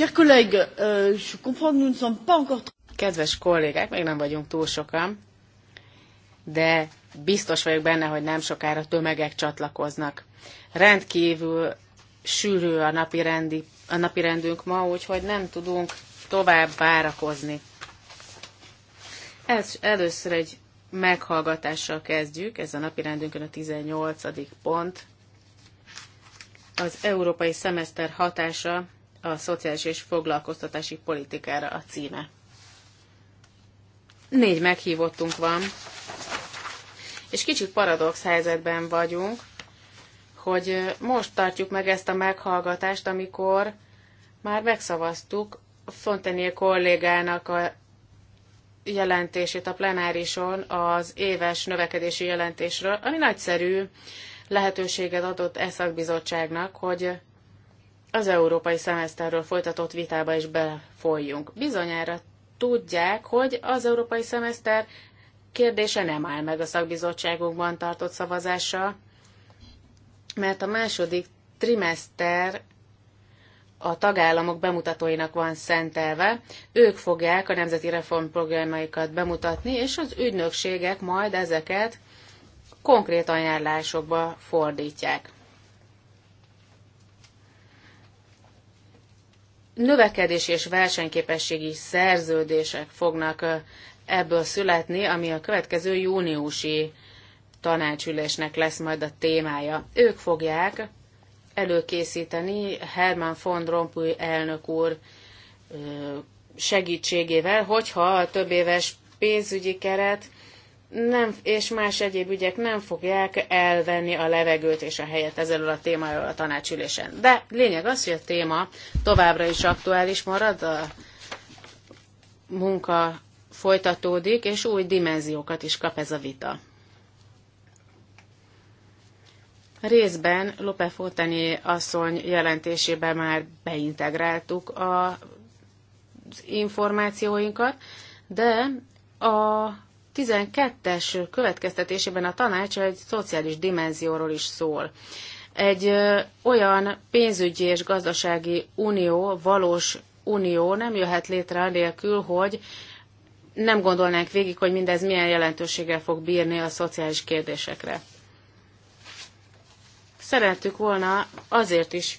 Euh, Kedves kollégák, még nem vagyunk túl sokan, de biztos vagyok benne, hogy nem sokára tömegek csatlakoznak. Rendkívül sűrű a napi, rendi, a napi rendünk ma, úgyhogy nem tudunk tovább várakozni. Ez, először egy meghallgatással kezdjük, ez a napi rendünkön a 18. pont. Az európai szemeszter hatása a szociális és foglalkoztatási politikára a címe. Négy meghívottunk van, és kicsit paradox helyzetben vagyunk, hogy most tartjuk meg ezt a meghallgatást, amikor már megszavaztuk Fontenier kollégának a jelentését a plenárison az éves növekedési jelentésről, ami nagyszerű lehetőséget adott e szakbizottságnak, hogy az európai szemeszterről folytatott vitába is befolyjunk. Bizonyára tudják, hogy az európai szemeszter kérdése nem áll meg a szakbizottságunkban tartott szavazással, mert a második trimester a tagállamok bemutatóinak van szentelve. Ők fogják a nemzeti reformprogramjaikat bemutatni, és az ügynökségek majd ezeket konkrét ajánlásokba fordítják. növekedési és versenyképességi szerződések fognak ebből születni, ami a következő júniusi tanácsülésnek lesz majd a témája. Ők fogják előkészíteni Herman von Rompuy elnök úr segítségével, hogyha a több éves pénzügyi keret nem, és más egyéb ügyek nem fogják elvenni a levegőt és a helyet ezzel a témáról a tanácsülésen. De lényeg az, hogy a téma továbbra is aktuális marad, a munka folytatódik, és új dimenziókat is kap ez a vita. Részben Lope Fontani asszony jelentésébe már beintegráltuk a, az információinkat, de a 12-es következtetésében a tanács egy szociális dimenzióról is szól. Egy olyan pénzügyi és gazdasági unió, valós unió nem jöhet létre anélkül, hogy nem gondolnánk végig, hogy mindez milyen jelentőséggel fog bírni a szociális kérdésekre. Szerettük volna azért is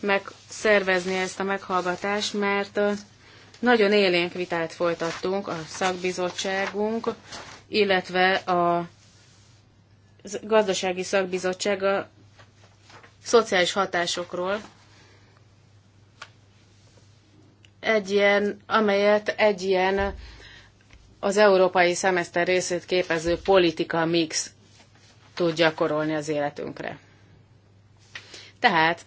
megszervezni ezt a meghallgatást, mert nagyon élénk vitát folytattunk a szakbizottságunk, illetve a gazdasági szakbizottság a szociális hatásokról, egy ilyen, amelyet egy ilyen az európai szemeszter részét képező politika mix tud gyakorolni az életünkre. Tehát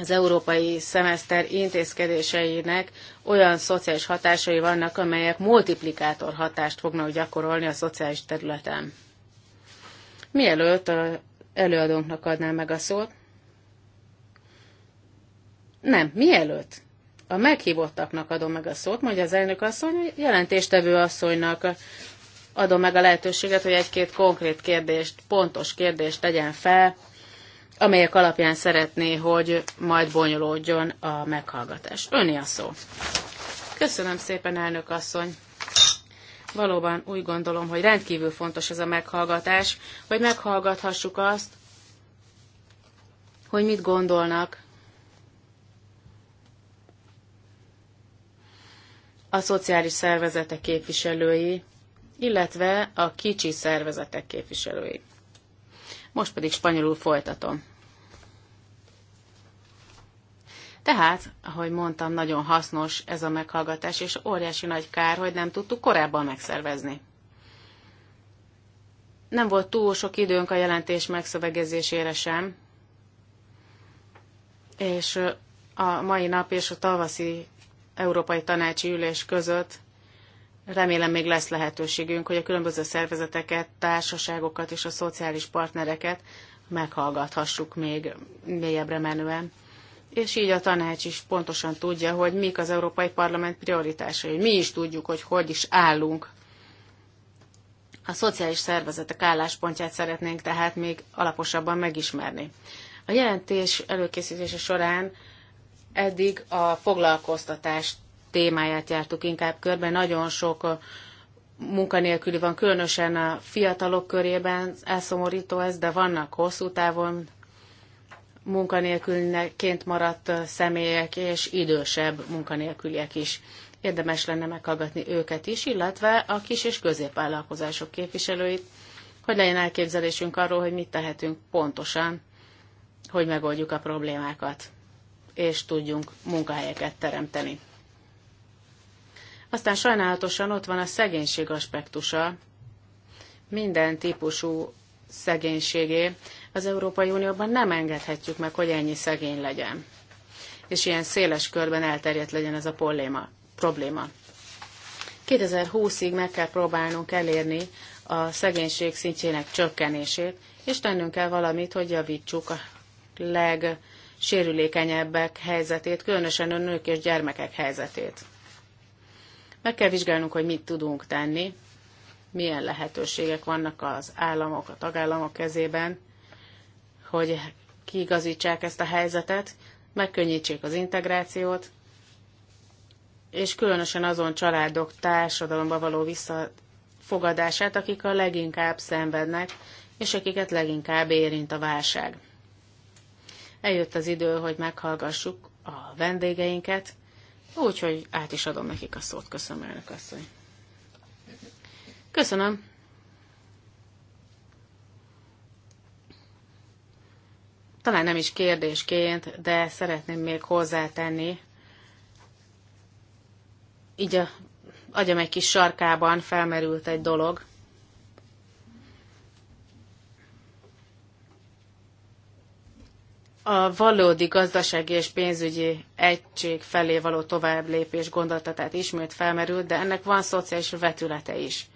az európai szemeszter intézkedéseinek olyan szociális hatásai vannak, amelyek multiplikátor hatást fognak gyakorolni a szociális területen. Mielőtt a előadónknak adnám meg a szót, nem, mielőtt a meghívottaknak adom meg a szót, mondja az elnök asszony, a jelentéstevő asszonynak adom meg a lehetőséget, hogy egy-két konkrét kérdést, pontos kérdést tegyen fel, amelyek alapján szeretné, hogy majd bonyolódjon a meghallgatás. Öni a szó. Köszönöm szépen, elnök asszony. Valóban úgy gondolom, hogy rendkívül fontos ez a meghallgatás, hogy meghallgathassuk azt, hogy mit gondolnak a szociális szervezetek képviselői, illetve a kicsi szervezetek képviselői. Most pedig spanyolul folytatom. Tehát, ahogy mondtam, nagyon hasznos ez a meghallgatás, és óriási nagy kár, hogy nem tudtuk korábban megszervezni. Nem volt túl sok időnk a jelentés megszövegezésére sem, és a mai nap és a tavaszi Európai Tanácsi Ülés között Remélem még lesz lehetőségünk, hogy a különböző szervezeteket, társaságokat és a szociális partnereket meghallgathassuk még mélyebbre menően. És így a tanács is pontosan tudja, hogy mik az Európai Parlament prioritásai. Mi is tudjuk, hogy hogy is állunk. A szociális szervezetek álláspontját szeretnénk tehát még alaposabban megismerni. A jelentés előkészítése során eddig a foglalkoztatást témáját jártuk inkább körben. Nagyon sok munkanélküli van, különösen a fiatalok körében, elszomorító ez, de vannak hosszú távon munkanélkülként maradt személyek és idősebb munkanélküliek is. Érdemes lenne meghallgatni őket is, illetve a kis és középvállalkozások képviselőit, hogy legyen elképzelésünk arról, hogy mit tehetünk pontosan, hogy megoldjuk a problémákat, és tudjunk munkahelyeket teremteni. Aztán sajnálatosan ott van a szegénység aspektusa, minden típusú szegénységé. Az Európai Unióban nem engedhetjük meg, hogy ennyi szegény legyen. És ilyen széles körben elterjedt legyen ez a probléma. probléma. 2020-ig meg kell próbálnunk elérni a szegénység szintjének csökkenését, és tennünk kell valamit, hogy javítsuk a legsérülékenyebbek helyzetét, különösen a nők és gyermekek helyzetét. Meg kell vizsgálnunk, hogy mit tudunk tenni, milyen lehetőségek vannak az államok, a tagállamok kezében, hogy kiigazítsák ezt a helyzetet, megkönnyítsék az integrációt, és különösen azon családok társadalomba való visszafogadását, akik a leginkább szenvednek, és akiket leginkább érint a válság. Eljött az idő, hogy meghallgassuk a vendégeinket, Úgyhogy át is adom nekik a szót. Köszönöm, elnök asszony. Köszönöm. Talán nem is kérdésként, de szeretném még hozzátenni. Így a agyam egy kis sarkában felmerült egy dolog – a valódi gazdasági és pénzügyi egység felé való tovább lépés gondolatát ismét felmerült, de ennek van szociális vetülete is.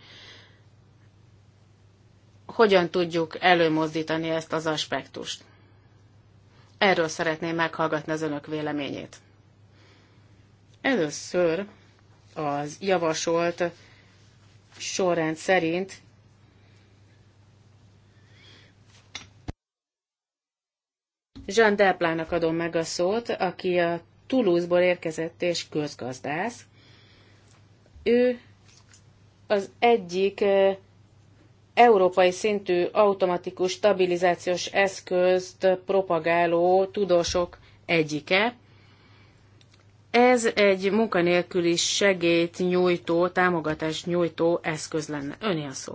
Hogyan tudjuk előmozdítani ezt az aspektust? Erről szeretném meghallgatni az önök véleményét. Először az javasolt sorrend szerint Jean Deplának adom meg a szót, aki a Toulouse-ból érkezett és közgazdász. Ő az egyik európai szintű automatikus stabilizációs eszközt propagáló tudósok egyike. Ez egy munkanélküli segélyt nyújtó, támogatást nyújtó eszköz lenne. Öné a szó.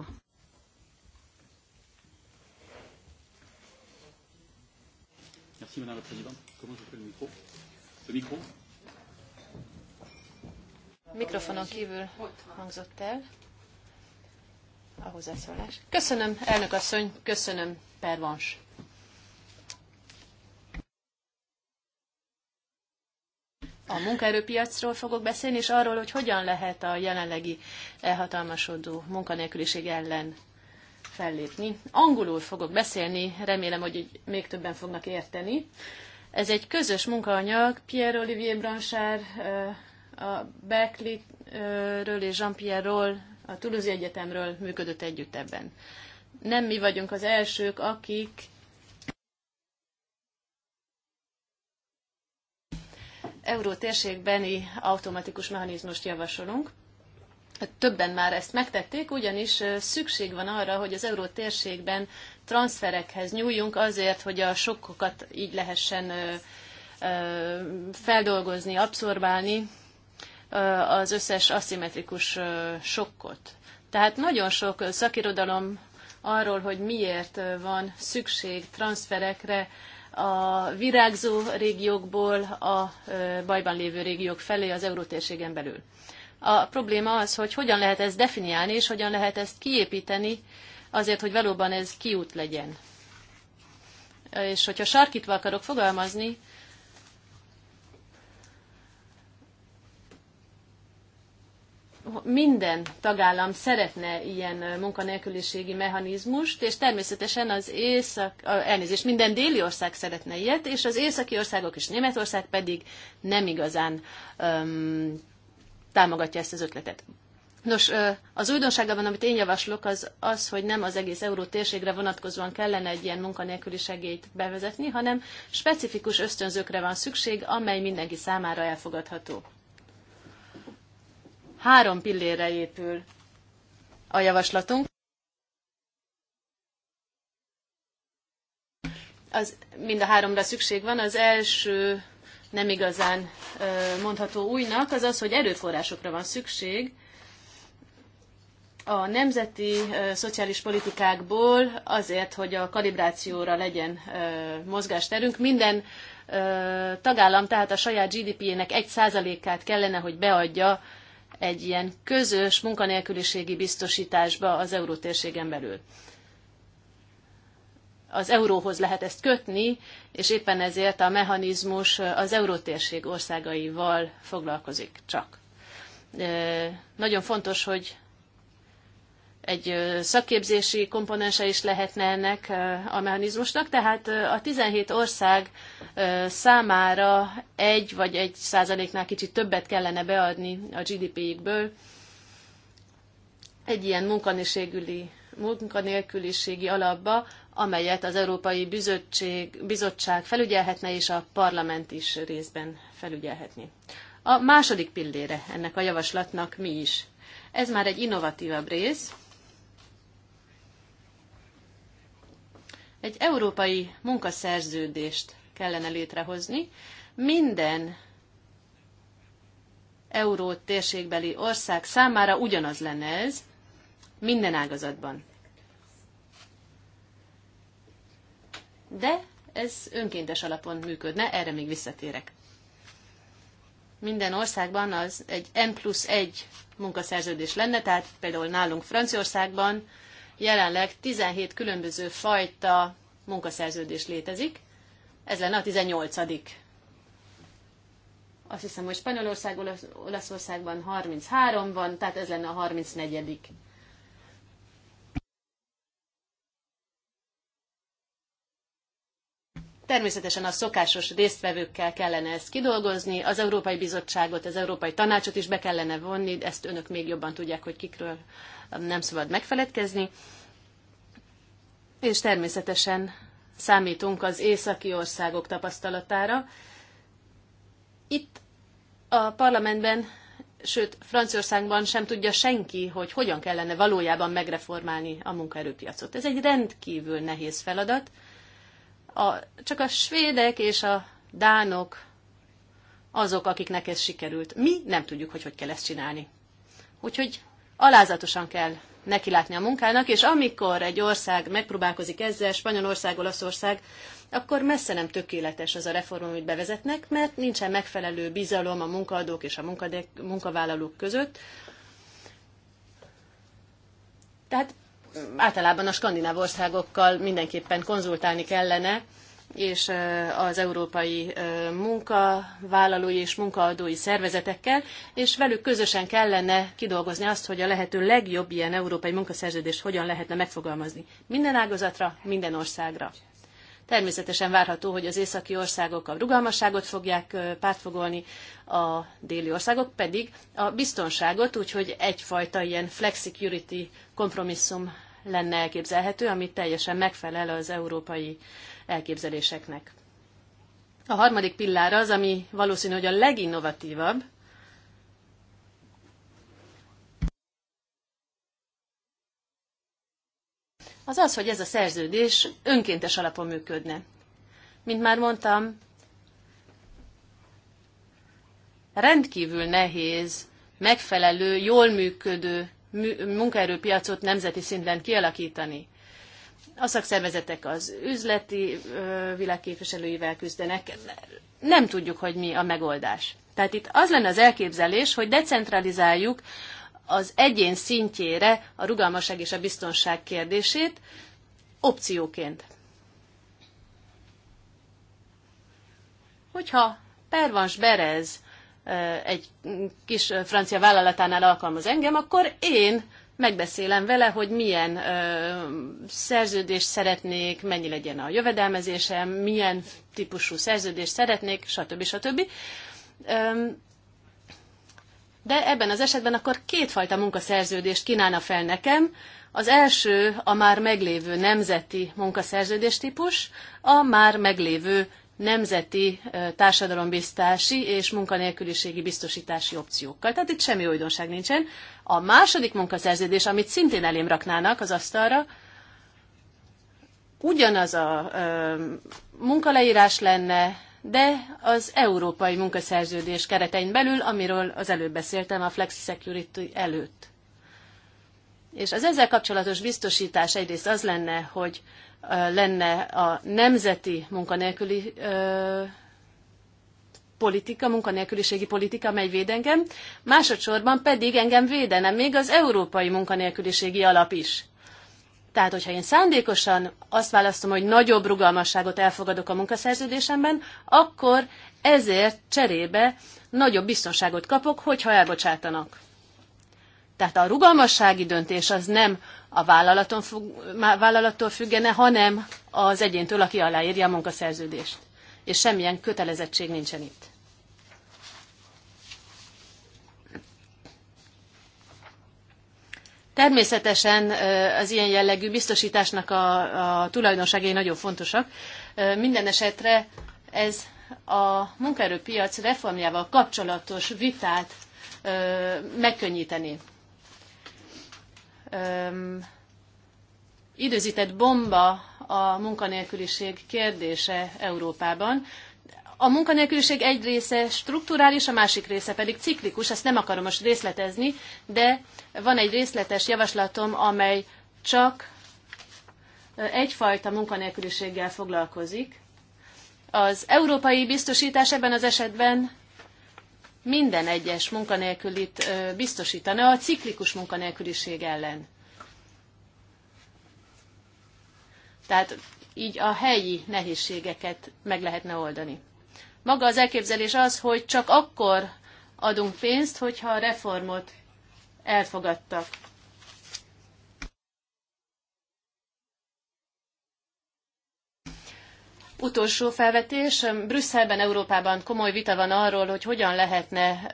Merci Madame la Présidente. Comment je fais le micro Le micro Mikrofonon kívül hangzott el a hozzászólás. Köszönöm, elnök asszony, köszönöm, pervans. a munkaerőpiacról fogok beszélni, és arról, hogy hogyan lehet a jelenlegi elhatalmasodó munkanélküliség ellen fellépni. Angolul fogok beszélni, remélem, hogy még többen fognak érteni. Ez egy közös munkaanyag, Pierre-Olivier Branchard a Berkeley-ről és Jean-Pierre-ról, a Toulouse Egyetemről működött együtt ebben. Nem mi vagyunk az elsők, akik euró térségbeni automatikus mechanizmust javasolunk. Többen már ezt megtették, ugyanis szükség van arra, hogy az euró térségben transferekhez nyúljunk azért, hogy a sokkokat így lehessen feldolgozni, abszorbálni az összes aszimmetrikus sokkot. Tehát nagyon sok szakirodalom arról, hogy miért van szükség transferekre a virágzó régiókból a bajban lévő régiók felé az eurótérségen belül. A probléma az, hogy hogyan lehet ezt definiálni, és hogyan lehet ezt kiépíteni, azért, hogy valóban ez kiút legyen. És hogyha sarkítva akarok fogalmazni, minden tagállam szeretne ilyen munkanélküliségi mechanizmust, és természetesen az észak, elnézés, minden déli ország szeretne ilyet, és az északi országok és Németország pedig nem igazán um, támogatja ezt az ötletet. Nos, az újdonságában, amit én javaslok, az az, hogy nem az egész euró térségre vonatkozóan kellene egy ilyen munkanélküli segélyt bevezetni, hanem specifikus ösztönzőkre van szükség, amely mindenki számára elfogadható. Három pillére épül a javaslatunk. Az, mind a háromra szükség van. Az első nem igazán mondható újnak, az az, hogy erőforrásokra van szükség. A nemzeti szociális politikákból azért, hogy a kalibrációra legyen mozgásterünk, minden tagállam tehát a saját GDP-jének egy százalékát kellene, hogy beadja egy ilyen közös munkanélküliségi biztosításba az eurótérségen belül az euróhoz lehet ezt kötni, és éppen ezért a mechanizmus az eurótérség országaival foglalkozik csak. Nagyon fontos, hogy egy szakképzési komponense is lehetne ennek a mechanizmusnak, tehát a 17 ország számára egy vagy egy százaléknál kicsit többet kellene beadni a GDP-ikből egy ilyen munkanélségüli munkanélküliségi alapba, amelyet az Európai Bizottság, Bizottság felügyelhetne, és a parlament is részben felügyelhetni. A második pillére ennek a javaslatnak mi is? Ez már egy innovatívabb rész. Egy európai munkaszerződést kellene létrehozni. Minden euró térségbeli ország számára ugyanaz lenne ez, minden ágazatban. De ez önkéntes alapon működne, erre még visszatérek. Minden országban az egy N plusz 1 munkaszerződés lenne, tehát például nálunk Franciaországban jelenleg 17 különböző fajta munkaszerződés létezik, ez lenne a 18 azt hiszem, hogy Spanyolország, Olaszországban 33 van, tehát ez lenne a 34. Természetesen a szokásos résztvevőkkel kellene ezt kidolgozni, az Európai Bizottságot, az Európai Tanácsot is be kellene vonni, ezt önök még jobban tudják, hogy kikről nem szabad megfeledkezni. És természetesen számítunk az északi országok tapasztalatára. Itt a parlamentben, sőt Franciaországban sem tudja senki, hogy hogyan kellene valójában megreformálni a munkaerőpiacot. Ez egy rendkívül nehéz feladat, a, csak a svédek és a dánok azok, akiknek ez sikerült. Mi nem tudjuk, hogy hogy kell ezt csinálni. Úgyhogy alázatosan kell nekilátni a munkának, és amikor egy ország megpróbálkozik ezzel, Spanyolország, Olaszország, akkor messze nem tökéletes az a reform, amit bevezetnek, mert nincsen megfelelő bizalom a munkaadók és a munkavállalók között. Tehát általában a skandináv országokkal mindenképpen konzultálni kellene, és az európai munkavállalói és munkaadói szervezetekkel, és velük közösen kellene kidolgozni azt, hogy a lehető legjobb ilyen európai munkaszerződést hogyan lehetne megfogalmazni. Minden ágazatra, minden országra. Természetesen várható, hogy az északi országok a rugalmasságot fogják pártfogolni, a déli országok pedig a biztonságot, úgyhogy egyfajta ilyen flexicurity kompromisszum lenne elképzelhető, ami teljesen megfelel az európai elképzeléseknek. A harmadik pillár az, ami valószínű, hogy a leginnovatívabb, az az, hogy ez a szerződés önkéntes alapon működne. Mint már mondtam, rendkívül nehéz megfelelő, jól működő munkaerőpiacot nemzeti szinten kialakítani. A szakszervezetek az üzleti világképviselőivel küzdenek. Nem tudjuk, hogy mi a megoldás. Tehát itt az lenne az elképzelés, hogy decentralizáljuk az egyén szintjére a rugalmasság és a biztonság kérdését opcióként. Hogyha Pervans Berez egy kis francia vállalatánál alkalmaz engem, akkor én megbeszélem vele, hogy milyen ö, szerződést szeretnék, mennyi legyen a jövedelmezésem, milyen típusú szerződést szeretnék, stb. stb. Ö, de ebben az esetben akkor kétfajta munkaszerződést kínálna fel nekem. Az első a már meglévő nemzeti munkaszerződés típus, a már meglévő nemzeti társadalombiztási és munkanélküliségi biztosítási opciókkal. Tehát itt semmi újdonság nincsen. A második munkaszerződés, amit szintén elém raknának az asztalra, ugyanaz a ö, munkaleírás lenne, de az európai munkaszerződés keretein belül, amiről az előbb beszéltem a Flexi Security előtt. És az ezzel kapcsolatos biztosítás egyrészt az lenne, hogy lenne a nemzeti munkanélküli politika, munkanélküliségi politika, mely véd engem, másodszorban pedig engem védene még az európai munkanélküliségi alap is. Tehát, hogyha én szándékosan azt választom, hogy nagyobb rugalmasságot elfogadok a munkaszerződésemben, akkor ezért cserébe nagyobb biztonságot kapok, hogyha elbocsátanak. Tehát a rugalmassági döntés az nem a vállalaton fog, vállalattól függene, hanem az egyéntől, aki aláírja a munkaszerződést. És semmilyen kötelezettség nincsen itt. Természetesen az ilyen jellegű biztosításnak a, a tulajdonságai nagyon fontosak. Minden esetre ez a munkaerőpiac reformjával kapcsolatos vitát megkönnyíteni öm, időzített bomba a munkanélküliség kérdése Európában. A munkanélküliség egy része strukturális, a másik része pedig ciklikus, ezt nem akarom most részletezni, de van egy részletes javaslatom, amely csak egyfajta munkanélküliséggel foglalkozik. Az európai biztosítás ebben az esetben minden egyes munkanélkülit biztosítani a ciklikus munkanélküliség ellen. Tehát így a helyi nehézségeket meg lehetne oldani. Maga az elképzelés az, hogy csak akkor adunk pénzt, hogyha a reformot elfogadtak. Utolsó felvetés. Brüsszelben, Európában komoly vita van arról, hogy hogyan lehetne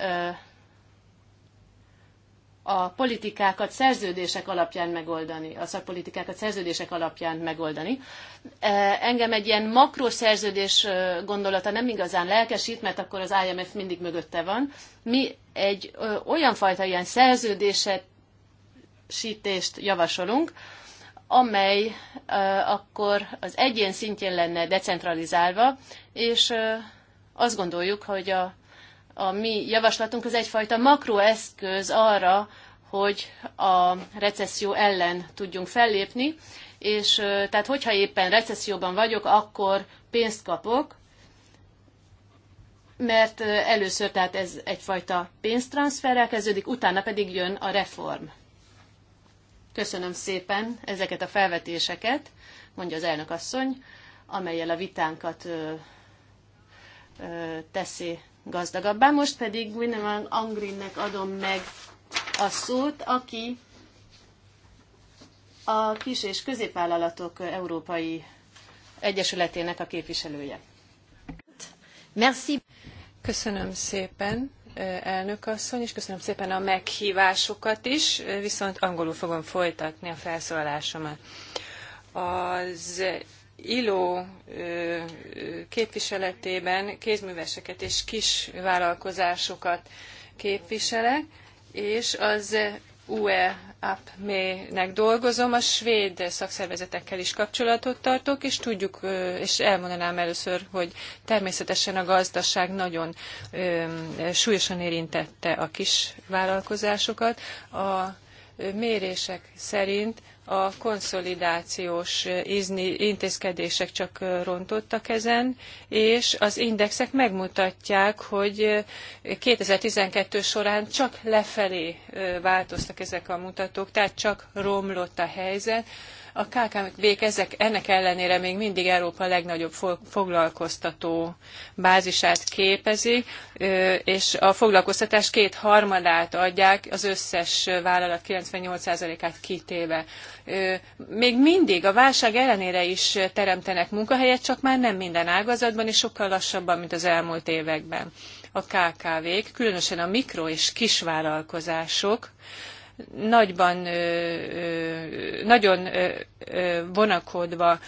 a politikákat szerződések alapján megoldani, a szakpolitikákat szerződések alapján megoldani. Engem egy ilyen makroszerződés gondolata nem igazán lelkesít, mert akkor az IMF mindig mögötte van. Mi egy olyan fajta ilyen szerződéset javasolunk amely akkor az egyén szintjén lenne decentralizálva, és azt gondoljuk, hogy a, a mi javaslatunk az egyfajta makroeszköz arra, hogy a recesszió ellen tudjunk fellépni, és tehát hogyha éppen recesszióban vagyok, akkor pénzt kapok, mert először tehát ez egyfajta pénztranszferrel kezdődik, utána pedig jön a reform. Köszönöm szépen ezeket a felvetéseket, mondja az elnök asszony, amelyel a vitánkat ö, ö, teszi gazdagabbá. Most pedig Gwynneman Angrinnek adom meg a szót, aki a kis és középvállalatok európai egyesületének a képviselője. Merci. Köszönöm szépen elnök asszony, és köszönöm szépen a meghívásokat is, viszont angolul fogom folytatni a felszólalásomat. Az ILO képviseletében kézműveseket és kis vállalkozásokat képviselek, és az UE APME-nek dolgozom, a svéd szakszervezetekkel is kapcsolatot tartok, és tudjuk, és elmondanám először, hogy természetesen a gazdaság nagyon súlyosan érintette a kis vállalkozásokat. A mérések szerint a konszolidációs intézkedések csak rontottak ezen, és az indexek megmutatják, hogy 2012 során csak lefelé változtak ezek a mutatók, tehát csak romlott a helyzet. A KKV-k ezek, ennek ellenére még mindig Európa legnagyobb foglalkoztató bázisát képezi, és a foglalkoztatás két harmadát adják, az összes vállalat 98%-át kitéve. Még mindig a válság ellenére is teremtenek munkahelyet, csak már nem minden ágazatban, és sokkal lassabban, mint az elmúlt években. A KKV-k, különösen a mikro és kisvállalkozások, nagyban, nagyon vonakodva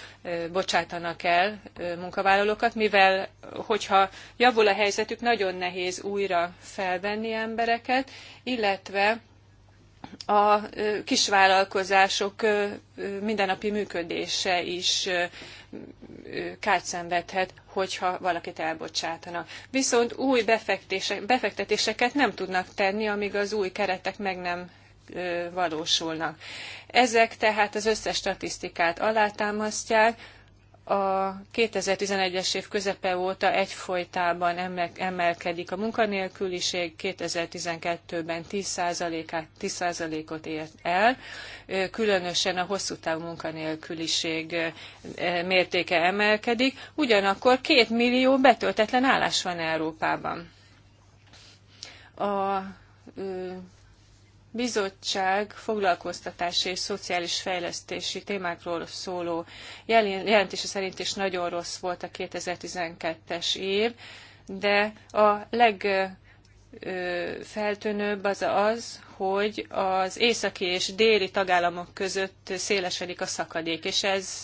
bocsátanak el munkavállalókat, mivel hogyha javul a helyzetük, nagyon nehéz újra felvenni embereket, illetve a kisvállalkozások mindennapi működése is kárt szenvedhet, hogyha valakit elbocsátanak. Viszont új befektetéseket nem tudnak tenni, amíg az új keretek meg nem valósulnak. Ezek tehát az összes statisztikát alátámasztják, a 2011-es év közepe óta egyfolytában emelkedik a munkanélküliség, 2012-ben 10%-ot 10 ért el, különösen a hosszú távú munkanélküliség mértéke emelkedik, ugyanakkor 2 millió betöltetlen állás van Európában. A bizottság foglalkoztatási és szociális fejlesztési témákról szóló jelentése szerint is nagyon rossz volt a 2012-es év, de a leg feltűnőbb az az, hogy az északi és déli tagállamok között szélesedik a szakadék, és ez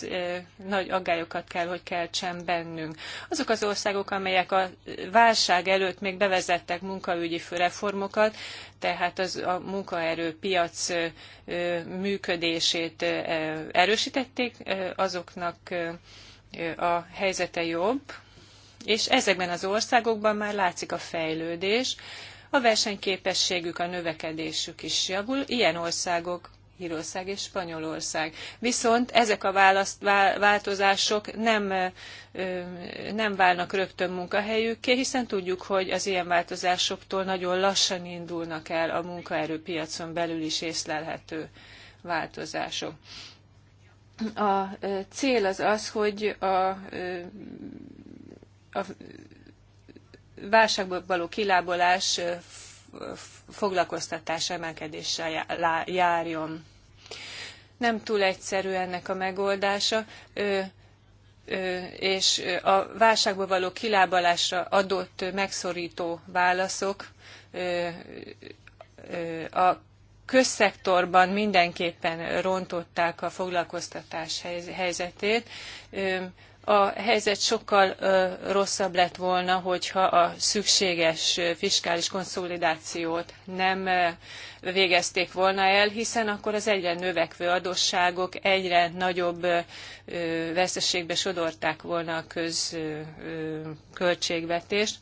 nagy aggályokat kell, hogy keltsen bennünk. Azok az országok, amelyek a válság előtt még bevezettek munkaügyi reformokat, tehát az a munkaerőpiac működését erősítették, azoknak a helyzete jobb, és ezekben az országokban már látszik a fejlődés, a versenyképességük, a növekedésük is javul. Ilyen országok Írország és Spanyolország. Viszont ezek a választ, változások nem, nem válnak rögtön munkahelyükké, hiszen tudjuk, hogy az ilyen változásoktól nagyon lassan indulnak el a munkaerőpiacon belül is észlelhető változások. A cél az az, hogy a a válságból való kilábolás foglalkoztatás emelkedéssel járjon. Nem túl egyszerű ennek a megoldása, és a válságból való kilábalásra adott megszorító válaszok a közszektorban mindenképpen rontották a foglalkoztatás helyzetét a helyzet sokkal rosszabb lett volna, hogyha a szükséges fiskális konszolidációt nem végezték volna el, hiszen akkor az egyre növekvő adósságok egyre nagyobb veszteségbe sodorták volna a közköltségvetést.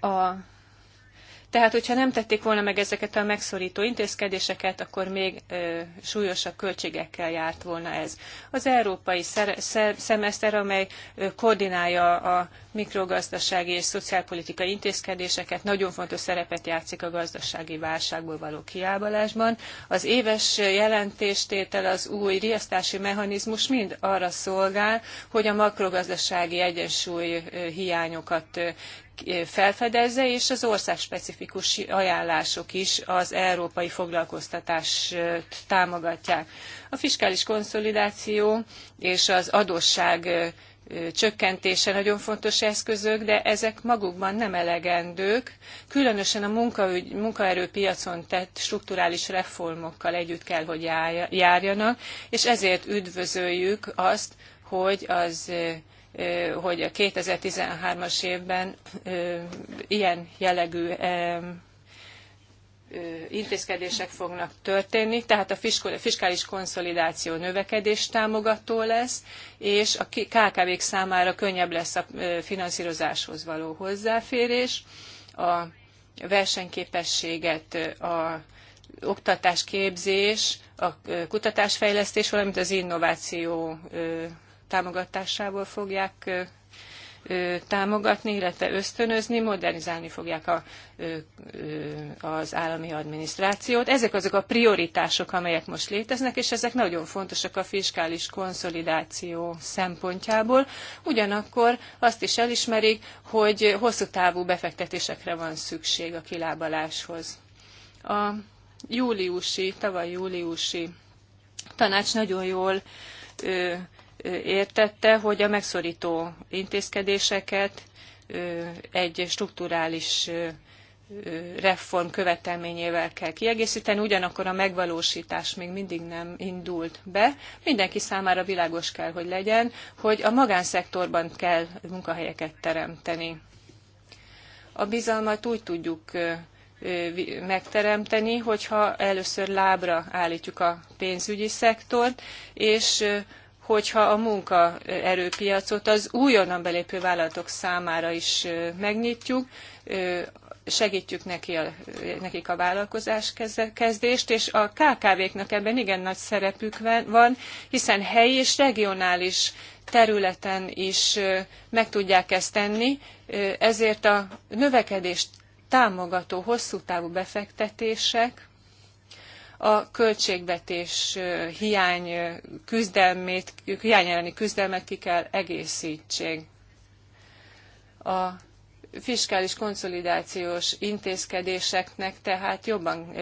A tehát, hogyha nem tették volna meg ezeket a megszorító intézkedéseket, akkor még ö, súlyosabb költségekkel járt volna ez. Az európai szemeszter, amely ö, koordinálja a mikrogazdasági és szociálpolitikai intézkedéseket, nagyon fontos szerepet játszik a gazdasági válságból való kiábalásban. Az éves jelentéstétel az új riasztási mechanizmus mind arra szolgál, hogy a makrogazdasági egyensúly hiányokat felfedezze, és az országspecifikus ajánlások is az európai foglalkoztatást támogatják. A fiskális konszolidáció és az adósság csökkentése nagyon fontos eszközök, de ezek magukban nem elegendők, különösen a munkaügy, munkaerőpiacon tett strukturális reformokkal együtt kell, hogy járjanak, és ezért üdvözöljük azt, hogy az hogy a 2013-as évben ilyen jellegű intézkedések fognak történni, tehát a fiskális konszolidáció növekedést támogató lesz, és a KKV-k számára könnyebb lesz a finanszírozáshoz való hozzáférés, a versenyképességet, a oktatás, képzés, a kutatásfejlesztés, valamint az innováció támogatásából fogják támogatni, illetve ösztönözni, modernizálni fogják a, az állami adminisztrációt. Ezek azok a prioritások, amelyek most léteznek, és ezek nagyon fontosak a fiskális konszolidáció szempontjából. Ugyanakkor azt is elismerik, hogy hosszú távú befektetésekre van szükség a kilábaláshoz. A júliusi, tavaly júliusi tanács nagyon jól értette, hogy a megszorító intézkedéseket egy strukturális reform követelményével kell kiegészíteni, ugyanakkor a megvalósítás még mindig nem indult be. Mindenki számára világos kell, hogy legyen, hogy a magánszektorban kell munkahelyeket teremteni. A bizalmat úgy tudjuk megteremteni, hogyha először lábra állítjuk a pénzügyi szektort, és hogyha a munkaerőpiacot az újonnan belépő vállalatok számára is megnyitjuk, segítjük neki a, nekik a vállalkozás kezdést, és a KKV-knak ebben igen nagy szerepük van, hiszen helyi és regionális területen is meg tudják ezt tenni, ezért a növekedést támogató hosszú távú befektetések a költségvetés hiány küzdelmét, hiány elleni küzdelmet ki kell egészítsék. A fiskális konszolidációs intézkedéseknek tehát jobban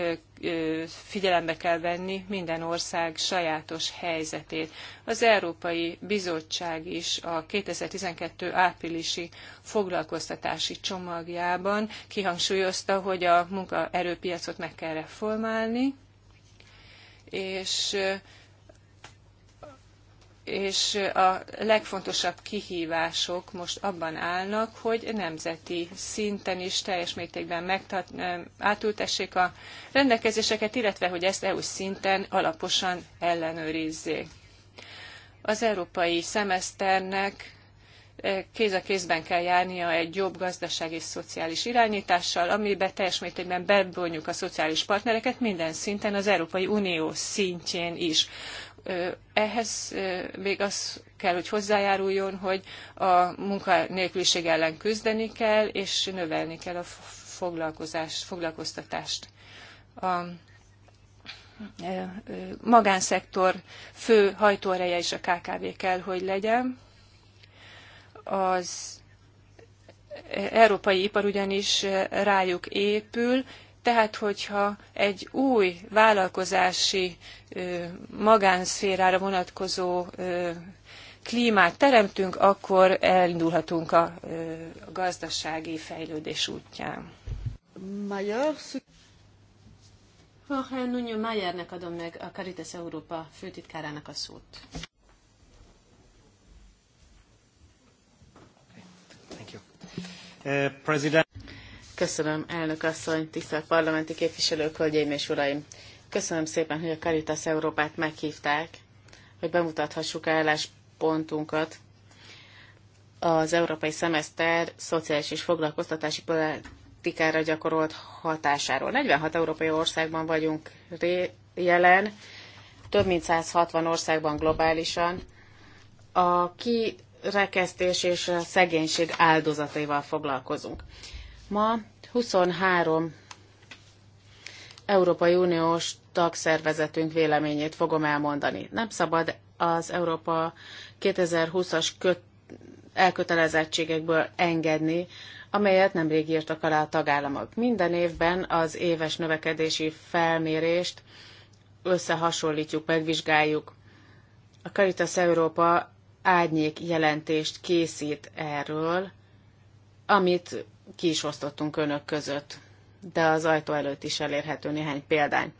figyelembe kell venni minden ország sajátos helyzetét. Az Európai Bizottság is a 2012 áprilisi foglalkoztatási csomagjában kihangsúlyozta, hogy a munkaerőpiacot meg kell reformálni, és és a legfontosabb kihívások most abban állnak, hogy nemzeti szinten is teljes mértékben megtart, átültessék a rendelkezéseket, illetve hogy ezt EU szinten alaposan ellenőrizzék. Az európai szemeszternek E, kéz a kézben kell járnia egy jobb gazdasági és szociális irányítással, amiben teljes mértékben bevonjuk a szociális partnereket minden szinten, az Európai Unió szintjén is. Ehhez még az kell, hogy hozzájáruljon, hogy a munkanélküliség ellen küzdeni kell, és növelni kell a foglalkozás, foglalkoztatást. A magánszektor fő hajtóereje is a KKV kell, hogy legyen az európai ipar ugyanis rájuk épül, tehát, hogyha egy új vállalkozási magánszférára vonatkozó klímát teremtünk, akkor elindulhatunk a gazdasági fejlődés útján. Mayer, Jorge Nuno Mayernek adom meg a Caritas Európa főtitkárának a szót. Köszönöm, elnök asszony, tisztelt parlamenti képviselők, hölgyeim és uraim! Köszönöm szépen, hogy a Caritas Európát meghívták, hogy bemutathassuk álláspontunkat az európai szemeszter szociális és foglalkoztatási politikára gyakorolt hatásáról. 46 európai országban vagyunk jelen, több mint 160 országban globálisan. A ki rekesztés és a szegénység áldozataival foglalkozunk. Ma 23 Európai Uniós tagszervezetünk véleményét fogom elmondani. Nem szabad az Európa 2020-as köt elkötelezettségekből engedni, amelyet nemrég írtak alá a tagállamok. Minden évben az éves növekedési felmérést összehasonlítjuk, megvizsgáljuk. A Caritas Európa árnyék jelentést készít erről, amit ki is osztottunk önök között, de az ajtó előtt is elérhető néhány példány.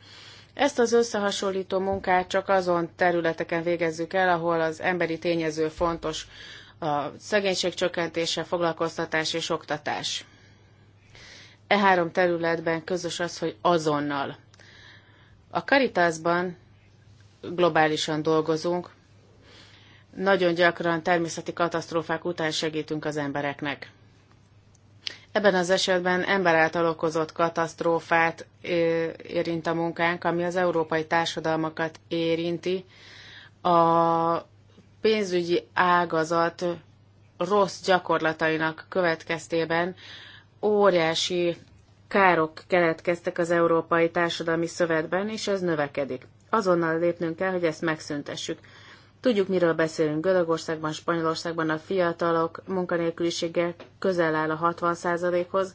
Ezt az összehasonlító munkát csak azon területeken végezzük el, ahol az emberi tényező fontos, a szegénység csökkentése, foglalkoztatás és oktatás. E három területben közös az, hogy azonnal. A Caritasban globálisan dolgozunk, nagyon gyakran természeti katasztrófák után segítünk az embereknek. Ebben az esetben ember által okozott katasztrófát érint a munkánk, ami az európai társadalmakat érinti. A pénzügyi ágazat rossz gyakorlatainak következtében óriási károk keletkeztek az Európai Társadalmi Szövetben, és ez növekedik. Azonnal lépnünk kell, hogy ezt megszüntessük. Tudjuk, miről beszélünk. Görögországban, Spanyolországban a fiatalok munkanélkülisége közel áll a 60%-hoz.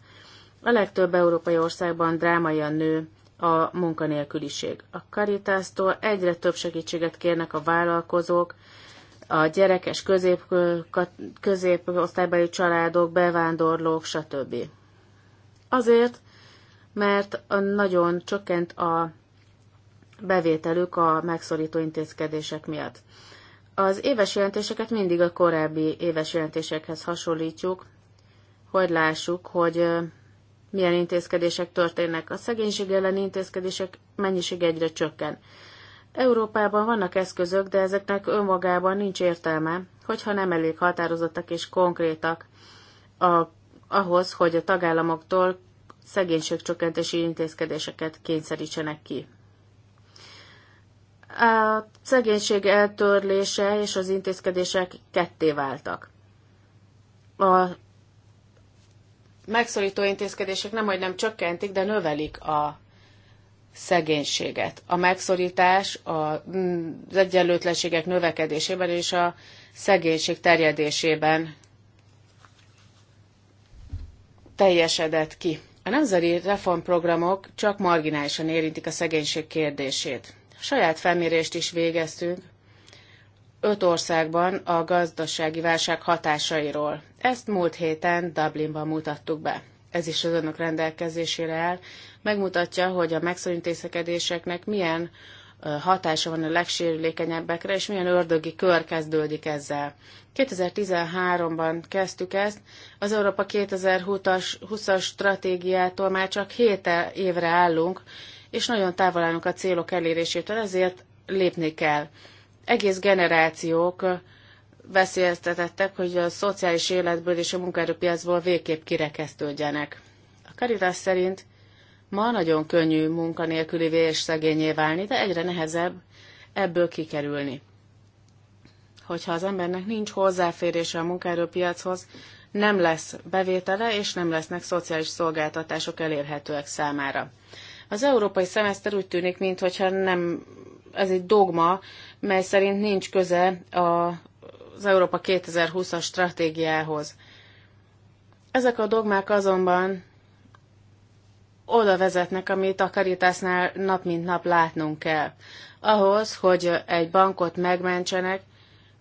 A legtöbb európai országban drámai a nő a munkanélküliség. A karitásztól egyre több segítséget kérnek a vállalkozók, a gyerekes közép, középosztálybeli családok, bevándorlók, stb. Azért, mert nagyon csökkent a bevételük a megszorító intézkedések miatt. Az éves jelentéseket mindig a korábbi éves jelentésekhez hasonlítjuk, hogy lássuk, hogy milyen intézkedések történnek. A szegénység elleni intézkedések mennyiség egyre csökken. Európában vannak eszközök, de ezeknek önmagában nincs értelme, hogyha nem elég határozottak és konkrétak a, ahhoz, hogy a tagállamoktól szegénységcsökkentési intézkedéseket kényszerítsenek ki a szegénység eltörlése és az intézkedések ketté váltak. A megszorító intézkedések nem, hogy nem csökkentik, de növelik a szegénységet. A megszorítás az egyenlőtlenségek növekedésében és a szegénység terjedésében teljesedett ki. A nemzeti reformprogramok csak marginálisan érintik a szegénység kérdését saját felmérést is végeztünk öt országban a gazdasági válság hatásairól. Ezt múlt héten Dublinban mutattuk be. Ez is az önök rendelkezésére áll. Megmutatja, hogy a megszorintészekedéseknek milyen hatása van a legsérülékenyebbekre, és milyen ördögi kör kezdődik ezzel. 2013-ban kezdtük ezt, az Európa 2020-as stratégiától már csak 7 e- évre állunk, és nagyon távol állunk a célok elérésétől, ezért lépni kell. Egész generációk veszélyeztetettek, hogy a szociális életből és a munkaerőpiacból végképp kirekesztődjenek. A Caritas szerint ma nagyon könnyű munkanélkülivé és szegényé válni, de egyre nehezebb ebből kikerülni. Hogyha az embernek nincs hozzáférése a munkaerőpiachoz, nem lesz bevétele, és nem lesznek szociális szolgáltatások elérhetőek számára. Az európai szemeszter úgy tűnik, mintha nem, ez egy dogma, mely szerint nincs köze a, az Európa 2020-as stratégiához. Ezek a dogmák azonban oda vezetnek, amit a karitásznál nap mint nap látnunk kell. Ahhoz, hogy egy bankot megmentsenek,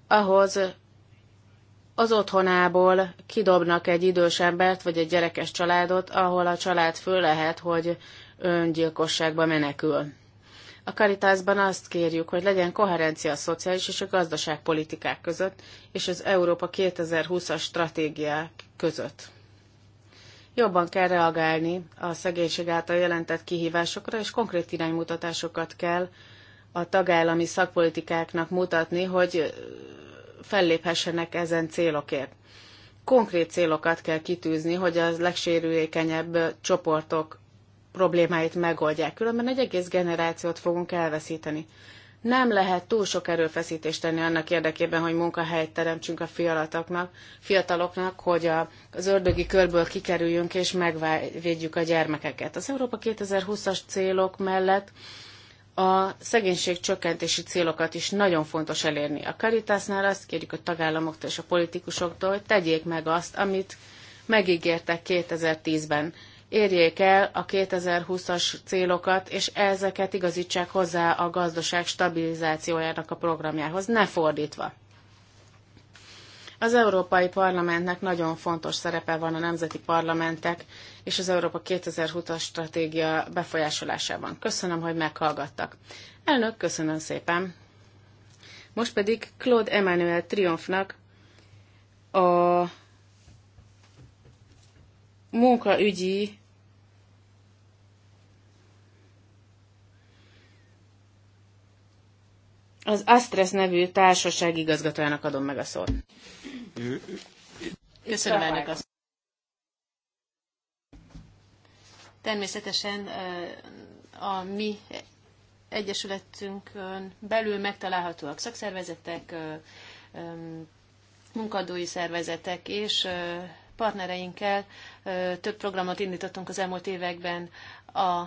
ahhoz az otthonából kidobnak egy idős embert, vagy egy gyerekes családot, ahol a család föl lehet, hogy öngyilkosságba menekül. A Karitásban azt kérjük, hogy legyen koherencia a szociális és a gazdaságpolitikák között, és az Európa 2020-as stratégiák között. Jobban kell reagálni a szegénység által jelentett kihívásokra, és konkrét iránymutatásokat kell a tagállami szakpolitikáknak mutatni, hogy felléphessenek ezen célokért. Konkrét célokat kell kitűzni, hogy a legsérülékenyebb csoportok problémáit megoldják. Különben egy egész generációt fogunk elveszíteni. Nem lehet túl sok erőfeszítést tenni annak érdekében, hogy munkahelyet teremtsünk a fiataloknak, fiataloknak hogy a, az ördögi körből kikerüljünk és megvédjük a gyermekeket. Az Európa 2020-as célok mellett a szegénység csökkentési célokat is nagyon fontos elérni. A Caritasnál azt kérjük a tagállamoktól és a politikusoktól, hogy tegyék meg azt, amit megígértek 2010-ben érjék el a 2020-as célokat, és ezeket igazítsák hozzá a gazdaság stabilizációjának a programjához, ne fordítva. Az Európai Parlamentnek nagyon fontos szerepe van a nemzeti parlamentek és az Európa 2020-as stratégia befolyásolásában. Köszönöm, hogy meghallgattak. Elnök, köszönöm szépen. Most pedig Claude Emmanuel Triumphnak a munkaügyi Az Astres nevű társaság igazgatójának adom meg a szót. Köszönöm elnök azt. Természetesen a mi egyesületünkön belül megtalálhatóak szakszervezetek, munkadói szervezetek és partnereinkkel több programot indítottunk az elmúlt években a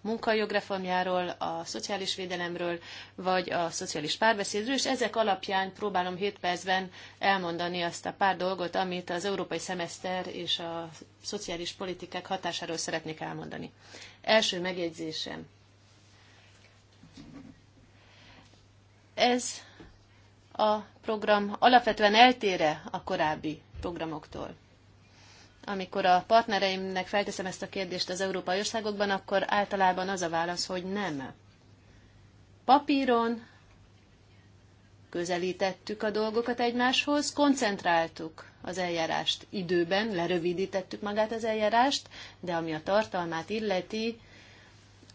munkajogreformjáról, a szociális védelemről, vagy a szociális párbeszédről, és ezek alapján próbálom 7 percben elmondani azt a pár dolgot, amit az európai szemeszter és a szociális politikák hatásáról szeretnék elmondani. Első megjegyzésem. Ez a program alapvetően eltére a korábbi programoktól amikor a partnereimnek felteszem ezt a kérdést az európai országokban, akkor általában az a válasz, hogy nem. Papíron közelítettük a dolgokat egymáshoz, koncentráltuk az eljárást időben, lerövidítettük magát az eljárást, de ami a tartalmát illeti,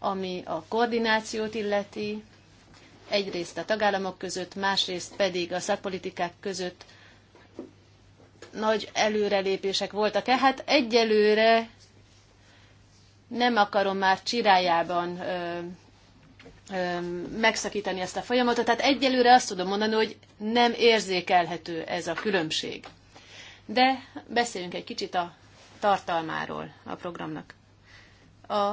ami a koordinációt illeti, egyrészt a tagállamok között, másrészt pedig a szakpolitikák között nagy előrelépések voltak-e? Hát egyelőre nem akarom már csirájában ö, ö, megszakítani ezt a folyamatot. Tehát egyelőre azt tudom mondani, hogy nem érzékelhető ez a különbség. De beszéljünk egy kicsit a tartalmáról a programnak. A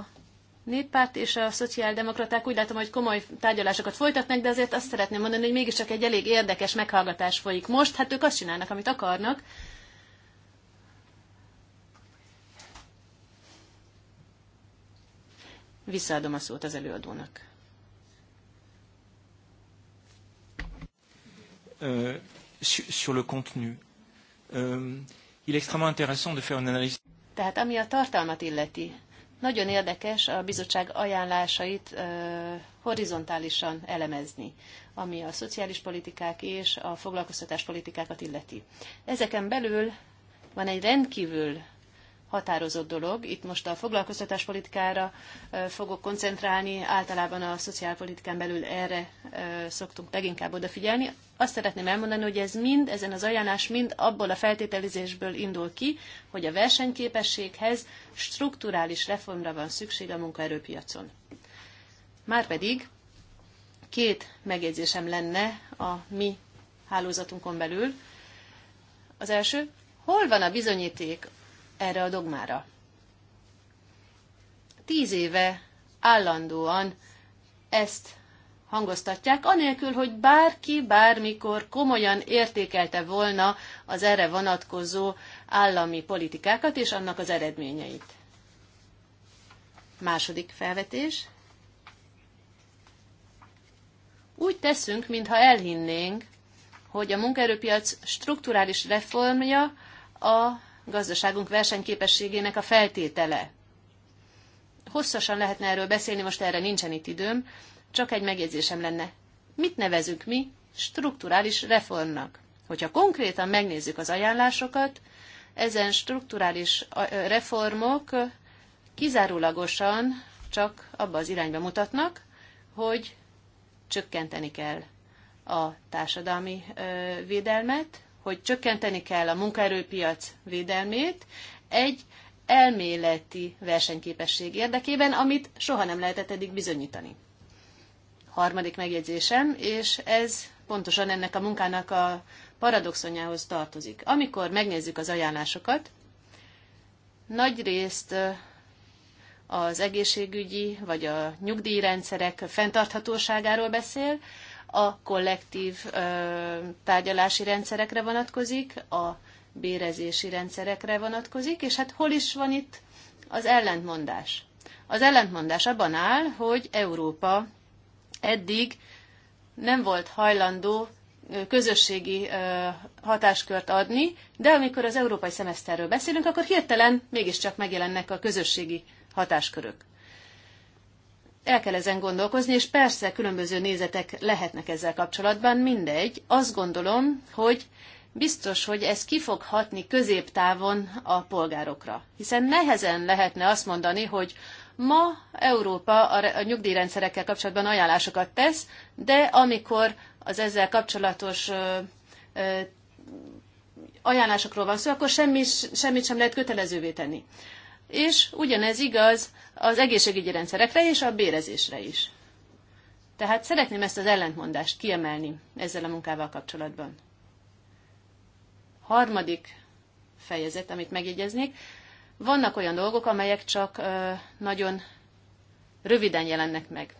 néppárt és a szociáldemokraták úgy látom, hogy komoly tárgyalásokat folytatnak, de azért azt szeretném mondani, hogy mégiscsak egy elég érdekes meghallgatás folyik most. Hát ők azt csinálnak, amit akarnak, Visszaadom a szót az előadónak. Euh, sur le contenu. Euh, il est extrêmement intéressant de faire une analyse. Tehát ami a tartalmat illeti, nagyon érdekes a bizottság ajánlásait uh, horizontálisan elemezni, ami a szociális politikák és a foglalkoztatás politikákat illeti. Ezeken belül van egy rendkívül határozott dolog. Itt most a foglalkoztatáspolitikára fogok koncentrálni, általában a szociálpolitikán belül erre szoktunk leginkább odafigyelni. Azt szeretném elmondani, hogy ez mind, ezen az ajánlás mind abból a feltételezésből indul ki, hogy a versenyképességhez strukturális reformra van szükség a munkaerőpiacon. Márpedig két megjegyzésem lenne a mi hálózatunkon belül. Az első, hol van a bizonyíték erre a dogmára. Tíz éve állandóan ezt hangoztatják, anélkül, hogy bárki bármikor komolyan értékelte volna az erre vonatkozó állami politikákat és annak az eredményeit. Második felvetés. Úgy teszünk, mintha elhinnénk, hogy a munkaerőpiac strukturális reformja a gazdaságunk versenyképességének a feltétele. Hosszasan lehetne erről beszélni, most erre nincsen itt időm, csak egy megjegyzésem lenne. Mit nevezünk mi strukturális reformnak? Hogyha konkrétan megnézzük az ajánlásokat, ezen strukturális reformok kizárólagosan csak abba az irányba mutatnak, hogy csökkenteni kell a társadalmi védelmet, hogy csökkenteni kell a munkaerőpiac védelmét egy elméleti versenyképesség érdekében, amit soha nem lehetett eddig bizonyítani. Harmadik megjegyzésem, és ez pontosan ennek a munkának a paradoxonjához tartozik. Amikor megnézzük az ajánlásokat, nagy részt az egészségügyi vagy a nyugdíjrendszerek fenntarthatóságáról beszél, a kollektív tárgyalási rendszerekre vonatkozik, a bérezési rendszerekre vonatkozik, és hát hol is van itt az ellentmondás? Az ellentmondás abban áll, hogy Európa eddig nem volt hajlandó közösségi hatáskört adni, de amikor az európai szemeszterről beszélünk, akkor hirtelen mégiscsak megjelennek a közösségi hatáskörök. El kell ezen gondolkozni, és persze különböző nézetek lehetnek ezzel kapcsolatban, mindegy. Azt gondolom, hogy biztos, hogy ez ki fog hatni középtávon a polgárokra. Hiszen nehezen lehetne azt mondani, hogy ma Európa a nyugdíjrendszerekkel kapcsolatban ajánlásokat tesz, de amikor az ezzel kapcsolatos ajánlásokról van szó, akkor semmi, semmit sem lehet kötelezővé tenni és ugyanez igaz az egészségügyi rendszerekre és a bérezésre is. Tehát szeretném ezt az ellentmondást kiemelni ezzel a munkával kapcsolatban. Harmadik fejezet, amit megjegyeznék. Vannak olyan dolgok, amelyek csak nagyon röviden jelennek meg.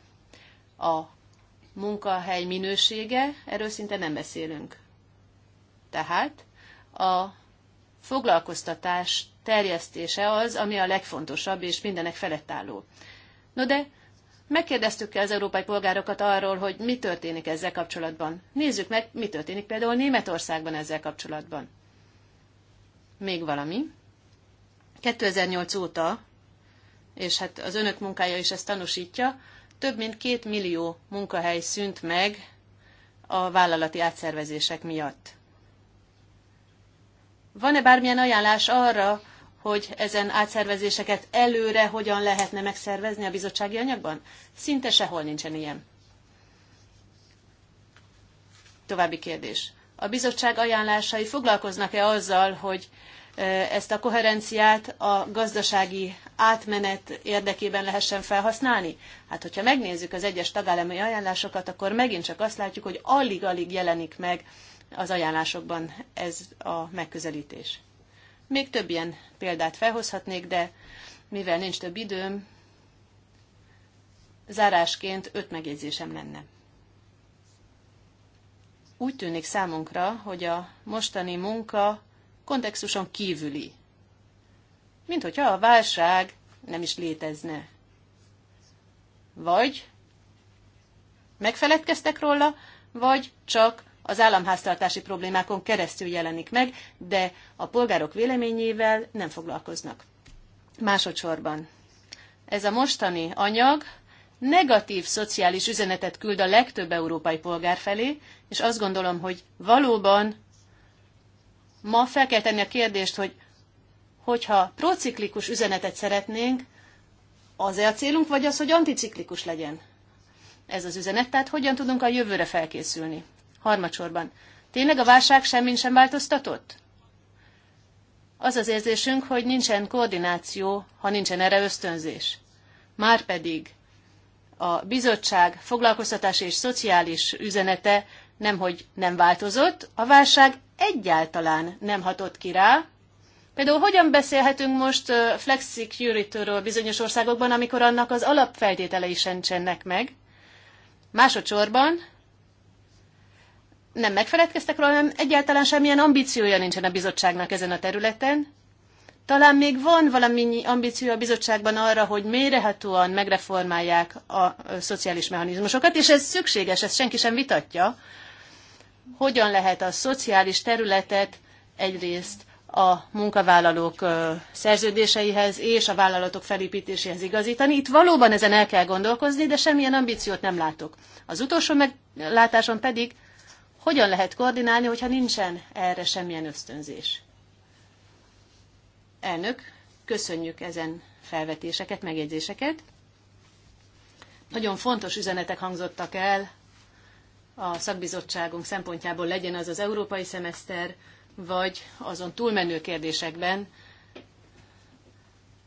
A munkahely minősége, erről szinte nem beszélünk. Tehát a foglalkoztatást terjesztése az, ami a legfontosabb és mindenek felett álló. No de megkérdeztük az európai polgárokat arról, hogy mi történik ezzel kapcsolatban. Nézzük meg, mi történik például Németországban ezzel kapcsolatban. Még valami. 2008 óta, és hát az önök munkája is ezt tanúsítja, több mint két millió munkahely szűnt meg a vállalati átszervezések miatt. Van-e bármilyen ajánlás arra, hogy ezen átszervezéseket előre hogyan lehetne megszervezni a bizottsági anyagban? Szinte sehol nincsen ilyen. További kérdés. A bizottság ajánlásai foglalkoznak-e azzal, hogy e, ezt a koherenciát a gazdasági átmenet érdekében lehessen felhasználni? Hát, hogyha megnézzük az egyes tagállami ajánlásokat, akkor megint csak azt látjuk, hogy alig-alig jelenik meg az ajánlásokban ez a megközelítés. Még több ilyen példát felhozhatnék, de mivel nincs több időm, zárásként öt megjegyzésem lenne. Úgy tűnik számunkra, hogy a mostani munka kontextuson kívüli, mint hogyha a válság nem is létezne. Vagy megfeledkeztek róla, vagy csak az államháztartási problémákon keresztül jelenik meg, de a polgárok véleményével nem foglalkoznak. Másodszorban. Ez a mostani anyag negatív szociális üzenetet küld a legtöbb európai polgár felé, és azt gondolom, hogy valóban ma fel kell tenni a kérdést, hogy hogyha prociklikus üzenetet szeretnénk, az-e a célunk, vagy az, hogy anticiklikus legyen ez az üzenet, tehát hogyan tudunk a jövőre felkészülni. Harmacsorban. tényleg a válság semmin sem változtatott? Az az érzésünk, hogy nincsen koordináció, ha nincsen erre ösztönzés. Márpedig a bizottság foglalkoztatási és szociális üzenete nemhogy nem változott, a válság egyáltalán nem hatott ki rá. Például hogyan beszélhetünk most flex security bizonyos országokban, amikor annak az alapfeltételei sem csennek meg? Másodszorban nem megfeledkeztek róla, hanem egyáltalán semmilyen ambíciója nincsen a bizottságnak ezen a területen. Talán még van valami ambíció a bizottságban arra, hogy mérehetően megreformálják a szociális mechanizmusokat, és ez szükséges, ezt senki sem vitatja. Hogyan lehet a szociális területet egyrészt a munkavállalók szerződéseihez és a vállalatok felépítéséhez igazítani. Itt valóban ezen el kell gondolkozni, de semmilyen ambíciót nem látok. Az utolsó meglátáson pedig hogyan lehet koordinálni, hogyha nincsen erre semmilyen ösztönzés? Elnök, köszönjük ezen felvetéseket, megjegyzéseket. Nagyon fontos üzenetek hangzottak el a szakbizottságunk szempontjából, legyen az az európai szemeszter, vagy azon túlmenő kérdésekben,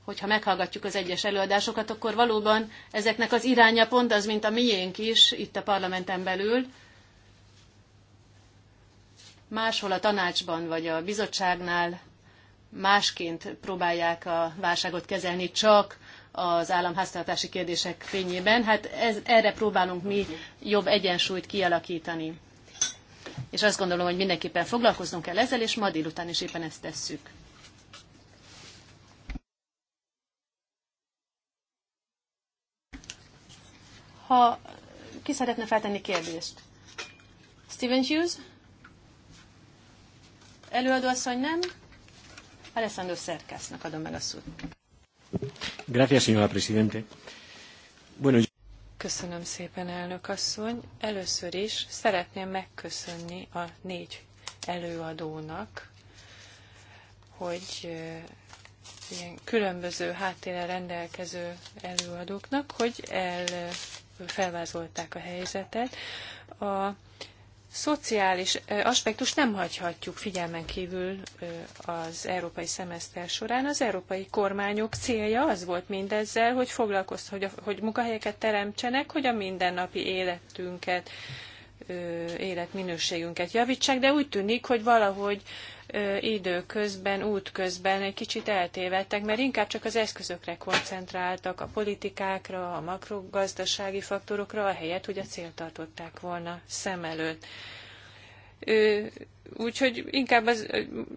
hogyha meghallgatjuk az egyes előadásokat, akkor valóban ezeknek az iránya pont az, mint a miénk is itt a parlamenten belül, máshol a tanácsban vagy a bizottságnál másként próbálják a válságot kezelni, csak az államháztartási kérdések fényében. Hát ez, erre próbálunk mi jobb egyensúlyt kialakítani. És azt gondolom, hogy mindenképpen foglalkoznunk kell ezzel, és ma délután is éppen ezt tesszük. Ha ki szeretne feltenni kérdést? Steven Hughes? Előadó asszony nem. Alessandro Szerkásznak adom meg a szót. Gracias, señora presidente. Bueno, Köszönöm szépen, elnök asszony. Először is szeretném megköszönni a négy előadónak, hogy ilyen különböző háttérrel rendelkező előadóknak, hogy el felvázolták a helyzetet. A szociális aspektus nem hagyhatjuk figyelmen kívül az európai szemeszter során. Az európai kormányok célja az volt mindezzel, hogy foglalkozt, hogy, a, hogy munkahelyeket teremtsenek, hogy a mindennapi életünket életminőségünket javítsák, de úgy tűnik, hogy valahogy időközben, útközben egy kicsit eltévedtek, mert inkább csak az eszközökre koncentráltak, a politikákra, a makrogazdasági faktorokra, ahelyett, hogy a célt tartották volna szem előtt. Úgyhogy inkább az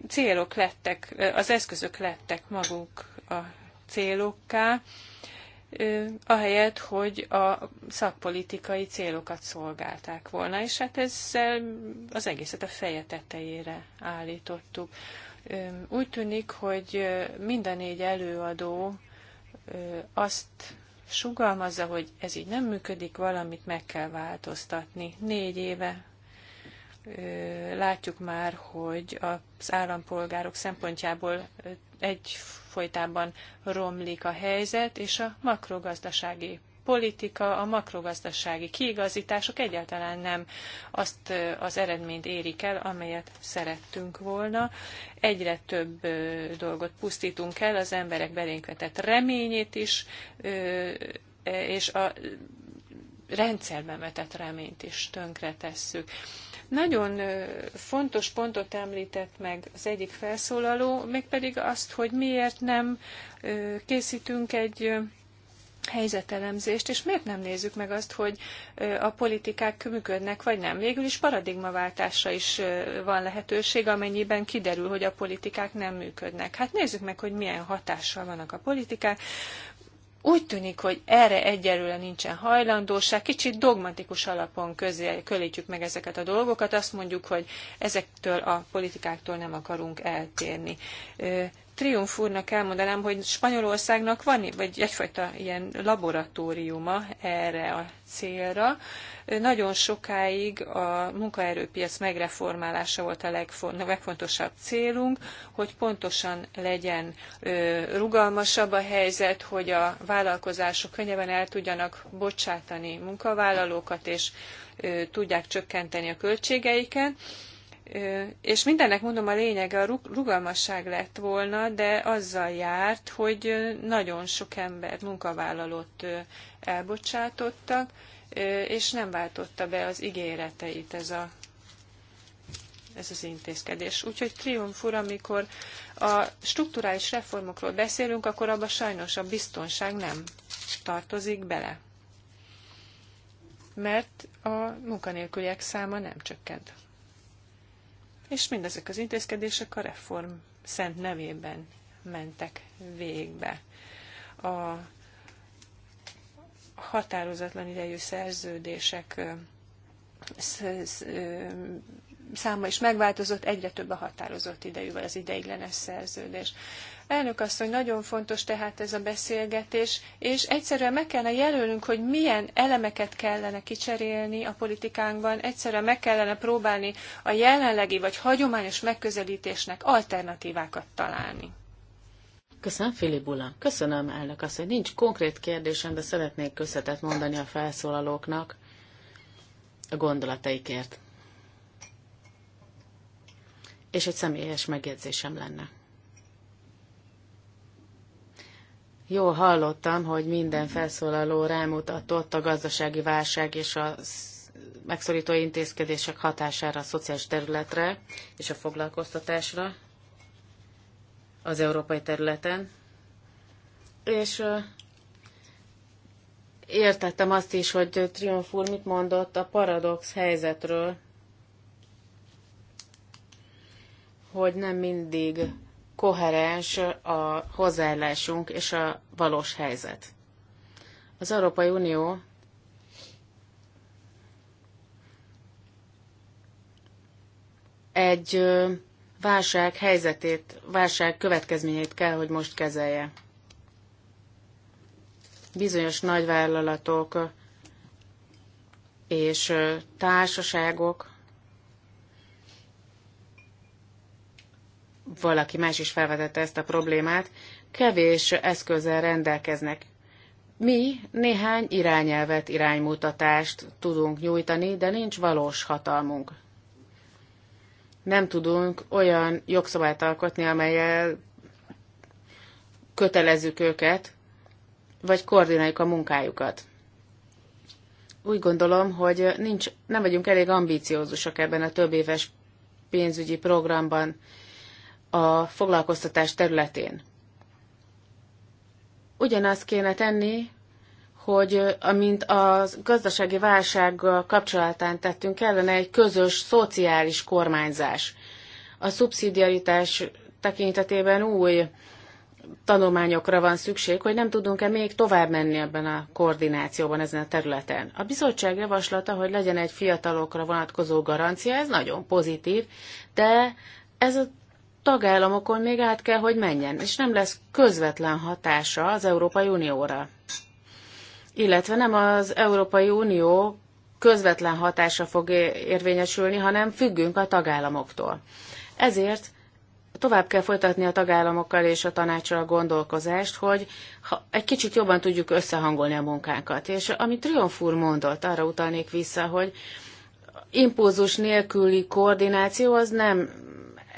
célok lettek, az eszközök lettek maguk a célokká, ahelyett, hogy a szakpolitikai célokat szolgálták volna, és hát ezzel az egészet a feje tetejére állítottuk. Úgy tűnik, hogy mind a négy előadó azt sugalmazza, hogy ez így nem működik, valamit meg kell változtatni. Négy éve látjuk már, hogy az állampolgárok szempontjából egy folytában romlik a helyzet, és a makrogazdasági politika, a makrogazdasági kiigazítások egyáltalán nem azt az eredményt érik el, amelyet szerettünk volna. Egyre több dolgot pusztítunk el, az emberek belénk vetett reményét is, és a rendszerben vetett reményt is tönkretesszük. tesszük nagyon fontos pontot említett meg az egyik felszólaló, mégpedig azt, hogy miért nem készítünk egy helyzetelemzést, és miért nem nézzük meg azt, hogy a politikák működnek, vagy nem. Végül is paradigmaváltásra is van lehetőség, amennyiben kiderül, hogy a politikák nem működnek. Hát nézzük meg, hogy milyen hatással vannak a politikák, úgy tűnik, hogy erre egyelőre nincsen hajlandóság, kicsit dogmatikus alapon közé, kölítjük meg ezeket a dolgokat, azt mondjuk, hogy ezektől a politikáktól nem akarunk eltérni. Triumfúrnak elmondanám, hogy Spanyolországnak van vagy egyfajta ilyen laboratóriuma erre a célra. Nagyon sokáig a munkaerőpiac megreformálása volt a legfontosabb célunk, hogy pontosan legyen rugalmasabb a helyzet, hogy a vállalkozások könnyebben el tudjanak bocsátani munkavállalókat, és tudják csökkenteni a költségeiket és mindennek mondom a lényege a rugalmasság lett volna, de azzal járt, hogy nagyon sok embert, munkavállalót elbocsátottak, és nem váltotta be az ígéreteit ez a ez az intézkedés. Úgyhogy triumfur, amikor a strukturális reformokról beszélünk, akkor abban sajnos a biztonság nem tartozik bele. Mert a munkanélküliek száma nem csökkent és mindezek az intézkedések a reform szent nevében mentek végbe. A határozatlan idejű szerződések száma is megváltozott, egyre több a határozott idejű, vagy az ideiglenes szerződés. Elnök asszony, nagyon fontos tehát ez a beszélgetés, és egyszerűen meg kellene jelölnünk, hogy milyen elemeket kellene kicserélni a politikánkban, egyszerűen meg kellene próbálni a jelenlegi vagy hagyományos megközelítésnek alternatívákat találni. Köszönöm, Filibula. Köszönöm, elnök asszony. Nincs konkrét kérdésem, de szeretnék köszönetet mondani a felszólalóknak a gondolataikért. És egy személyes megjegyzésem lenne. Jól hallottam, hogy minden felszólaló rámutatott a gazdasági válság és a megszorító intézkedések hatására a szociális területre és a foglalkoztatásra az európai területen. És értettem azt is, hogy Triumph úr mit mondott a paradox helyzetről, hogy nem mindig koherens a hozzáállásunk és a valós helyzet. Az Európai Unió egy válság helyzetét, válság következményét kell, hogy most kezelje. Bizonyos nagyvállalatok és társaságok valaki más is felvetette ezt a problémát, kevés eszközzel rendelkeznek. Mi néhány irányelvet, iránymutatást tudunk nyújtani, de nincs valós hatalmunk. Nem tudunk olyan jogszabályt alkotni, amelyel kötelezzük őket, vagy koordináljuk a munkájukat. Úgy gondolom, hogy nincs, nem vagyunk elég ambíciózusak ebben a több éves pénzügyi programban a foglalkoztatás területén. Ugyanazt kéne tenni, hogy amint a gazdasági válsággal kapcsolatán tettünk, kellene egy közös szociális kormányzás. A szubszidiaritás tekintetében új tanulmányokra van szükség, hogy nem tudunk-e még tovább menni ebben a koordinációban, ezen a területen. A bizottság javaslata, hogy legyen egy fiatalokra vonatkozó garancia, ez nagyon pozitív, de ez a tagállamokon még át kell, hogy menjen, és nem lesz közvetlen hatása az Európai Unióra. Illetve nem az Európai Unió közvetlen hatása fog érvényesülni, hanem függünk a tagállamoktól. Ezért tovább kell folytatni a tagállamokkal és a tanácsra a gondolkozást, hogy ha egy kicsit jobban tudjuk összehangolni a munkánkat. És amit Triumf mondott, arra utalnék vissza, hogy impulzus nélküli koordináció az nem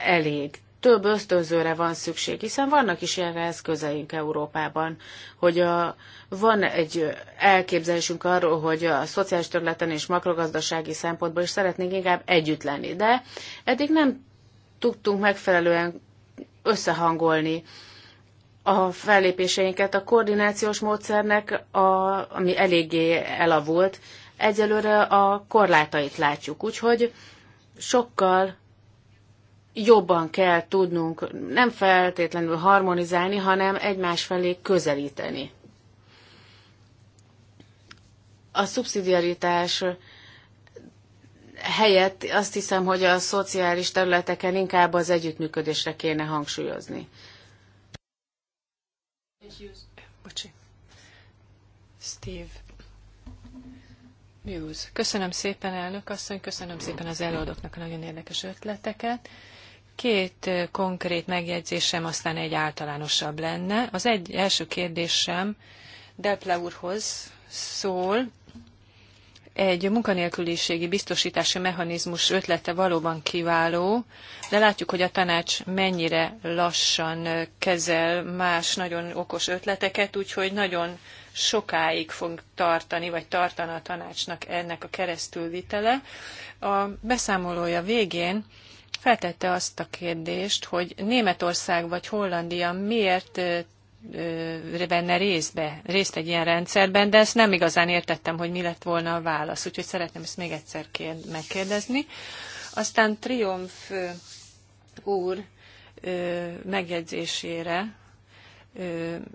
elég több ösztönzőre van szükség, hiszen vannak is ilyen eszközeink Európában, hogy a, van egy elképzelésünk arról, hogy a szociális területen és makrogazdasági szempontból is szeretnénk inkább együtt lenni, de eddig nem tudtunk megfelelően összehangolni a fellépéseinket a koordinációs módszernek, a, ami eléggé elavult, egyelőre a korlátait látjuk, úgyhogy sokkal jobban kell tudnunk nem feltétlenül harmonizálni, hanem egymás felé közelíteni. A szubszidiaritás helyett azt hiszem, hogy a szociális területeken inkább az együttműködésre kéne hangsúlyozni. Steve. Köszönöm szépen, elnök asszony, köszönöm szépen az előadóknak a nagyon érdekes ötleteket. Két konkrét megjegyzésem, aztán egy általánosabb lenne. Az egy első kérdésem Deple úrhoz szól. Egy munkanélküliségi biztosítási mechanizmus ötlete valóban kiváló, de látjuk, hogy a tanács mennyire lassan kezel más nagyon okos ötleteket, úgyhogy nagyon sokáig fog tartani, vagy tartana a tanácsnak ennek a keresztülvitele. A beszámolója végén feltette azt a kérdést, hogy Németország vagy Hollandia miért venne részbe, részt egy ilyen rendszerben, de ezt nem igazán értettem, hogy mi lett volna a válasz, úgyhogy szeretném ezt még egyszer kérd, megkérdezni. Aztán Triumf úr megjegyzésére,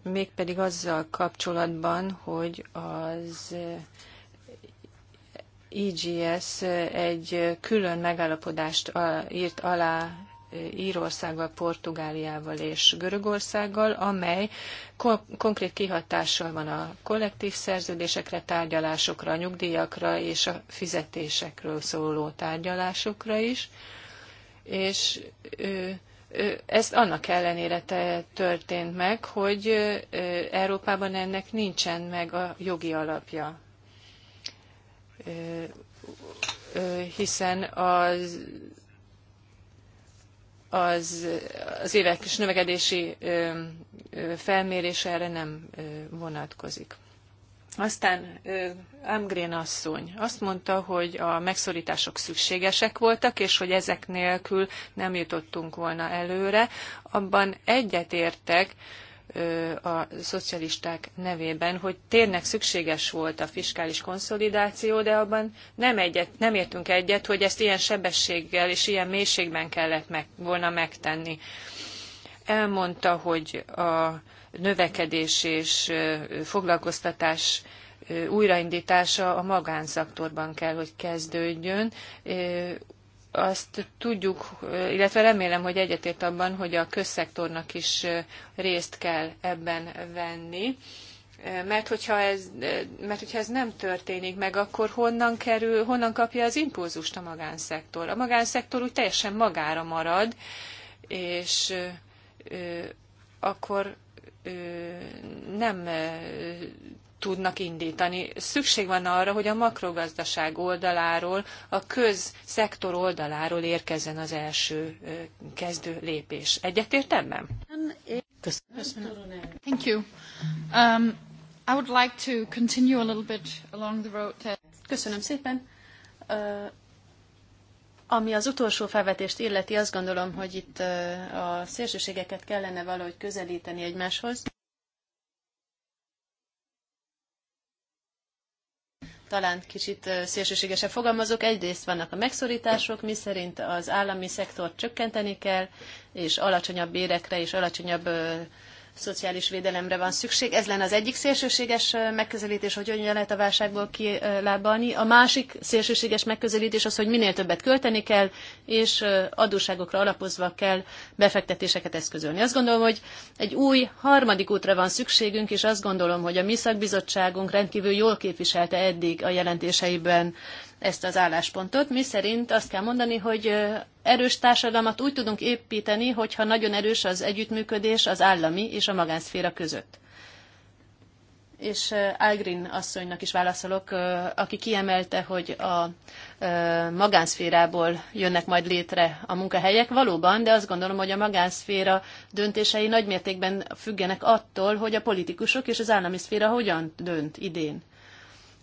mégpedig azzal kapcsolatban, hogy az IGS e eh, egy eh, külön megállapodást írt alá eh, Írországgal, Portugáliával és Görögországgal, amely ko konkrét kihatással van a kollektív szerződésekre, tárgyalásokra, a nyugdíjakra és a fizetésekről szóló tárgyalásokra is. És ö, ez annak ellenére történt meg, hogy Európában ennek nincsen meg a jogi alapja hiszen az az, az éves növekedési felmérése erre nem vonatkozik. Aztán Amgrén asszony azt mondta, hogy a megszorítások szükségesek voltak, és hogy ezek nélkül nem jutottunk volna előre. Abban egyetértek, a szocialisták nevében, hogy tényleg szükséges volt a fiskális konszolidáció, de abban nem, egyet, nem értünk egyet, hogy ezt ilyen sebességgel és ilyen mélységben kellett meg, volna megtenni. Elmondta, hogy a növekedés és foglalkoztatás újraindítása a magánszaktorban kell, hogy kezdődjön azt tudjuk, illetve remélem, hogy egyetért abban, hogy a közszektornak is részt kell ebben venni. Mert hogyha, ez, mert hogyha ez nem történik meg, akkor honnan kerül, honnan kapja az impulzust a magánszektor? A magánszektor úgy teljesen magára marad, és akkor nem tudnak indítani. Szükség van arra, hogy a makrogazdaság oldaláról, a közszektor oldaláról érkezzen az első kezdő lépés. Egyetért ebben? Köszönöm. Thank you. Um, I would like to continue a little bit along the road Köszönöm szépen. ami az utolsó felvetést illeti, azt gondolom, hogy itt a szélsőségeket kellene valahogy közelíteni egymáshoz. talán kicsit szélsőségesen fogalmazok. Egyrészt vannak a megszorítások, mi szerint az állami szektort csökkenteni kell, és alacsonyabb bérekre és alacsonyabb szociális védelemre van szükség. Ez lenne az egyik szélsőséges megközelítés, hogy hogyan lehet a válságból kilábalni. A másik szélsőséges megközelítés az, hogy minél többet költeni kell, és adósságokra alapozva kell befektetéseket eszközölni. Azt gondolom, hogy egy új harmadik útra van szükségünk, és azt gondolom, hogy a mi szakbizottságunk rendkívül jól képviselte eddig a jelentéseiben ezt az álláspontot, mi szerint azt kell mondani, hogy erős társadalmat úgy tudunk építeni, hogyha nagyon erős az együttműködés az állami és a magánszféra között. És Algrin asszonynak is válaszolok, aki kiemelte, hogy a magánszférából jönnek majd létre a munkahelyek. Valóban, de azt gondolom, hogy a magánszféra döntései nagymértékben függenek attól, hogy a politikusok és az állami szféra hogyan dönt idén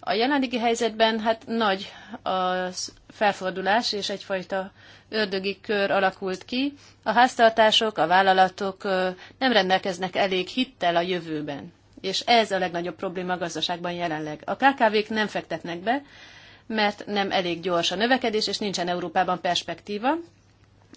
a jelenlegi helyzetben hát nagy a felfordulás, és egyfajta ördögi kör alakult ki. A háztartások, a vállalatok nem rendelkeznek elég hittel a jövőben. És ez a legnagyobb probléma a gazdaságban jelenleg. A KKV-k nem fektetnek be, mert nem elég gyors a növekedés, és nincsen Európában perspektíva.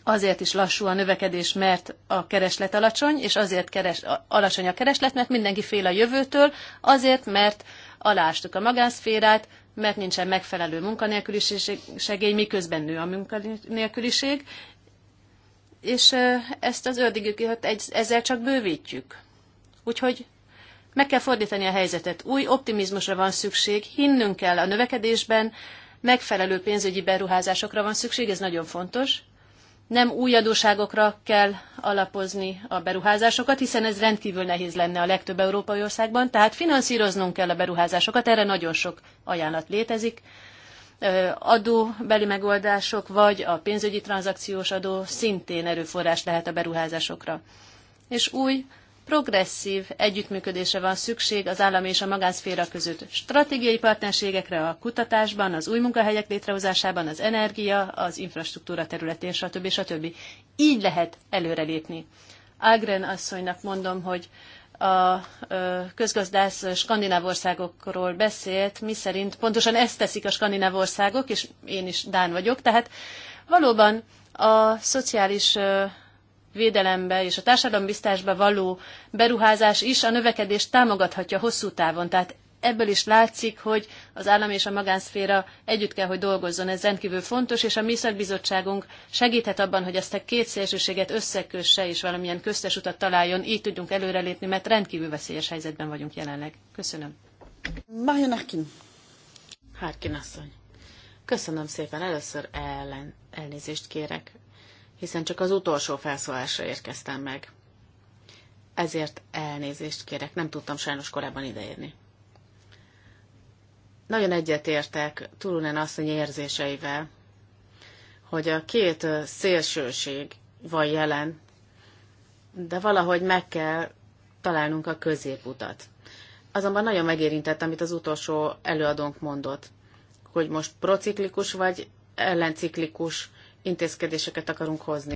Azért is lassú a növekedés, mert a kereslet alacsony, és azért keres, alacsony a kereslet, mert mindenki fél a jövőtől, azért, mert Aláástuk a magánszférát, mert nincsen megfelelő munkanélküliség segély, miközben nő a munkanélküliség, és ezt az ördögüket ezzel csak bővítjük. Úgyhogy meg kell fordítani a helyzetet. Új optimizmusra van szükség, hinnünk kell a növekedésben, megfelelő pénzügyi beruházásokra van szükség, ez nagyon fontos, nem új adóságokra kell alapozni a beruházásokat, hiszen ez rendkívül nehéz lenne a legtöbb európai országban, tehát finanszíroznunk kell a beruházásokat, erre nagyon sok ajánlat létezik. Adóbeli megoldások vagy a pénzügyi tranzakciós adó szintén erőforrás lehet a beruházásokra. És új progresszív együttműködésre van szükség az állam és a magánszféra között. Stratégiai partnerségekre a kutatásban, az új munkahelyek létrehozásában, az energia, az infrastruktúra területén, stb. stb. Így lehet előrelépni. Ágren asszonynak mondom, hogy a közgazdász skandináv országokról beszélt, miszerint pontosan ezt teszik a skandináv országok, és én is Dán vagyok, tehát valóban a szociális védelembe és a társadalombiztásba való beruházás is a növekedést támogathatja hosszú távon. Tehát ebből is látszik, hogy az állam és a magánszféra együtt kell, hogy dolgozzon. Ez rendkívül fontos, és a mi szakbizottságunk segíthet abban, hogy ezt a két szélsőséget összekösse, és valamilyen köztes utat találjon, így tudjunk előrelépni, mert rendkívül veszélyes helyzetben vagyunk jelenleg. Köszönöm. Marian Harkin. Harkin asszony. Köszönöm szépen. Először ellen, elnézést kérek hiszen csak az utolsó felszólásra érkeztem meg. Ezért elnézést kérek, nem tudtam sajnos korábban ideérni. Nagyon egyetértek Turunen asszony érzéseivel, hogy a két szélsőség van jelen, de valahogy meg kell találnunk a középutat. Azonban nagyon megérintett, amit az utolsó előadónk mondott, hogy most prociklikus vagy ellenciklikus intézkedéseket akarunk hozni.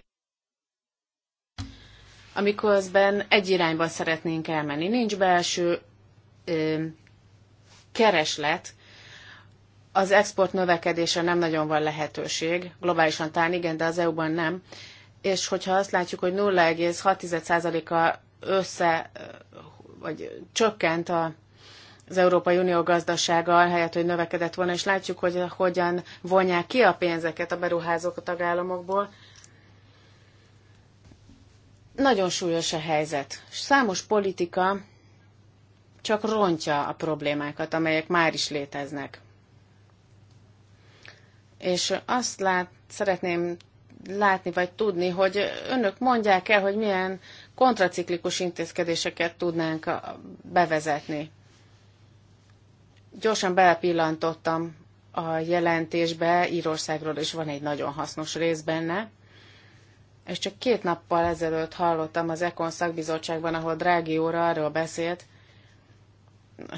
Amiközben egy irányba szeretnénk elmenni. Nincs belső ö, kereslet, az export növekedése nem nagyon van lehetőség, globálisan talán igen, de az EU-ban nem. És hogyha azt látjuk, hogy 0,6%-a össze, vagy csökkent a az Európai Unió gazdasága ahelyett, hogy növekedett volna, és látjuk, hogy hogyan vonják ki a pénzeket a beruházók a tagállamokból. Nagyon súlyos a helyzet. Számos politika csak rontja a problémákat, amelyek már is léteznek. És azt lát, szeretném látni vagy tudni, hogy önök mondják el, hogy milyen kontraciklikus intézkedéseket tudnánk bevezetni. Gyorsan belepillantottam a jelentésbe, Írországról is van egy nagyon hasznos rész benne, és csak két nappal ezelőtt hallottam az Ekon szakbizottságban, ahol Drági úr arról beszélt,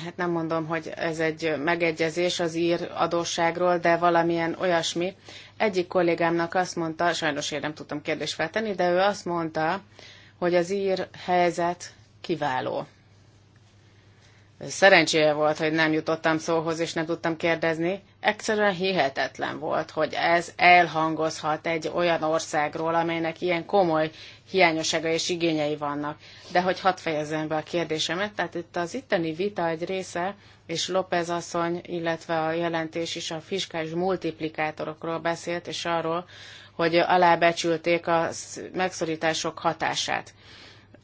hát nem mondom, hogy ez egy megegyezés az ír adósságról, de valamilyen olyasmi. Egyik kollégámnak azt mondta, sajnos én nem tudtam kérdést feltenni, de ő azt mondta, hogy az ír helyzet kiváló. Szerencséje volt, hogy nem jutottam szóhoz, és nem tudtam kérdezni. Egyszerűen hihetetlen volt, hogy ez elhangozhat egy olyan országról, amelynek ilyen komoly hiányosságai és igényei vannak. De hogy hadd fejezzem be a kérdésemet, tehát itt az itteni vita egy része, és López asszony, illetve a jelentés is a fiskális multiplikátorokról beszélt, és arról, hogy alábecsülték a megszorítások hatását.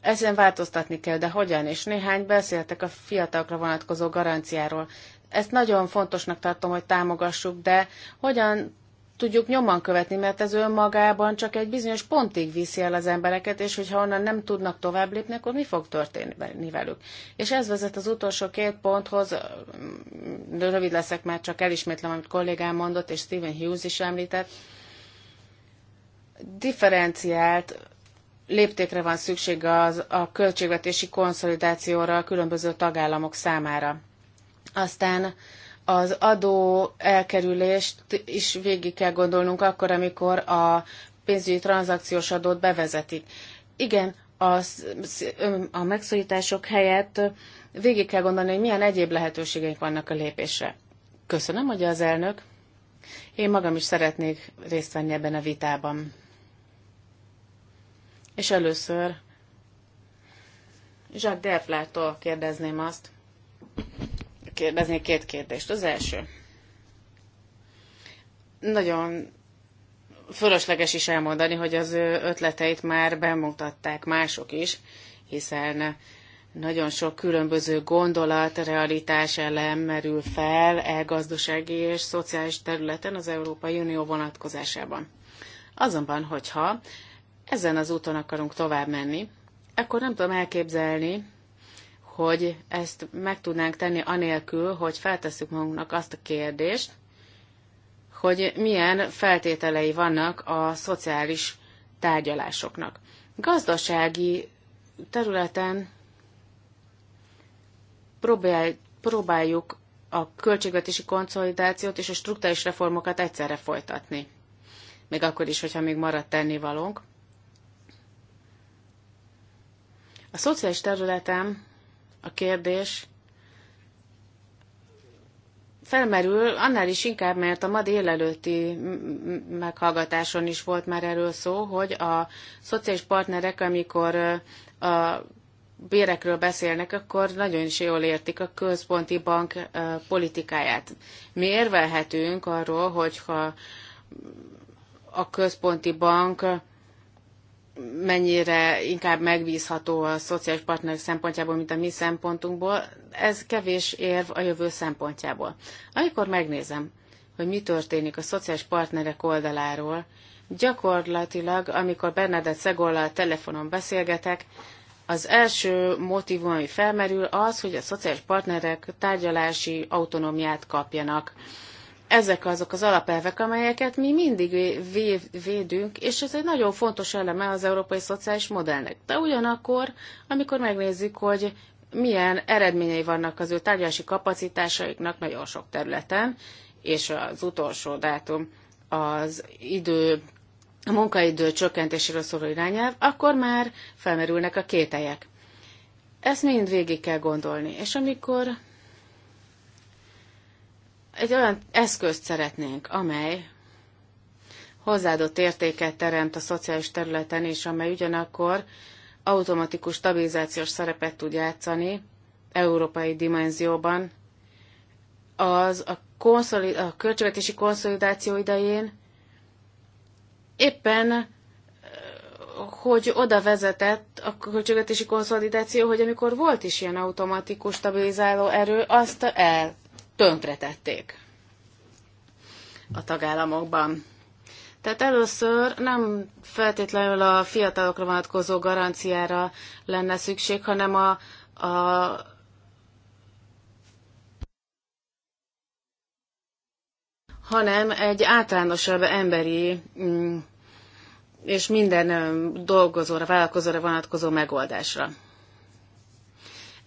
Ezen változtatni kell, de hogyan? És néhány beszéltek a fiatalokra vonatkozó garanciáról. Ezt nagyon fontosnak tartom, hogy támogassuk, de hogyan tudjuk nyomon követni, mert ez önmagában csak egy bizonyos pontig viszi el az embereket, és hogyha onnan nem tudnak tovább lépni, akkor mi fog történni velük? És ez vezet az utolsó két ponthoz, rövid leszek, mert csak elismétlem, amit kollégám mondott, és Stephen Hughes is említett, differenciált léptékre van szükség az, a költségvetési konszolidációra a különböző tagállamok számára. Aztán az adó elkerülést is végig kell gondolnunk akkor, amikor a pénzügyi tranzakciós adót bevezetik. Igen, a, a megszorítások helyett végig kell gondolni, hogy milyen egyéb lehetőségeink vannak a lépésre. Köszönöm, hogy az elnök. Én magam is szeretnék részt venni ebben a vitában. És először Jacques Derflától kérdezném azt, kérdeznék két kérdést. Az első. Nagyon fölösleges is elmondani, hogy az ő ötleteit már bemutatták mások is, hiszen nagyon sok különböző gondolat, realitás elem merül fel elgazdasági és szociális területen az Európai Unió vonatkozásában. Azonban, hogyha ezen az úton akarunk tovább menni, akkor nem tudom elképzelni, hogy ezt meg tudnánk tenni anélkül, hogy feltesszük magunknak azt a kérdést, hogy milyen feltételei vannak a szociális tárgyalásoknak. Gazdasági területen próbáljuk a költségvetési konszolidációt és a struktúrális reformokat egyszerre folytatni. Még akkor is, hogyha még maradt tennivalónk. A szociális területem a kérdés felmerül annál is inkább, mert a ma délelőtti meghallgatáson is volt már erről szó, hogy a szociális partnerek, amikor a bérekről beszélnek, akkor nagyon is jól értik a központi bank politikáját. Mi érvelhetünk arról, hogyha a központi bank mennyire inkább megbízható a szociális partnerek szempontjából, mint a mi szempontunkból, ez kevés érv a jövő szempontjából. Amikor megnézem, hogy mi történik a szociális partnerek oldaláról, gyakorlatilag, amikor Bernadett Szegollal telefonon beszélgetek, az első motivum, ami felmerül, az, hogy a szociális partnerek tárgyalási autonómiát kapjanak ezek azok az alapelvek, amelyeket mi mindig védünk, és ez egy nagyon fontos eleme az európai szociális modellnek. De ugyanakkor, amikor megnézzük, hogy milyen eredményei vannak az ő tárgyalási kapacitásaiknak nagyon sok területen, és az utolsó dátum az idő, a munkaidő csökkentéséről szóló irányelv, akkor már felmerülnek a kételyek. Ezt mind végig kell gondolni, és amikor egy olyan eszközt szeretnénk, amely hozzáadott értéket teremt a szociális területen is, amely ugyanakkor automatikus stabilizációs szerepet tud játszani európai dimenzióban, az a, konszolid- a költségvetési konszolidáció idején éppen hogy oda vezetett a költségvetési konszolidáció, hogy amikor volt is ilyen automatikus stabilizáló erő, azt el tönkretették a tagállamokban. Tehát először nem feltétlenül a fiatalokra vonatkozó garanciára lenne szükség, hanem a, a hanem egy általánosabb emberi mm, és minden dolgozóra, vállalkozóra vonatkozó megoldásra.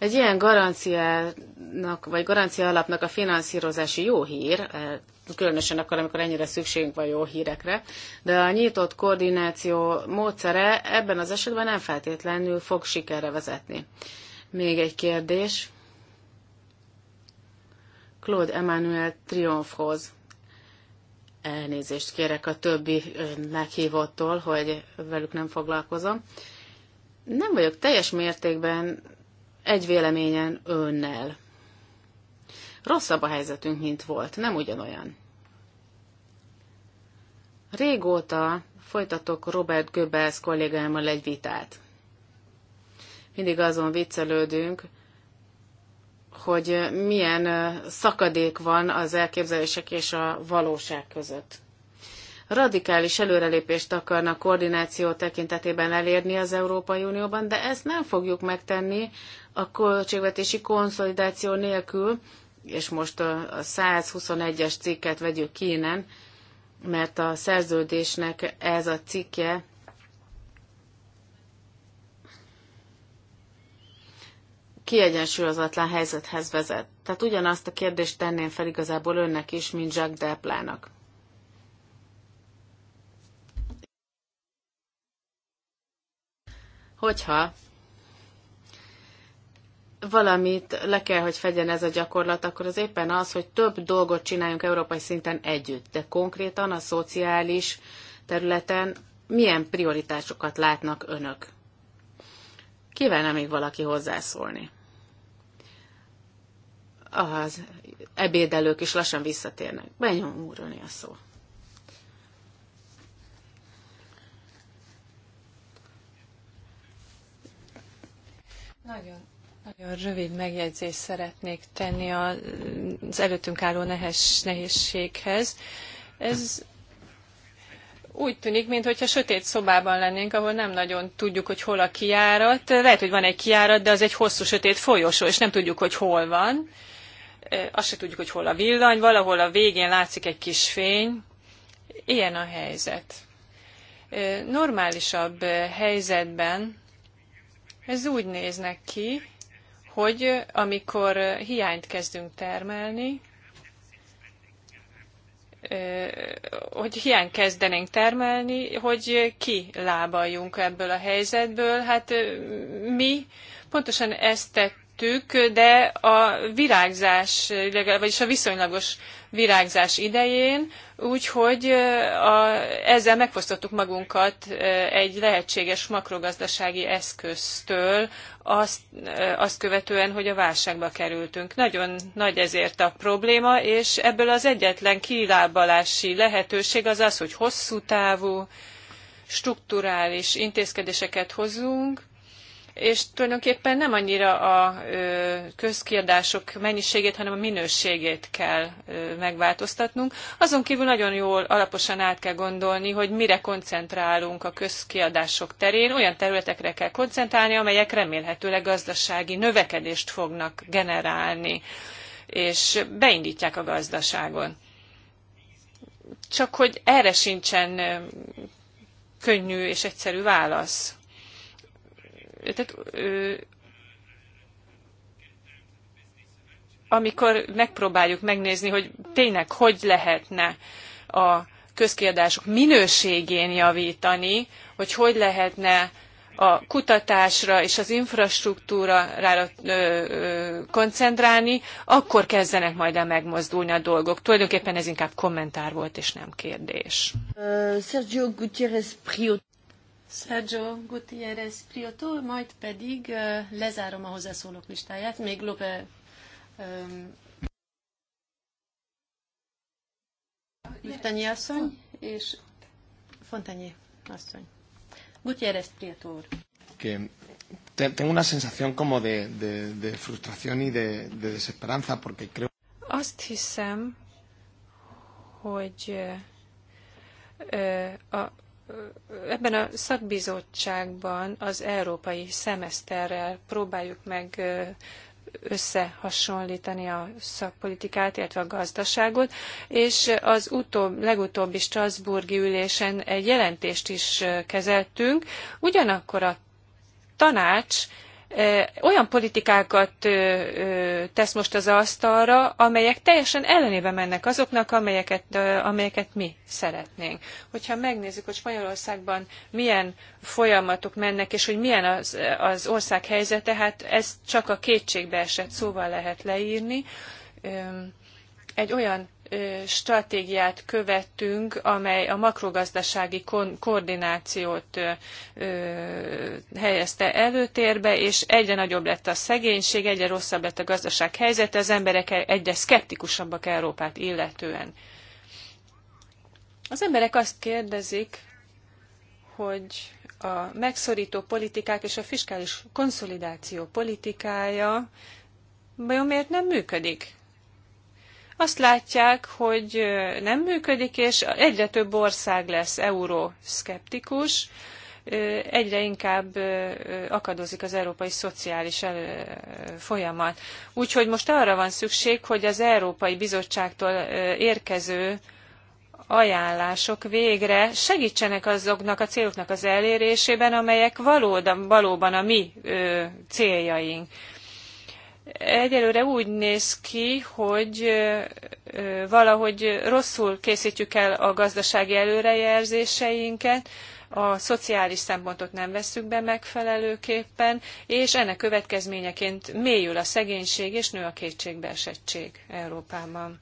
Egy ilyen garanciának, vagy garancia alapnak a finanszírozási jó hír, eh, különösen akkor, amikor ennyire szükségünk van jó hírekre, de a nyitott koordináció módszere ebben az esetben nem feltétlenül fog sikerre vezetni. Még egy kérdés. Claude Emmanuel Triumphhoz. Elnézést kérek a többi eh, meghívottól, hogy velük nem foglalkozom. Nem vagyok teljes mértékben egy véleményen önnel. Rosszabb a helyzetünk, mint volt, nem ugyanolyan. Régóta folytatok Robert Goebbels kollégámmal egy vitát. Mindig azon viccelődünk, hogy milyen szakadék van az elképzelések és a valóság között radikális előrelépést akarnak koordináció tekintetében elérni az Európai Unióban, de ezt nem fogjuk megtenni a költségvetési konszolidáció nélkül, és most a 121-es cikket vegyük ki innen, mert a szerződésnek ez a cikke kiegyensúlyozatlan helyzethez vezet. Tehát ugyanazt a kérdést tenném fel igazából önnek is, mint Jacques Deplának. hogyha valamit le kell, hogy fegyen ez a gyakorlat, akkor az éppen az, hogy több dolgot csináljunk európai szinten együtt, de konkrétan a szociális területen milyen prioritásokat látnak önök? Kívánom még valaki hozzászólni? Az ebédelők is lassan visszatérnek. Benyom úr, a szó. Nagyon, nagyon rövid megjegyzést szeretnék tenni az előttünk álló nehes, nehézséghez. Ez úgy tűnik, mintha sötét szobában lennénk, ahol nem nagyon tudjuk, hogy hol a kiárat. Lehet, hogy van egy kiárat, de az egy hosszú sötét folyosó, és nem tudjuk, hogy hol van. Azt se tudjuk, hogy hol a villany, valahol a végén látszik egy kis fény. Ilyen a helyzet. Normálisabb helyzetben ez úgy néznek ki, hogy amikor hiányt kezdünk termelni, hogy hiány kezdenénk termelni, hogy ki lábaljunk ebből a helyzetből. Hát mi pontosan ezt tettük, de a virágzás, vagyis a viszonylagos virágzás idején, úgyhogy ezzel megfosztottuk magunkat egy lehetséges makrogazdasági eszköztől, azt, azt követően, hogy a válságba kerültünk. Nagyon nagy ezért a probléma, és ebből az egyetlen kilábalási lehetőség az az, hogy hosszú távú, strukturális intézkedéseket hozunk, és tulajdonképpen nem annyira a közkiadások mennyiségét, hanem a minőségét kell megváltoztatnunk. Azon kívül nagyon jól alaposan át kell gondolni, hogy mire koncentrálunk a közkiadások terén. Olyan területekre kell koncentrálni, amelyek remélhetőleg gazdasági növekedést fognak generálni, és beindítják a gazdaságon. Csak hogy erre sincsen könnyű és egyszerű válasz tehát amikor megpróbáljuk megnézni, hogy tényleg hogy lehetne a közkiadások minőségén javítani, hogy hogy lehetne a kutatásra és az infrastruktúra ö, koncentrálni, akkor kezdenek majd el megmozdulni a dolgok. Tulajdonképpen ez inkább kommentár volt, és nem kérdés. Sergio Gutierrez Prieto. Sergio Gutierrez Prioto, majd pedig lezárom a hozzászólók listáját. Még Lope um, asszony és Fontanyi asszony. Gutierrez Prieto úr. Que tengo una sensación como de, de, de frustración y de, de desesperanza porque creo... Azt hiszem, hogy uh, a ebben a szakbizottságban az európai szemeszterrel próbáljuk meg összehasonlítani a szakpolitikát, illetve a gazdaságot, és az utóbb, legutóbbi Strasburgi ülésen egy jelentést is kezeltünk, ugyanakkor a tanács olyan politikákat tesz most az asztalra, amelyek teljesen ellenébe mennek azoknak, amelyeket, amelyeket mi szeretnénk. Hogyha megnézzük, hogy Spanyolországban milyen folyamatok mennek, és hogy milyen az, az ország helyzete, hát ezt csak a kétségbeesett szóval lehet leírni. Egy olyan stratégiát követtünk, amely a makrogazdasági koordinációt helyezte előtérbe, és egyre nagyobb lett a szegénység, egyre rosszabb lett a gazdaság helyzete, az emberek e- egyre szkeptikusabbak Európát illetően. Az emberek azt kérdezik, hogy a megszorító politikák és a fiskális konszolidáció politikája vajon miért nem működik? azt látják, hogy nem működik, és egyre több ország lesz euroszkeptikus, egyre inkább akadozik az európai szociális folyamat. Úgyhogy most arra van szükség, hogy az Európai Bizottságtól érkező ajánlások végre segítsenek azoknak a céloknak az elérésében, amelyek valóban a mi céljaink. Egyelőre úgy néz ki, hogy valahogy rosszul készítjük el a gazdasági előrejelzéseinket, a szociális szempontot nem vesszük be megfelelőképpen, és ennek következményeként mélyül a szegénység és nő a kétségbeesettség Európában.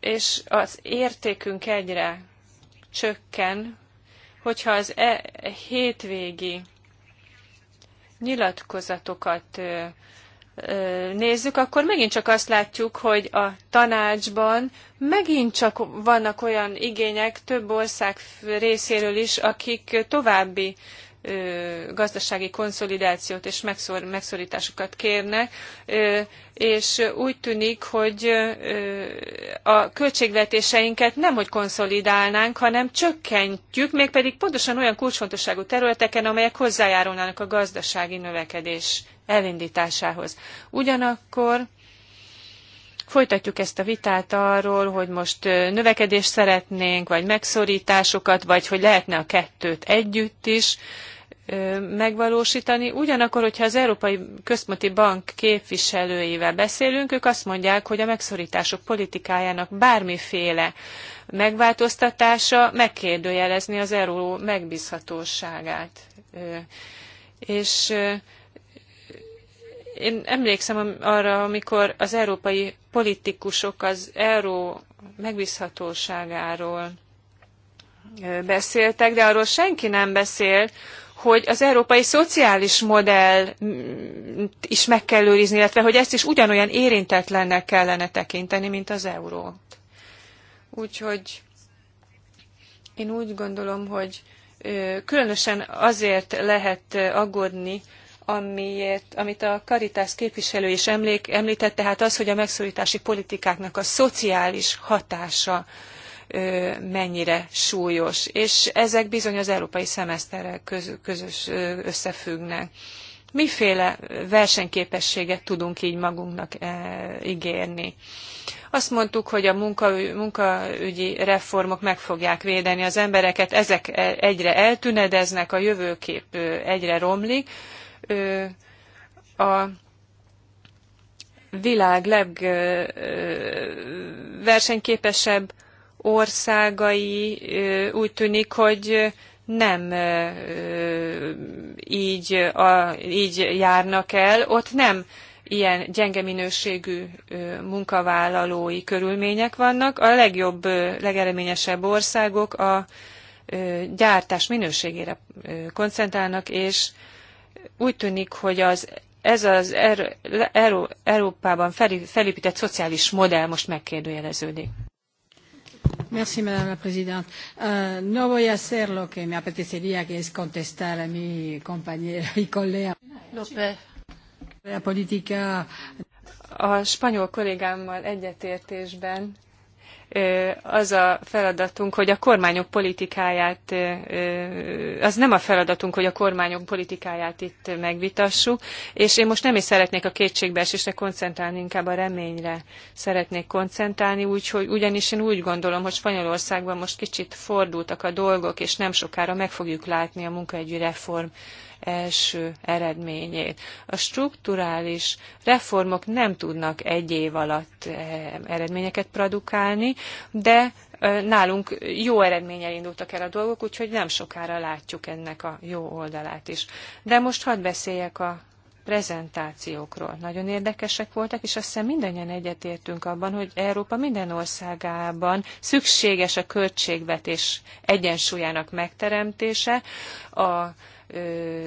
És az értékünk egyre csökken, hogyha az e hétvégi nyilatkozatokat nézzük, akkor megint csak azt látjuk, hogy a tanácsban megint csak vannak olyan igények több ország részéről is, akik további gazdasági konszolidációt és megszor, megszorításokat kérnek, és úgy tűnik, hogy a költségvetéseinket nem hogy konszolidálnánk, hanem csökkentjük, mégpedig pontosan olyan kulcsfontosságú területeken, amelyek hozzájárulnának a gazdasági növekedés elindításához. Ugyanakkor folytatjuk ezt a vitát arról, hogy most növekedést szeretnénk, vagy megszorításokat, vagy hogy lehetne a kettőt együtt is megvalósítani. Ugyanakkor, hogyha az Európai Központi Bank képviselőivel beszélünk, ők azt mondják, hogy a megszorítások politikájának bármiféle megváltoztatása megkérdőjelezni az euró megbízhatóságát. És én emlékszem arra, amikor az európai politikusok az euró megbízhatóságáról beszéltek, de arról senki nem beszélt, hogy az európai szociális modell mm, is meg kell őrizni, illetve hogy ezt is ugyanolyan érintetlennek kellene tekinteni, mint az eurót. Úgyhogy én úgy gondolom, hogy különösen azért lehet aggódni, amiért, amit a Karitás képviselő is emlék, említett, tehát az, hogy a megszorítási politikáknak a szociális hatása mennyire súlyos, és ezek bizony az európai szemeszterrel közös összefüggnek. Miféle versenyképességet tudunk így magunknak ígérni? Azt mondtuk, hogy a munkaügyi reformok meg fogják védeni az embereket, ezek e, egyre eltünedeznek, a jövőkép egyre romlik. A világ legversenyképesebb országai úgy tűnik, hogy nem így, a, így járnak el, ott nem ilyen gyenge minőségű munkavállalói körülmények vannak. A legjobb, legeleményesebb országok a gyártás minőségére koncentrálnak, és úgy tűnik, hogy az, ez az er, Euró, Európában felépített szociális modell most megkérdőjeleződik. Merci, Madame la Présidente. Uh, no voy a hacer lo que me apetecería, que es contestar a mi compañera y colega. A politika... A spanyol kollégámmal egyetértésben az a feladatunk, hogy a kormányok politikáját, az nem a feladatunk, hogy a kormányok politikáját itt megvitassuk, és én most nem is szeretnék a kétségbeesésre koncentrálni, inkább a reményre szeretnék koncentrálni, úgyhogy ugyanis én úgy gondolom, hogy Spanyolországban most kicsit fordultak a dolgok, és nem sokára meg fogjuk látni a munkaügyi reform első eredményét. A strukturális reformok nem tudnak egy év alatt eh, eredményeket produkálni, de eh, nálunk jó eredménnyel indultak el a dolgok, úgyhogy nem sokára látjuk ennek a jó oldalát is. De most hadd beszéljek a prezentációkról. Nagyon érdekesek voltak, és azt hiszem mindannyian egyetértünk abban, hogy Európa minden országában szükséges a költségvetés egyensúlyának megteremtése, a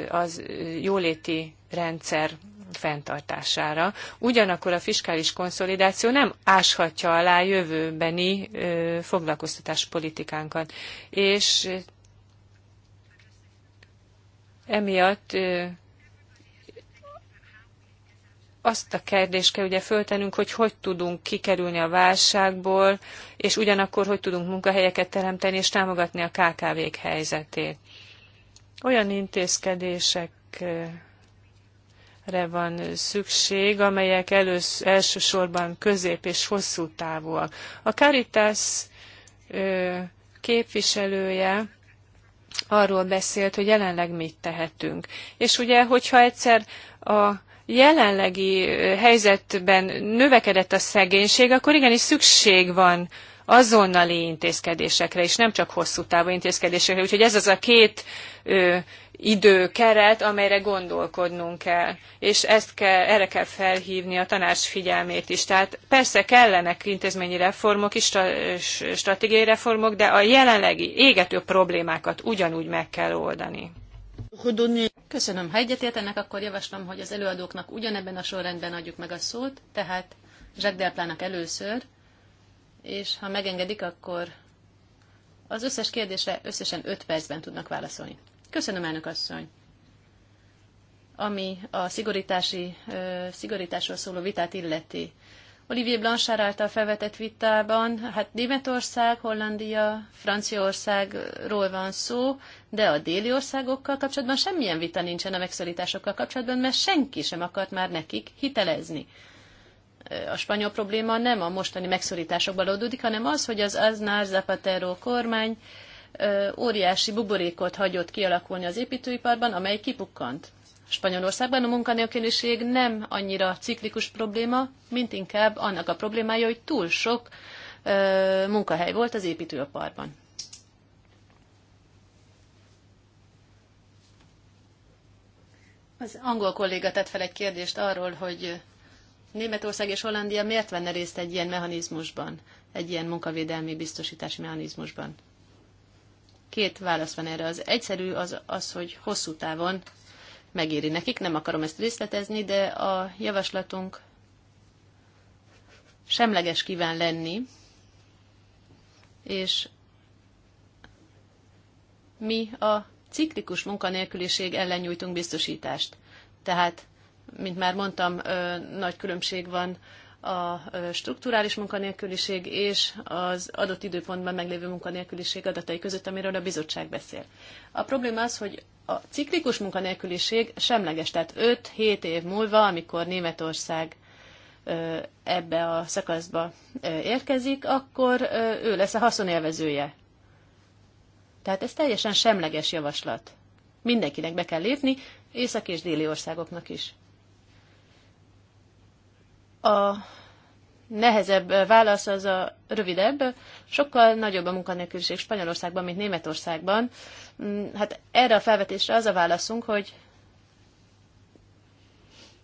az jóléti rendszer fenntartására. Ugyanakkor a fiskális konszolidáció nem áshatja alá jövőbeni foglalkoztatáspolitikánkat, és emiatt azt a kérdést kell ugye föltennünk, hogy hogy tudunk kikerülni a válságból, és ugyanakkor hogy tudunk munkahelyeket teremteni, és támogatni a KKV-k helyzetét. Olyan intézkedésekre van szükség, amelyek elősz, elsősorban közép és hosszú távúak. A Caritas képviselője arról beszélt, hogy jelenleg mit tehetünk. És ugye, hogyha egyszer a jelenlegi helyzetben növekedett a szegénység, akkor igenis szükség van azonnali intézkedésekre, és nem csak hosszú távú intézkedésekre. Úgyhogy ez az a két ö, időkeret, amelyre gondolkodnunk kell. És ezt kell, erre kell felhívni a tanács figyelmét is. Tehát persze kellenek intézményi reformok is, stratégiai reformok, de a jelenlegi égető problémákat ugyanúgy meg kell oldani. Köszönöm. Ha egyetértenek, akkor javaslom, hogy az előadóknak ugyanebben a sorrendben adjuk meg a szót, tehát Jacques Delplának először, és ha megengedik, akkor az összes kérdésre összesen 5 percben tudnak válaszolni. Köszönöm, elnök asszony! Ami a szigorítási, szigorításról szóló vitát illeti. Olivier Blanchard által felvetett vitában, hát Németország, Hollandia, Franciaországról van szó, de a déli országokkal kapcsolatban semmilyen vita nincsen a megszorításokkal kapcsolatban, mert senki sem akart már nekik hitelezni a spanyol probléma nem a mostani megszorításokból adódik, hanem az, hogy az Aznar Zapatero kormány óriási buborékot hagyott kialakulni az építőiparban, amely kipukkant. Spanyolországban a munkanélküliség nem annyira ciklikus probléma, mint inkább annak a problémája, hogy túl sok ö, munkahely volt az építőiparban. Az angol kolléga tett fel egy kérdést arról, hogy Németország és Hollandia miért venne részt egy ilyen mechanizmusban, egy ilyen munkavédelmi biztosítási mechanizmusban? Két válasz van erre. Az egyszerű az, az hogy hosszú távon megéri nekik, nem akarom ezt részletezni, de a javaslatunk semleges kíván lenni, és mi a ciklikus munkanélküliség ellen nyújtunk biztosítást. Tehát mint már mondtam, nagy különbség van a strukturális munkanélküliség és az adott időpontban meglévő munkanélküliség adatai között, amiről a bizottság beszél. A probléma az, hogy a ciklikus munkanélküliség semleges, tehát 5-7 év múlva, amikor Németország ebbe a szakaszba érkezik, akkor ő lesz a haszonélvezője. Tehát ez teljesen semleges javaslat. Mindenkinek be kell lépni, észak és déli országoknak is a nehezebb válasz az a rövidebb, sokkal nagyobb a munkanélküliség Spanyolországban, mint Németországban. Mm, hát erre a felvetésre az a válaszunk, hogy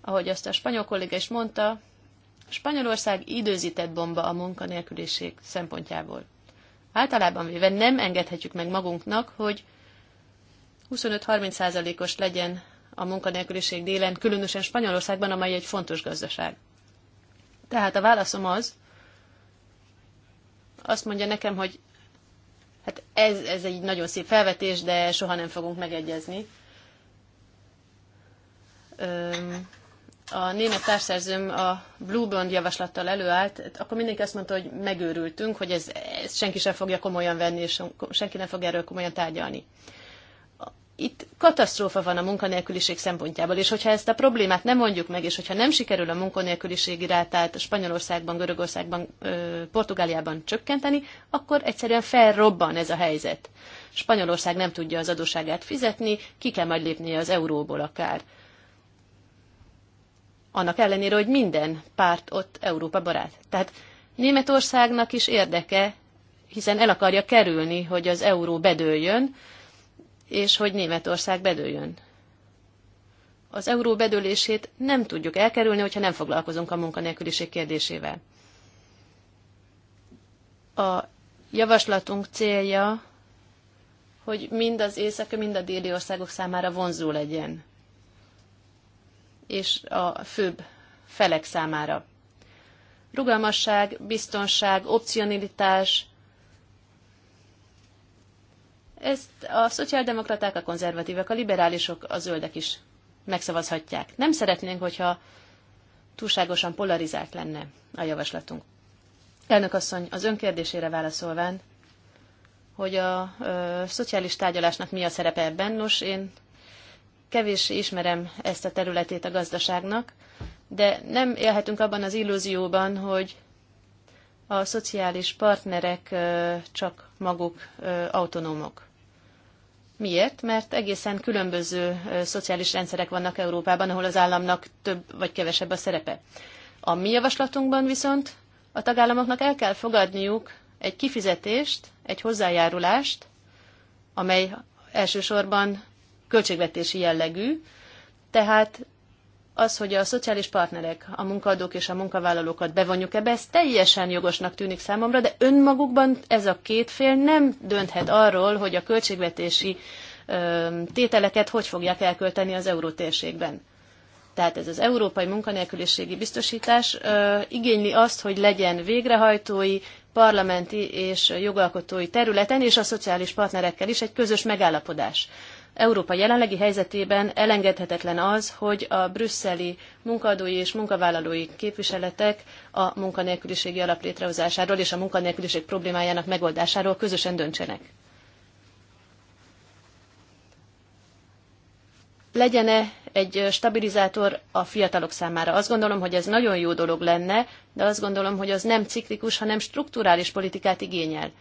ahogy azt a spanyol kolléga is mondta, Spanyolország időzített bomba a munkanélküliség szempontjából. Általában véve nem engedhetjük meg magunknak, hogy 25-30%-os legyen a munkanélküliség délen, különösen Spanyolországban, amely egy fontos gazdaság. Tehát a válaszom az, azt mondja nekem, hogy hát ez, ez egy nagyon szép felvetés, de soha nem fogunk megegyezni. Öm, a német társzerzőm a Blue Bond javaslattal előállt, akkor mindenki azt mondta, hogy megőrültünk, hogy ez, ez senki sem fogja komolyan venni, és senki nem fog erről komolyan tárgyalni itt katasztrófa van a munkanélküliség szempontjából, és hogyha ezt a problémát nem mondjuk meg, és hogyha nem sikerül a munkanélküliségi rátát Spanyolországban, Görögországban, Portugáliában csökkenteni, akkor egyszerűen felrobban ez a helyzet. Spanyolország nem tudja az adóságát fizetni, ki kell majd lépnie az euróból akár. Annak ellenére, hogy minden párt ott Európa barát. Tehát Németországnak is érdeke, hiszen el akarja kerülni, hogy az euró bedőljön, és hogy Németország bedőljön. Az euró bedőlését nem tudjuk elkerülni, hogyha nem foglalkozunk a munkanélküliség kérdésével. A javaslatunk célja, hogy mind az észak, mind a déli országok számára vonzó legyen, és a főbb felek számára. Rugalmasság, biztonság, opcionalitás, ezt a szociáldemokraták, a konzervatívek, a liberálisok, a zöldek is megszavazhatják. Nem szeretnénk, hogyha túlságosan polarizált lenne a javaslatunk. Elnök asszony, az önkérdésére válaszolván, hogy a ö, szociális tárgyalásnak mi a szerepe ebben. Nos, én kevés ismerem ezt a területét a gazdaságnak, de nem élhetünk abban az illúzióban, hogy a szociális partnerek ö, csak maguk ö, autonómok. Miért? Mert egészen különböző szociális rendszerek vannak Európában, ahol az államnak több vagy kevesebb a szerepe. A mi javaslatunkban viszont a tagállamoknak el kell fogadniuk egy kifizetést, egy hozzájárulást, amely elsősorban költségvetési jellegű, tehát az, hogy a szociális partnerek, a munkadók és a munkavállalókat bevonjuk ebbe, ez teljesen jogosnak tűnik számomra, de önmagukban ez a két fél nem dönthet arról, hogy a költségvetési tételeket hogy fogják elkölteni az eurótérségben. Tehát ez az európai munkanélküliségi biztosítás igényli azt, hogy legyen végrehajtói, parlamenti és jogalkotói területen és a szociális partnerekkel is egy közös megállapodás. Európa jelenlegi helyzetében elengedhetetlen az, hogy a brüsszeli munkadói és munkavállalói képviseletek a munkanélküliségi alap létrehozásáról és a munkanélküliség problémájának megoldásáról közösen döntsenek. legyen-e egy stabilizátor a fiatalok számára. Azt gondolom, hogy ez nagyon jó dolog lenne, de azt gondolom, hogy az nem ciklikus, hanem strukturális politikát igényel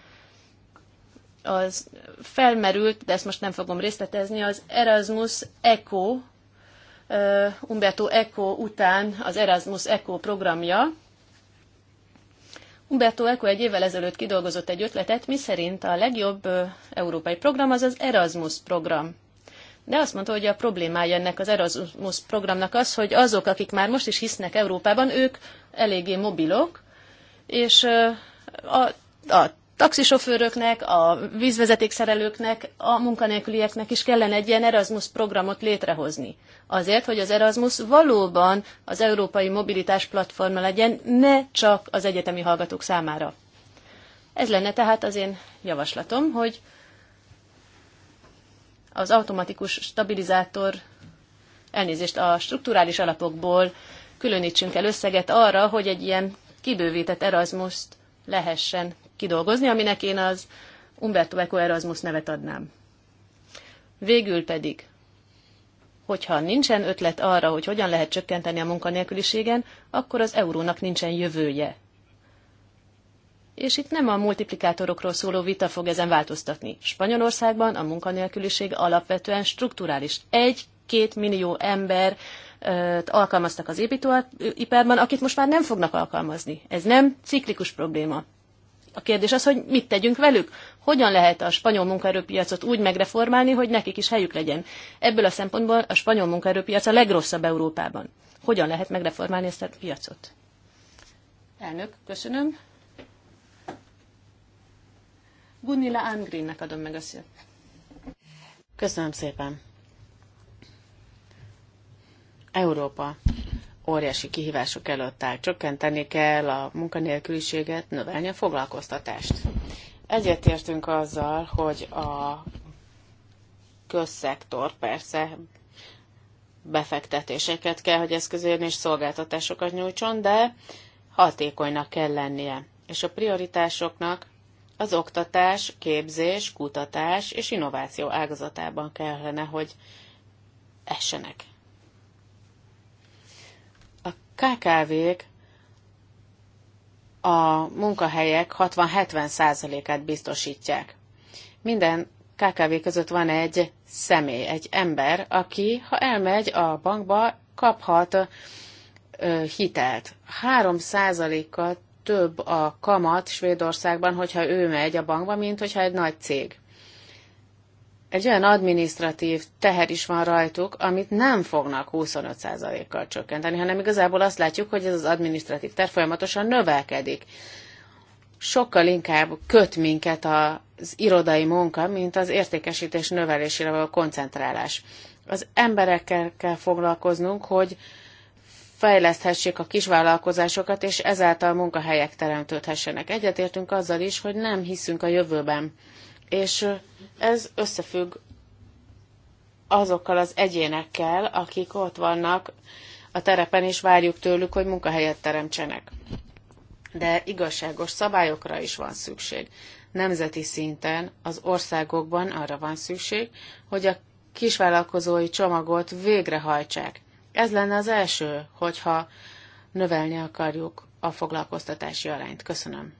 az felmerült, de ezt most nem fogom részletezni, az Erasmus Eco, Umberto Eco után az Erasmus Eco programja. Umberto Eco egy évvel ezelőtt kidolgozott egy ötletet, Mi szerint a legjobb európai program az az Erasmus program. De azt mondta, hogy a problémája ennek az Erasmus programnak az, hogy azok, akik már most is hisznek Európában, ők eléggé mobilok, és a, a taxisofőröknek, a vízvezetékszerelőknek, a munkanélkülieknek is kellene egy ilyen Erasmus programot létrehozni. Azért, hogy az Erasmus valóban az európai mobilitás platforma legyen, ne csak az egyetemi hallgatók számára. Ez lenne tehát az én javaslatom, hogy az automatikus stabilizátor elnézést a strukturális alapokból különítsünk el összeget arra, hogy egy ilyen kibővített Erasmus-t lehessen kidolgozni, aminek én az Umberto Eco Erasmus nevet adnám. Végül pedig, hogyha nincsen ötlet arra, hogy hogyan lehet csökkenteni a munkanélküliségen, akkor az eurónak nincsen jövője. És itt nem a multiplikátorokról szóló vita fog ezen változtatni. Spanyolországban a munkanélküliség alapvetően strukturális. Egy-két millió ember alkalmaztak az építőiparban, akit most már nem fognak alkalmazni. Ez nem ciklikus probléma. A kérdés az, hogy mit tegyünk velük? Hogyan lehet a spanyol munkaerőpiacot úgy megreformálni, hogy nekik is helyük legyen? Ebből a szempontból a spanyol munkaerőpiac a legrosszabb Európában. Hogyan lehet megreformálni ezt a piacot? Elnök, köszönöm. Gunilla Angrinnek adom meg a szót. Köszönöm szépen. Európa óriási kihívások előtt áll. Csökkenteni kell a munkanélküliséget, növelni a foglalkoztatást. Egyetértünk azzal, hogy a közszektor persze befektetéseket kell, hogy eszközérni és szolgáltatásokat nyújtson, de hatékonynak kell lennie. És a prioritásoknak az oktatás, képzés, kutatás és innováció ágazatában kellene, hogy essenek. KKV-k a munkahelyek 60-70%-át biztosítják. Minden KKV között van egy személy, egy ember, aki, ha elmegy a bankba, kaphat ö, hitelt. 3%-kal több a kamat Svédországban, hogyha ő megy a bankba, mint hogyha egy nagy cég egy olyan adminisztratív teher is van rajtuk, amit nem fognak 25%-kal csökkenteni, hanem igazából azt látjuk, hogy ez az adminisztratív ter folyamatosan növelkedik. Sokkal inkább köt minket az irodai munka, mint az értékesítés növelésére való koncentrálás. Az emberekkel kell foglalkoznunk, hogy fejleszthessék a kisvállalkozásokat, és ezáltal munkahelyek teremtődhessenek. Egyetértünk azzal is, hogy nem hiszünk a jövőben és ez összefügg azokkal az egyénekkel, akik ott vannak a terepen, és várjuk tőlük, hogy munkahelyet teremtsenek. De igazságos szabályokra is van szükség. Nemzeti szinten az országokban arra van szükség, hogy a kisvállalkozói csomagot végrehajtsák. Ez lenne az első, hogyha növelni akarjuk a foglalkoztatási arányt. Köszönöm.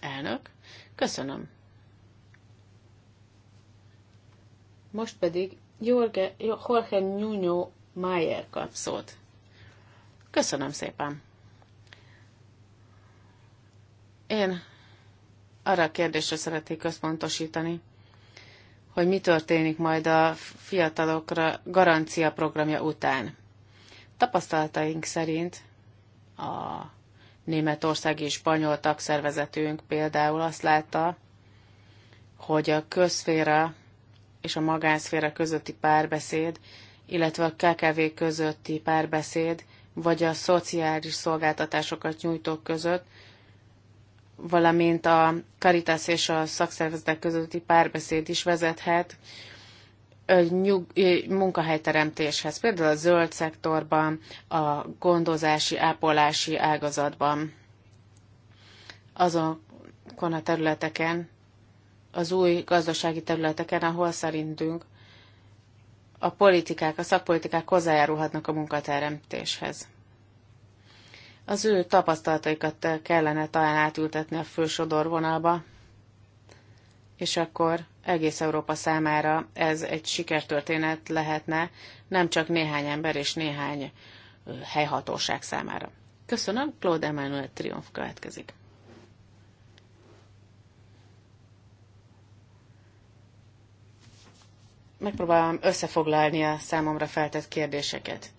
Elnök, köszönöm. Most pedig Jorge, Jorge Nuno Mayer kap szót. Köszönöm szépen. Én arra a kérdésre szeretnék központosítani, hogy mi történik majd a fiatalokra garancia programja után. Tapasztalataink szerint a németországi spanyol tagszervezetünk például azt látta, hogy a közféra és a magánszféra közötti párbeszéd, illetve a KKV közötti párbeszéd, vagy a szociális szolgáltatásokat nyújtók között, valamint a Caritas és a szakszervezetek közötti párbeszéd is vezethet nyug, munkahelyteremtéshez, például a zöld szektorban, a gondozási, ápolási ágazatban, azokon a területeken, az új gazdasági területeken, ahol szerintünk a politikák, a szakpolitikák hozzájárulhatnak a munkateremtéshez. Az ő tapasztalataikat kellene talán átültetni a vonalba, és akkor egész Európa számára ez egy sikertörténet lehetne, nem csak néhány ember és néhány helyhatóság számára. Köszönöm, Claude Emmanuel Triumf következik. Megpróbálom összefoglalni a számomra feltett kérdéseket.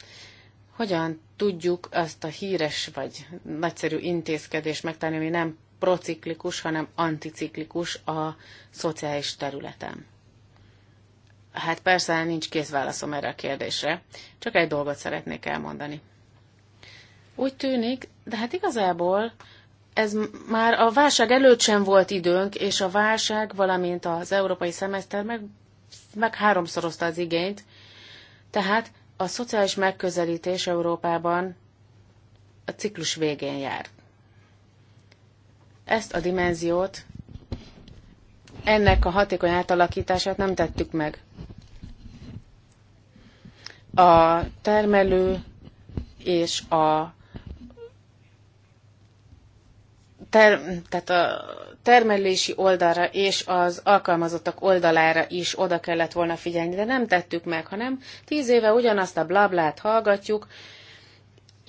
Hogyan tudjuk azt a híres vagy nagyszerű intézkedést megtenni, ami nem prociklikus, hanem anticiklikus a szociális területen. Hát persze nincs kézválaszom erre a kérdésre, csak egy dolgot szeretnék elmondani. Úgy tűnik, de hát igazából ez már a válság előtt sem volt időnk, és a válság, valamint az európai szemeszter meg, meg háromszorozta az igényt. Tehát a szociális megközelítés Európában a ciklus végén jár. Ezt a dimenziót, ennek a hatékony átalakítását nem tettük meg. A termelő és a ter, tehát a termelési oldalra és az alkalmazottak oldalára is oda kellett volna figyelni, de nem tettük meg, hanem tíz éve ugyanazt a blablát hallgatjuk,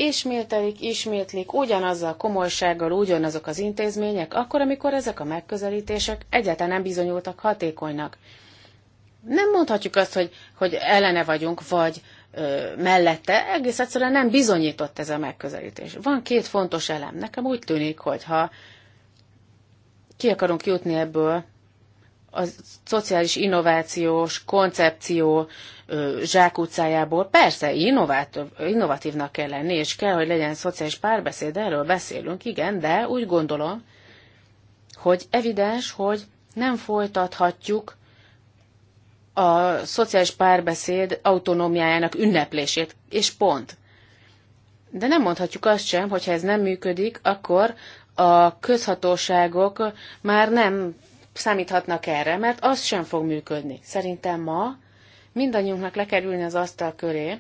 ismételik, ismétlik ugyanazzal a komolysággal ugyanazok az intézmények, akkor, amikor ezek a megközelítések egyáltalán nem bizonyultak hatékonynak. Nem mondhatjuk azt, hogy, hogy ellene vagyunk, vagy ö, mellette, egész egyszerűen nem bizonyított ez a megközelítés. Van két fontos elem. Nekem úgy tűnik, hogy ha ki akarunk jutni ebből a szociális innovációs koncepció zsákutcájából. Persze, innovatív, innovatívnak kell lenni, és kell, hogy legyen szociális párbeszéd, erről beszélünk, igen, de úgy gondolom, hogy evidens, hogy nem folytathatjuk a szociális párbeszéd autonómiájának ünneplését, és pont. De nem mondhatjuk azt sem, hogy ha ez nem működik, akkor a közhatóságok már nem számíthatnak erre, mert az sem fog működni. Szerintem ma mindannyiunknak le kell ülni az asztal köré,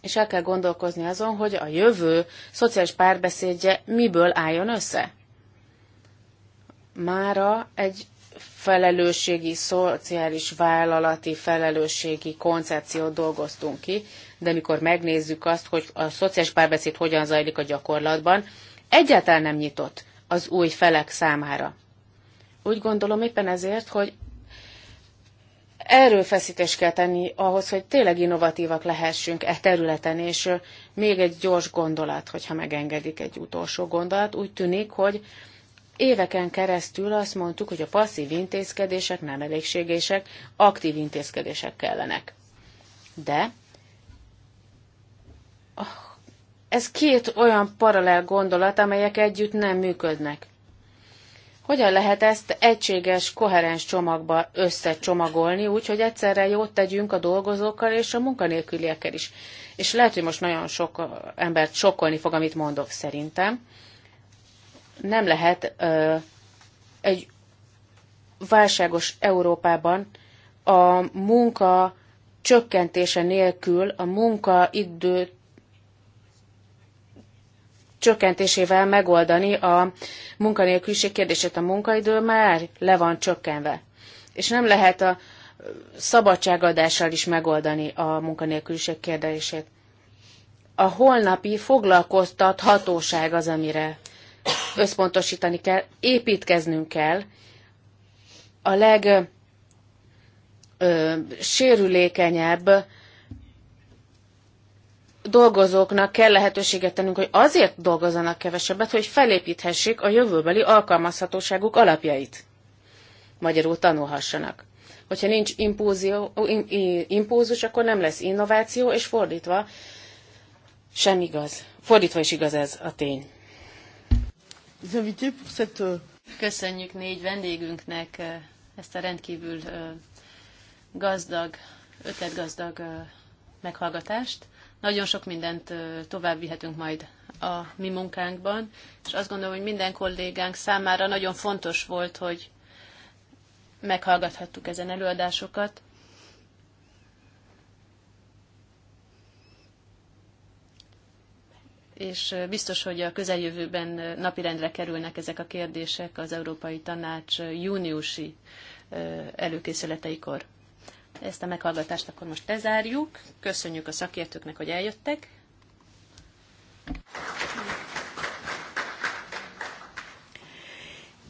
és el kell gondolkozni azon, hogy a jövő szociális párbeszédje miből álljon össze. Mára egy felelősségi, szociális vállalati felelősségi koncepciót dolgoztunk ki, de mikor megnézzük azt, hogy a szociális párbeszéd hogyan zajlik a gyakorlatban, egyáltalán nem nyitott az új felek számára úgy gondolom éppen ezért, hogy feszítést kell tenni ahhoz, hogy tényleg innovatívak lehessünk e területen, és még egy gyors gondolat, hogyha megengedik egy utolsó gondolat, úgy tűnik, hogy éveken keresztül azt mondtuk, hogy a passzív intézkedések nem elégségések, aktív intézkedések kellenek. De ah, ez két olyan paralel gondolat, amelyek együtt nem működnek. Hogyan lehet ezt egységes, koherens csomagba összecsomagolni, úgy, hogy egyszerre jót tegyünk a dolgozókkal és a munkanélküliekkel is? És lehet, hogy most nagyon sok embert sokkolni fog, amit mondok szerintem. Nem lehet ö, egy válságos Európában a munka csökkentése nélkül a munkaidőt csökkentésével megoldani a munkanélküliség kérdését. A munkaidő már le van csökkenve. És nem lehet a szabadságadással is megoldani a munkanélküliség kérdését. A holnapi foglalkoztathatóság az, amire összpontosítani kell, építkeznünk kell. A legsérülékenyebb dolgozóknak kell lehetőséget tennünk, hogy azért dolgozzanak kevesebbet, hogy felépíthessék a jövőbeli alkalmazhatóságuk alapjait. Magyarul tanulhassanak. Hogyha nincs impulzus, akkor nem lesz innováció, és fordítva sem igaz. Fordítva is igaz ez a tény. Euh, Köszönjük négy vendégünknek eh, ezt a rendkívül eh, gazdag, ötletgazdag eh, meghallgatást. Nagyon sok mindent tovább vihetünk majd a mi munkánkban, és azt gondolom, hogy minden kollégánk számára nagyon fontos volt, hogy meghallgathattuk ezen előadásokat. És biztos, hogy a közeljövőben napirendre kerülnek ezek a kérdések az Európai Tanács júniusi előkészületeikor. Ezt a meghallgatást akkor most lezárjuk. Köszönjük a szakértőknek, hogy eljöttek.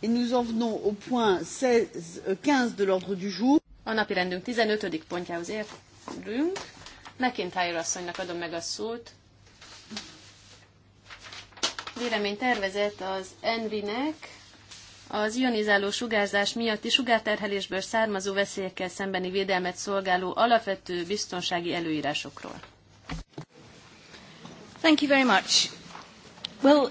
Et nous en venons au point 16, 15 de l'ordre du jour. A napirendünk 15. pontjához értünk. McIntyre asszonynak adom meg a szót. Vélemény tervezett az Envinek az ionizáló sugárzás miatti sugárterhelésből származó veszélyekkel szembeni védelmet szolgáló alapvető biztonsági előírásokról. Thank you very much. Well,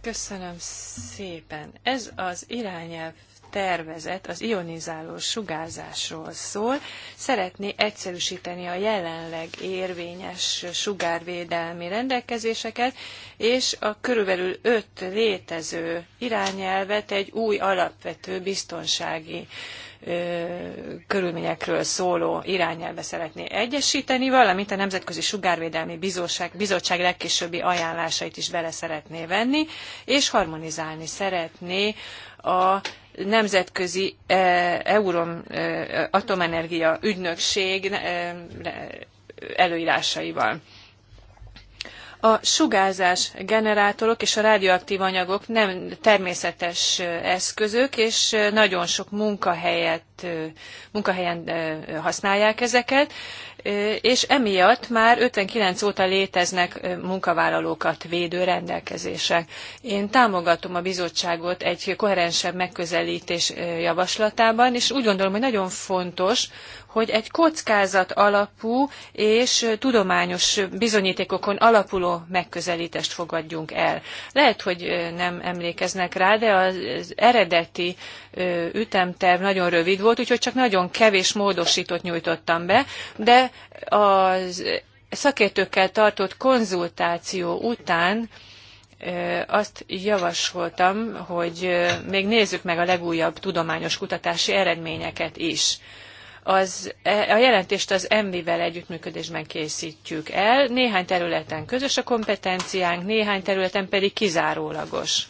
Köszönöm szépen. Ez az irányelv tervezet az ionizáló sugárzásról szól. Szeretné egyszerűsíteni a jelenleg érvényes sugárvédelmi rendelkezéseket, és a körülbelül öt létező irányelvet egy új alapvető biztonsági körülményekről szóló irányelve szeretné egyesíteni, valamint a Nemzetközi Sugárvédelmi Bizottság, Bizottság legkésőbbi ajánlásait is bele szeretné venni, és harmonizálni szeretné a nemzetközi e, Eurom e, atomenergia ügynökség e, előírásaival. A sugárzás generátorok és a radioaktív anyagok nem természetes eszközök, és nagyon sok munkahelyet munkahelyen használják ezeket, és emiatt már 59 óta léteznek munkavállalókat védő rendelkezések. Én támogatom a bizottságot egy koherensebb megközelítés javaslatában, és úgy gondolom, hogy nagyon fontos, hogy egy kockázat alapú és tudományos bizonyítékokon alapuló megközelítést fogadjunk el. Lehet, hogy nem emlékeznek rá, de az eredeti ütemterv nagyon rövid volt, úgyhogy csak nagyon kevés módosítót nyújtottam be, de az szakértőkkel tartott konzultáció után azt javasoltam, hogy még nézzük meg a legújabb tudományos kutatási eredményeket is. Az, e, a jelentést az MV-vel együttműködésben készítjük el, néhány területen közös a kompetenciánk, néhány területen pedig kizárólagos.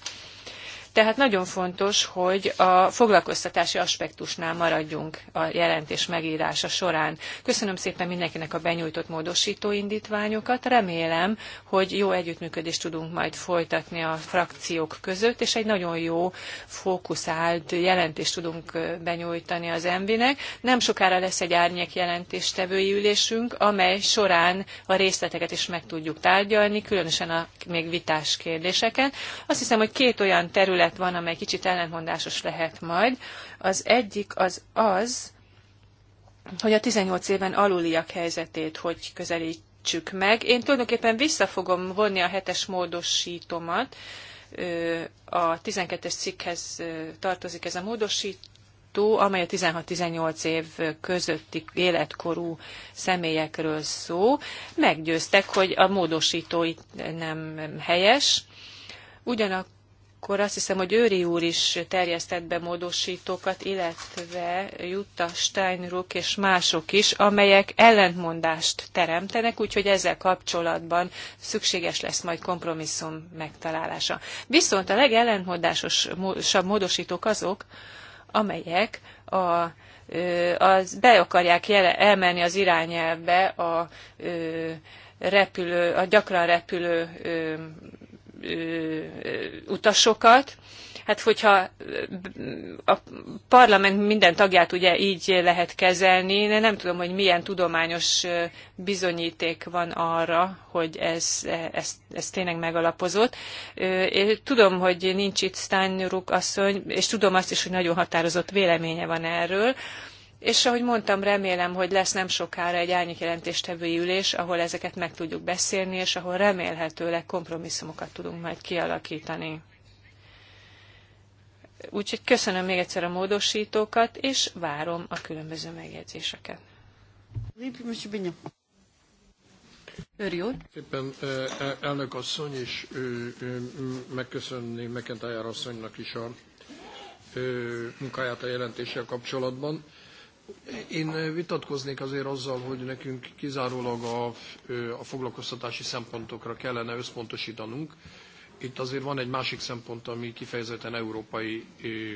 Tehát nagyon fontos, hogy a foglalkoztatási aspektusnál maradjunk a jelentés megírása során. Köszönöm szépen mindenkinek a benyújtott módosító indítványokat. Remélem, hogy jó együttműködést tudunk majd folytatni a frakciók között, és egy nagyon jó fókuszált jelentést tudunk benyújtani az MV-nek. Nem sokára lesz egy árnyék jelentéstevői ülésünk, amely során a részleteket is meg tudjuk tárgyalni, különösen a még vitás kérdéseket. Azt hiszem, hogy két olyan terület, ötlet van, amely kicsit ellentmondásos lehet majd. Az egyik az az, hogy a 18 éven aluliak helyzetét hogy közelítsük meg. Én tulajdonképpen vissza fogom vonni a hetes módosítomat. A 12-es cikkhez tartozik ez a módosító, amely a 16-18 év közötti életkorú személyekről szó. Meggyőztek, hogy a módosító itt nem helyes. Ugyanak akkor azt hiszem, hogy Őri úr is terjesztett be módosítókat, illetve Jutta Steinruck és mások is, amelyek ellentmondást teremtenek, úgyhogy ezzel kapcsolatban szükséges lesz majd kompromisszum megtalálása. Viszont a legellentmondásosabb módosítók azok, amelyek a az be akarják jele, elmenni az irányelvbe a repülő, a gyakran repülő utasokat. Hát hogyha a parlament minden tagját ugye így lehet kezelni, de nem tudom, hogy milyen tudományos bizonyíték van arra, hogy ez, e, ez, ez tényleg megalapozott. Én tudom, hogy nincs itt Steinruck asszony, és tudom azt is, hogy nagyon határozott véleménye van erről, és ahogy mondtam, remélem, hogy lesz nem sokára egy árnyékjelentéstevői ülés, ahol ezeket meg tudjuk beszélni, és ahol remélhetőleg kompromisszumokat tudunk majd kialakítani. Úgyhogy köszönöm még egyszer a módosítókat, és várom a különböző megjegyzéseket. Őri elnök asszony, és megköszönni McIntyre asszonynak is a munkáját a jelentéssel kapcsolatban. Én vitatkoznék azért azzal, hogy nekünk kizárólag a, a foglalkoztatási szempontokra kellene összpontosítanunk. Itt azért van egy másik szempont, ami kifejezetten európai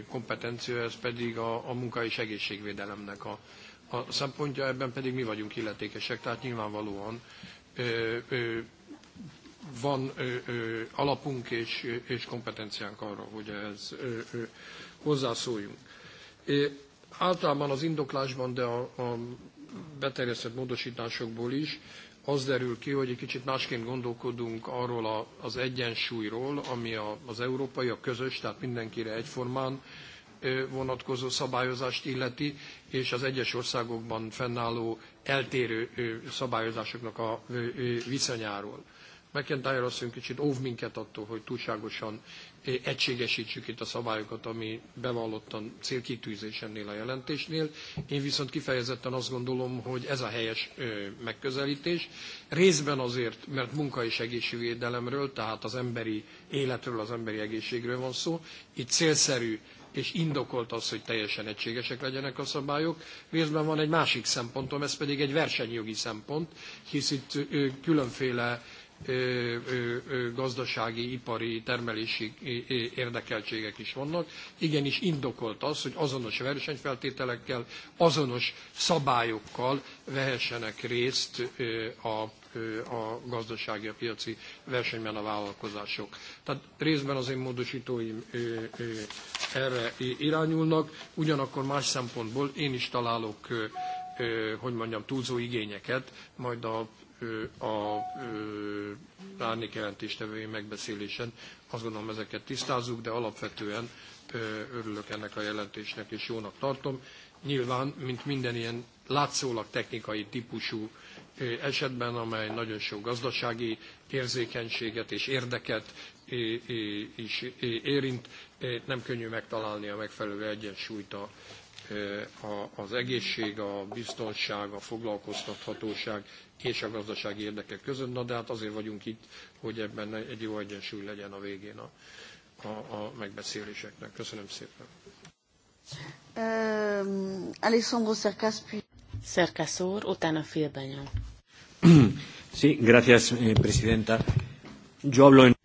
kompetencia, ez pedig a, a munka és egészségvédelemnek a, a szempontja, ebben pedig mi vagyunk illetékesek, tehát nyilvánvalóan ö, ö, van ö, ö, alapunk és, és kompetenciánk arra, hogy ez ö, ö, hozzászóljunk általában az indoklásban, de a, a beterjesztett módosításokból is az derül ki, hogy egy kicsit másként gondolkodunk arról a, az egyensúlyról, ami a, az európai, a közös, tehát mindenkire egyformán vonatkozó szabályozást illeti, és az egyes országokban fennálló eltérő szabályozásoknak a viszonyáról. McIntyre azt kicsit óv minket attól, hogy túlságosan egységesítsük itt a szabályokat, ami bevallottan célkitűzés ennél a jelentésnél. Én viszont kifejezetten azt gondolom, hogy ez a helyes megközelítés. Részben azért, mert munka és egészségvédelemről, tehát az emberi életről, az emberi egészségről van szó. Itt célszerű és indokolt az, hogy teljesen egységesek legyenek a szabályok. Részben van egy másik szempontom, ez pedig egy versenyjogi szempont, hisz itt különféle gazdasági, ipari, termelési érdekeltségek is vannak. Igenis indokolt az, hogy azonos versenyfeltételekkel, azonos szabályokkal vehessenek részt a a gazdasági, a piaci versenyben a vállalkozások. Tehát részben az én módosítóim erre irányulnak, ugyanakkor más szempontból én is találok, hogy mondjam, túlzó igényeket, majd a a árnyékjelentés jelentéstevői megbeszélésen. Azt gondolom ezeket tisztázzuk, de alapvetően örülök ennek a jelentésnek és jónak tartom. Nyilván, mint minden ilyen látszólag technikai típusú esetben, amely nagyon sok gazdasági érzékenységet és érdeket is érint, nem könnyű megtalálni a megfelelő egyensúlyt a, az egészség, a biztonság, a foglalkoztathatóság és a gazdasági érdekek között. Na de hát azért vagyunk itt, hogy ebben egy jó egyensúly legyen a végén a, a, a megbeszéléseknek. Köszönöm szépen. Um, Alessandro Szerkász, Szerkász utána félbenyom. sí, gracias, eh, presidenta. Yo hablo en...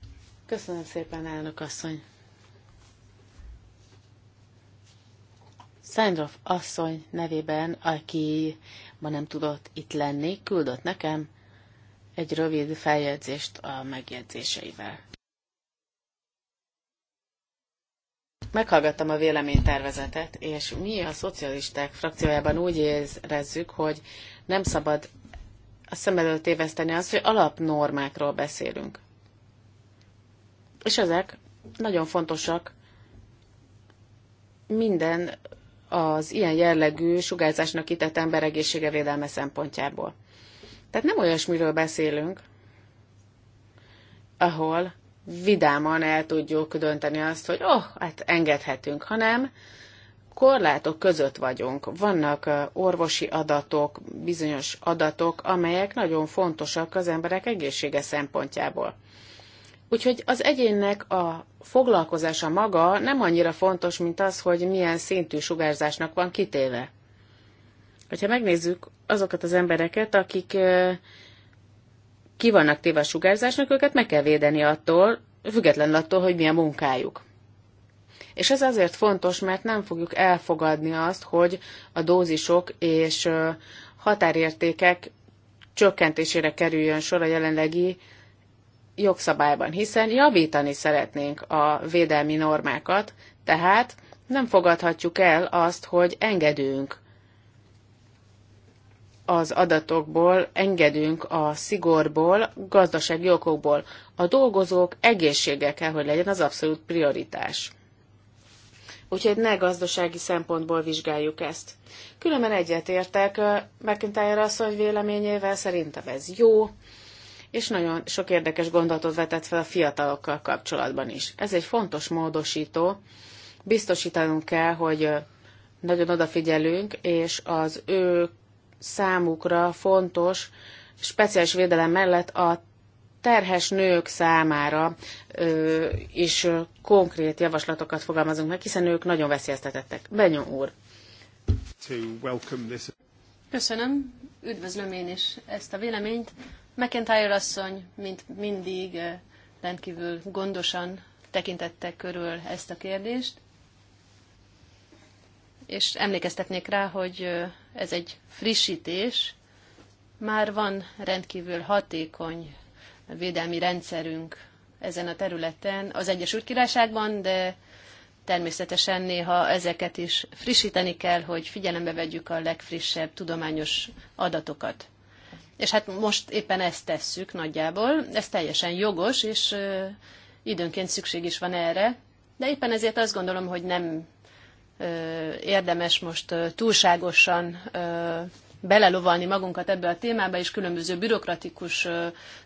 Köszönöm szépen, elnök asszony. Szándorf asszony nevében, aki ma nem tudott itt lenni, küldött nekem egy rövid feljegyzést a megjegyzéseivel. Meghallgattam a véleménytervezetet, és mi a szocialisták frakciójában úgy érezzük, hogy nem szabad a szem előtt éveszteni azt, hogy alapnormákról beszélünk. És ezek nagyon fontosak minden az ilyen jellegű sugárzásnak kitett ember egészsége védelme szempontjából. Tehát nem olyasmiről beszélünk, ahol vidáman el tudjuk dönteni azt, hogy oh, hát engedhetünk, hanem korlátok között vagyunk. Vannak orvosi adatok, bizonyos adatok, amelyek nagyon fontosak az emberek egészsége szempontjából. Úgyhogy az egyénnek a foglalkozása maga nem annyira fontos, mint az, hogy milyen szintű sugárzásnak van kitéve. Hogyha megnézzük azokat az embereket, akik ki vannak téve a sugárzásnak, őket meg kell védeni attól, függetlenül attól, hogy milyen munkájuk. És ez azért fontos, mert nem fogjuk elfogadni azt, hogy a dózisok és határértékek csökkentésére kerüljön sor a jelenlegi jogszabályban, hiszen javítani szeretnénk a védelmi normákat, tehát nem fogadhatjuk el azt, hogy engedünk az adatokból, engedünk a szigorból, gazdasági okokból. A dolgozók egészsége kell, hogy legyen az abszolút prioritás. Úgyhogy ne gazdasági szempontból vizsgáljuk ezt. Különben egyetértek McIntyre asszony véleményével, szerintem ez jó, és nagyon sok érdekes gondolatot vetett fel a fiatalokkal kapcsolatban is. Ez egy fontos módosító, biztosítanunk kell, hogy nagyon odafigyelünk, és az ő számukra fontos, speciális védelem mellett a terhes nők számára ö, is konkrét javaslatokat fogalmazunk meg, hiszen ők nagyon veszélyeztetettek. Benyó úr. Köszönöm, üdvözlöm én is ezt a véleményt. McIntyre asszony, mint mindig rendkívül gondosan tekintette körül ezt a kérdést, és emlékeztetnék rá, hogy ez egy frissítés, már van rendkívül hatékony védelmi rendszerünk ezen a területen az Egyesült Királyságban, de természetesen néha ezeket is frissíteni kell, hogy figyelembe vegyük a legfrissebb tudományos adatokat. És hát most éppen ezt tesszük nagyjából, ez teljesen jogos, és időnként szükség is van erre, de éppen ezért azt gondolom, hogy nem érdemes most túlságosan belelovalni magunkat ebbe a témába, és különböző bürokratikus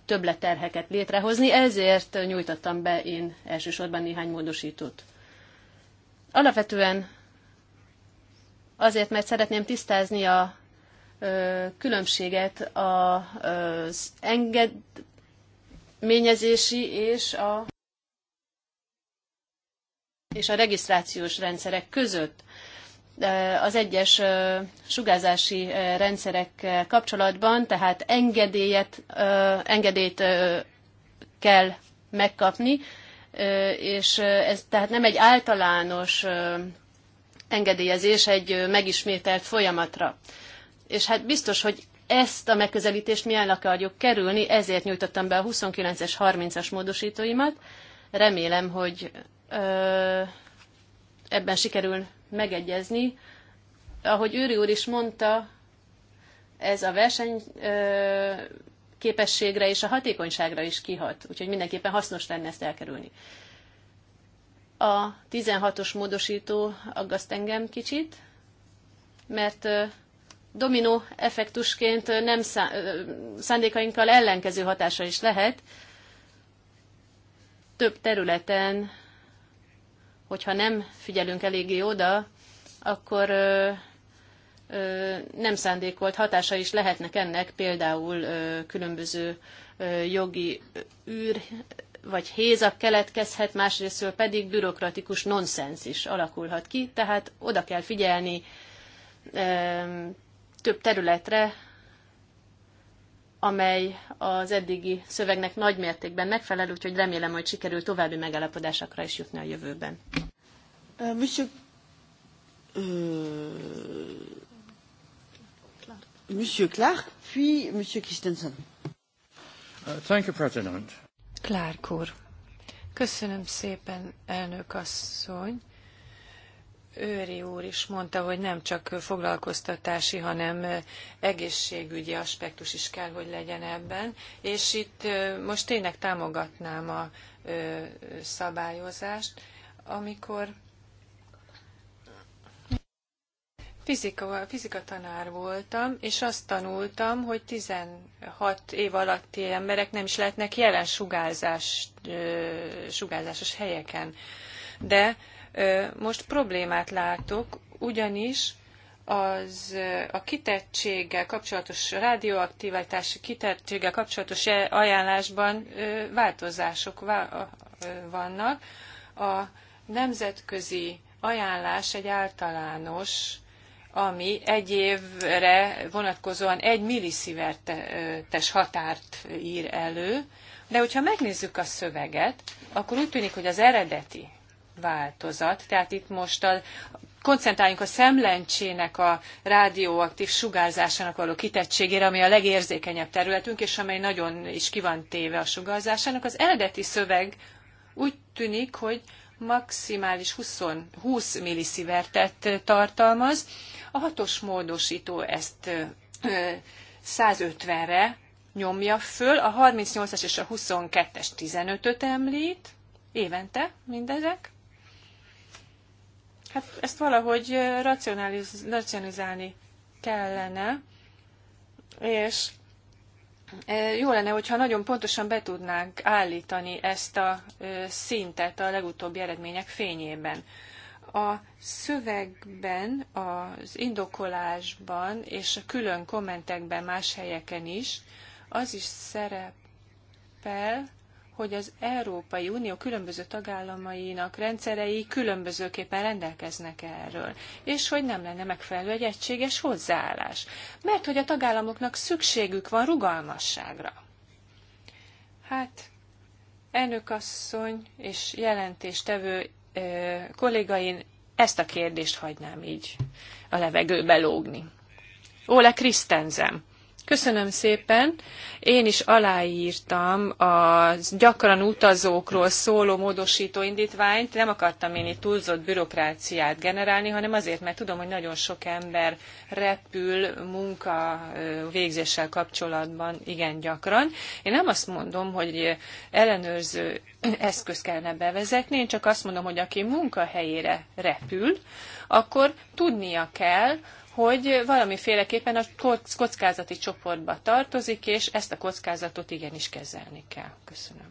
többletterheket létrehozni, ezért nyújtottam be én elsősorban néhány módosítót. Alapvetően azért, mert szeretném tisztázni a különbséget az engedményezési és a, és a regisztrációs rendszerek között az egyes sugárzási rendszerek kapcsolatban, tehát engedélyet, engedélyt kell megkapni, és ez tehát nem egy általános engedélyezés egy megismételt folyamatra és hát biztos, hogy ezt a megközelítést mi el akarjuk kerülni, ezért nyújtottam be a 29-es, 30-as módosítóimat. Remélem, hogy ö, ebben sikerül megegyezni. Ahogy Őri úr is mondta, ez a verseny ö, képességre és a hatékonyságra is kihat, úgyhogy mindenképpen hasznos lenne ezt elkerülni. A 16-os módosító aggaszt engem kicsit, mert dominó effektusként nem szándékainkkal ellenkező hatása is lehet. Több területen, hogyha nem figyelünk eléggé oda, akkor ö, ö, nem szándékolt hatása is lehetnek ennek, például ö, különböző ö, jogi űr vagy hézak keletkezhet, másrésztől pedig bürokratikus nonsens is alakulhat ki, tehát oda kell figyelni, több területre, amely az eddigi szövegnek nagy mértékben megfelel, úgyhogy remélem, hogy sikerül további megállapodásokra is jutni a jövőben. Uh, Monsieur, uh, Monsieur Clark, puis Monsieur Christensen. Uh, thank you, President. Clark úr. Köszönöm szépen, elnök asszony. Őri úr is mondta, hogy nem csak foglalkoztatási, hanem egészségügyi aspektus is kell, hogy legyen ebben. És itt most tényleg támogatnám a szabályozást, amikor fizika, fizika tanár voltam, és azt tanultam, hogy 16 év alatti emberek nem is lehetnek jelen sugárzás, sugárzásos helyeken. De most problémát látok, ugyanis az a kitettséggel kapcsolatos radioaktivitási kitettséggel kapcsolatos ajánlásban változások vannak. A nemzetközi ajánlás egy általános, ami egy évre vonatkozóan egy milliszivertes határt ír elő, de hogyha megnézzük a szöveget, akkor úgy tűnik, hogy az eredeti változat. Tehát itt most a, koncentráljunk a szemlencsének a rádióaktív sugárzásának való kitettségére, ami a legérzékenyebb területünk, és amely nagyon is ki van téve a sugárzásának. Az eredeti szöveg úgy tűnik, hogy maximális 20, 20 milliszivertet tartalmaz. A hatos módosító ezt 150-re nyomja föl, a 38-as és a 22-es 15-öt említ évente mindezek. Hát ezt valahogy racionaliz- racionalizálni kellene, és jó lenne, hogyha nagyon pontosan be tudnánk állítani ezt a szintet a legutóbbi eredmények fényében. A szövegben, az indokolásban és a külön kommentekben más helyeken is az is szerepel, hogy az Európai Unió különböző tagállamainak rendszerei különbözőképpen rendelkeznek erről, és hogy nem lenne megfelelő egy egységes hozzáállás, mert hogy a tagállamoknak szükségük van rugalmasságra. Hát, elnökasszony és jelentéstevő ö, kollégain ezt a kérdést hagynám így a levegőbe lógni. Ole Krisztenzem. Köszönöm szépen. Én is aláírtam a gyakran utazókról szóló módosító indítványt. Nem akartam én itt túlzott bürokráciát generálni, hanem azért, mert tudom, hogy nagyon sok ember repül munka végzéssel kapcsolatban igen gyakran. Én nem azt mondom, hogy ellenőrző eszköz kellene bevezetni, én csak azt mondom, hogy aki munkahelyére repül, akkor tudnia kell, hogy valamiféleképpen a kockázati csoportba tartozik, és ezt a kockázatot igenis kezelni kell. Köszönöm.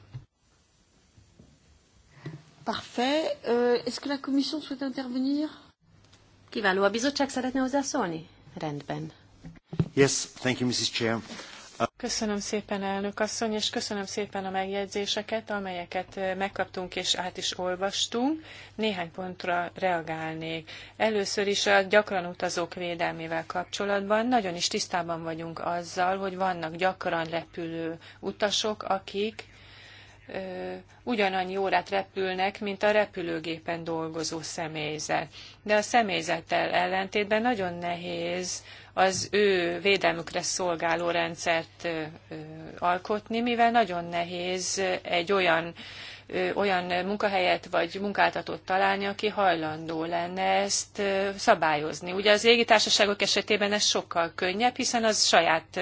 Parfait. Euh, est-ce que la commission souhaite intervenir? Kiváló, a bizottság szeretne hozzászólni? Rendben. Yes, thank you, Mrs. Chair. Köszönöm szépen, elnök asszony, és köszönöm szépen a megjegyzéseket, amelyeket eh, megkaptunk és át is olvastunk. Néhány pontra reagálnék. Először is a gyakran utazók védelmével kapcsolatban nagyon is tisztában vagyunk azzal, hogy vannak gyakran repülő utasok, akik ö, eh, ugyanannyi órát repülnek, mint a repülőgépen dolgozó személyzet. De a személyzettel ellentétben nagyon nehéz az ő védelmükre szolgáló rendszert alkotni, mivel nagyon nehéz egy olyan olyan munkahelyet vagy munkáltatót találni, aki hajlandó lenne ezt szabályozni. Ugye az légitársaságok esetében ez sokkal könnyebb, hiszen az saját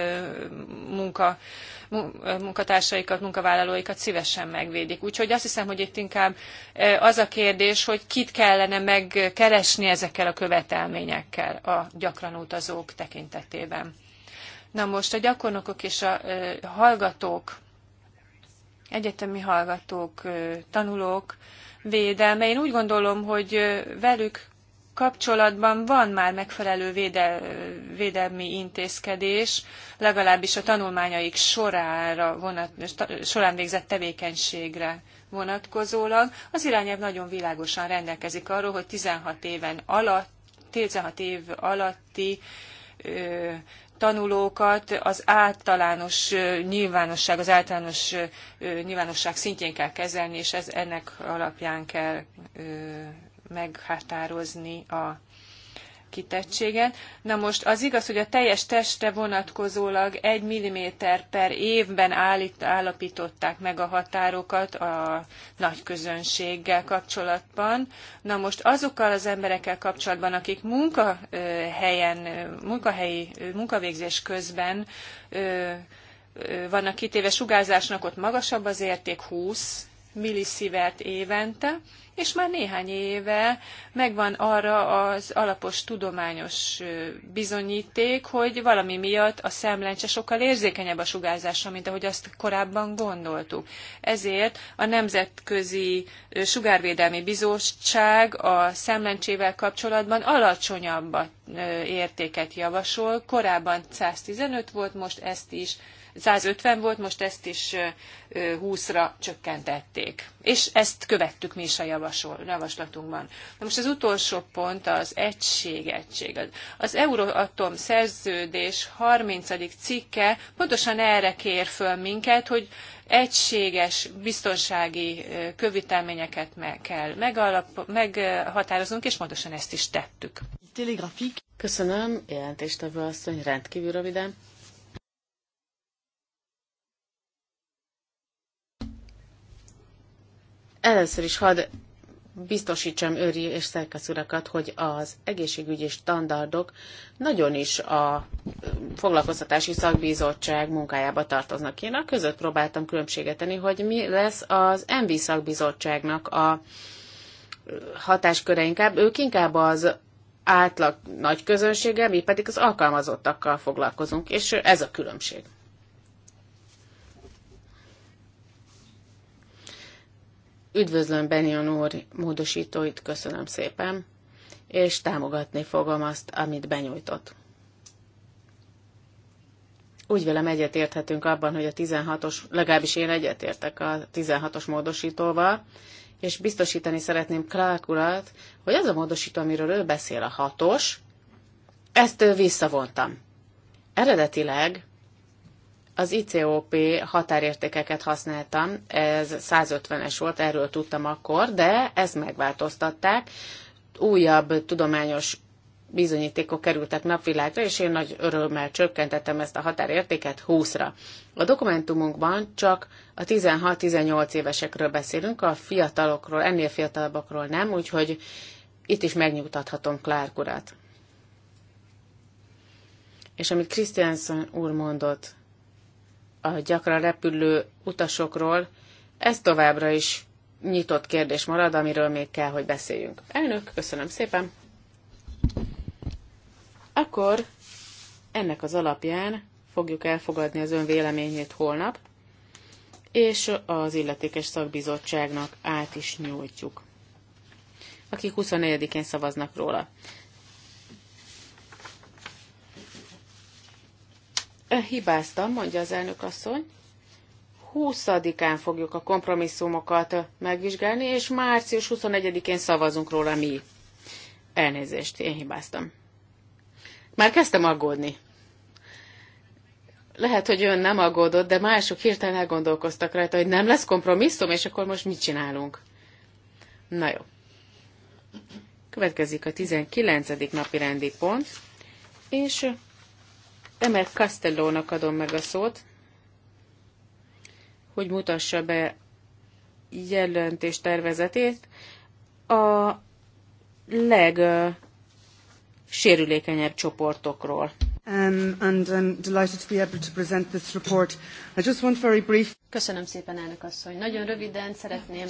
munka munkatársaikat, munkavállalóikat szívesen megvédik. Úgyhogy azt hiszem, hogy itt inkább e, az a kérdés, hogy kit kellene megkeresni ezekkel a követelményekkel a gyakran utazók tekintetében. Na most a gyakornokok és a e, hallgatók, egyetemi hallgatók, e, tanulók védelme. Én úgy gondolom, hogy velük kapcsolatban van már megfelelő védel, védelmi intézkedés, legalábbis a tanulmányaik sorára vonat, során végzett tevékenységre vonatkozólag. Az irányelv nagyon világosan rendelkezik arról, hogy 16 éven alatt, 16 év alatti ö, tanulókat az általános nyilvánosság, az általános nyilvánosság szintjén kell kezelni, és ez ennek alapján kell meghatározni a kitettséget. Na most az igaz, hogy a teljes testre vonatkozólag 1 mm per évben állít, állapították meg a határokat a nagy közönséggel kapcsolatban. Na most azokkal az emberekkel kapcsolatban, akik munkahelyen, munkahelyi munkavégzés közben vannak kitéve sugárzásnak, ott magasabb az érték 20 millisievert évente, és már néhány éve megvan arra az alapos tudományos bizonyíték, hogy valami miatt a szemlencse sokkal érzékenyebb a sugárzásra, mint ahogy azt korábban gondoltuk. Ezért a Nemzetközi Sugárvédelmi Bizottság a szemlencsével kapcsolatban alacsonyabb értéket javasol. Korábban 115 volt, most ezt is 150 volt, most ezt is 20-ra csökkentették. És ezt követtük mi is a javasol, javaslatunkban. Na most az utolsó pont az egység, egység. Az Euroatom szerződés 30. cikke pontosan erre kér föl minket, hogy egységes biztonsági követelményeket meg kell megalap, meghatároznunk, és pontosan ezt is tettük. Telegrafik. Köszönöm, jelentéstevő asszony, rendkívül röviden. Először is hadd biztosítsam Őri és Szerkesz urakat, hogy az egészségügyi standardok nagyon is a foglalkoztatási szakbizottság munkájába tartoznak. Én a között próbáltam különbséget tenni, hogy mi lesz az MV szakbizottságnak a hatásköre inkább. Ők inkább az átlag nagy közönsége mi pedig az alkalmazottakkal foglalkozunk, és ez a különbség. Üdvözlöm Benyon úr módosítóit, köszönöm szépen, és támogatni fogom azt, amit benyújtott. Úgy velem egyetérthetünk abban, hogy a 16-os, legalábbis én egyetértek a 16-os módosítóval, és biztosítani szeretném Clark urat, hogy az a módosító, amiről ő beszél, a hatos, ezt visszavontam. Eredetileg az ICOP határértékeket használtam, ez 150-es volt, erről tudtam akkor, de ezt megváltoztatták. Újabb tudományos bizonyítékok kerültek napvilágra, és én nagy örömmel csökkentettem ezt a határértéket 20-ra. A dokumentumunkban csak a 16-18 évesekről beszélünk, a fiatalokról, ennél fiatalabbakról nem, úgyhogy itt is megnyugtathatom Clark urat. És amit Christiansen úr mondott, a gyakran repülő utasokról, ez továbbra is nyitott kérdés marad, amiről még kell, hogy beszéljünk. Elnök, köszönöm szépen! Akkor ennek az alapján fogjuk elfogadni az ön véleményét holnap, és az illetékes szakbizottságnak át is nyújtjuk, akik 24-én szavaznak róla. Hibáztam, mondja az elnök asszony. 20 fogjuk a kompromisszumokat megvizsgálni, és március 21-én szavazunk róla mi. Elnézést, én hibáztam. Már kezdtem aggódni. Lehet, hogy ön nem aggódott, de mások hirtelen elgondolkoztak rajta, hogy nem lesz kompromisszum, és akkor most mit csinálunk. Na jó. Következik a 19. napi rendi pont, és Emel Castellónak adom meg a szót, hogy mutassa be jelentés tervezetét a legsérülékenyebb csoportokról. Um, and I'm delighted to be able to present this report. I just want very brief... Köszönöm szépen, elnök asszony. Nagyon röviden szeretném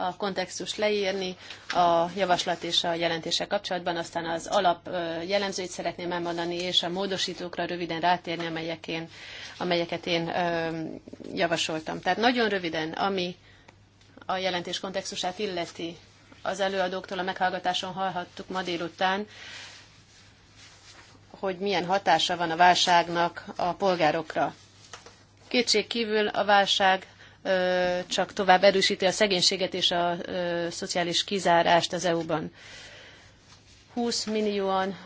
a kontextust leírni a javaslat és a jelentése kapcsolatban, aztán az alap jellemzőit szeretném elmondani, és a módosítókra röviden rátérni, amelyek én, amelyeket én javasoltam. Tehát nagyon röviden, ami a jelentés kontextusát illeti, az előadóktól a meghallgatáson hallhattuk ma délután, hogy milyen hatása van a válságnak a polgárokra. Kétség kívül a válság csak tovább erősíti a szegénységet és a szociális kizárást az EU-ban. 20 millióan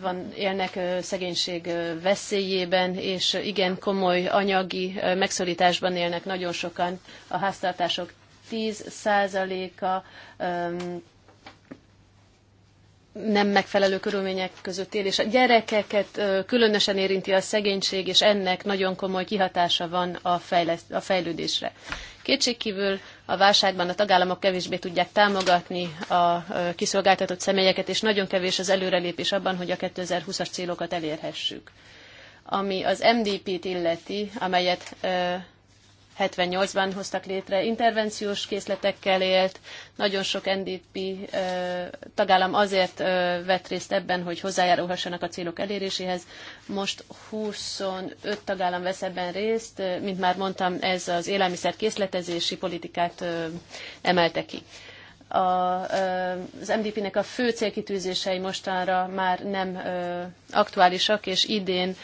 van, élnek szegénység veszélyében, és igen komoly anyagi megszorításban élnek nagyon sokan. A háztartások 10%-a nem megfelelő körülmények között és A gyerekeket különösen érinti a szegénység, és ennek nagyon komoly kihatása van a, fejleszt, a fejlődésre. Kétségkívül a válságban a tagállamok kevésbé tudják támogatni a kiszolgáltatott személyeket, és nagyon kevés az előrelépés abban, hogy a 2020-as célokat elérhessük. Ami az MDP-t illeti, amelyet 78-ban hoztak létre, intervenciós készletekkel élt, nagyon sok NDP tagállam azért vett részt ebben, hogy hozzájárulhassanak a célok eléréséhez. Most 25 tagállam vesz ebben részt, mint már mondtam, ez az élelmiszer készletezési politikát emelte ki. A, az MDP-nek a fő célkitűzései mostanra már nem aktuálisak, és idén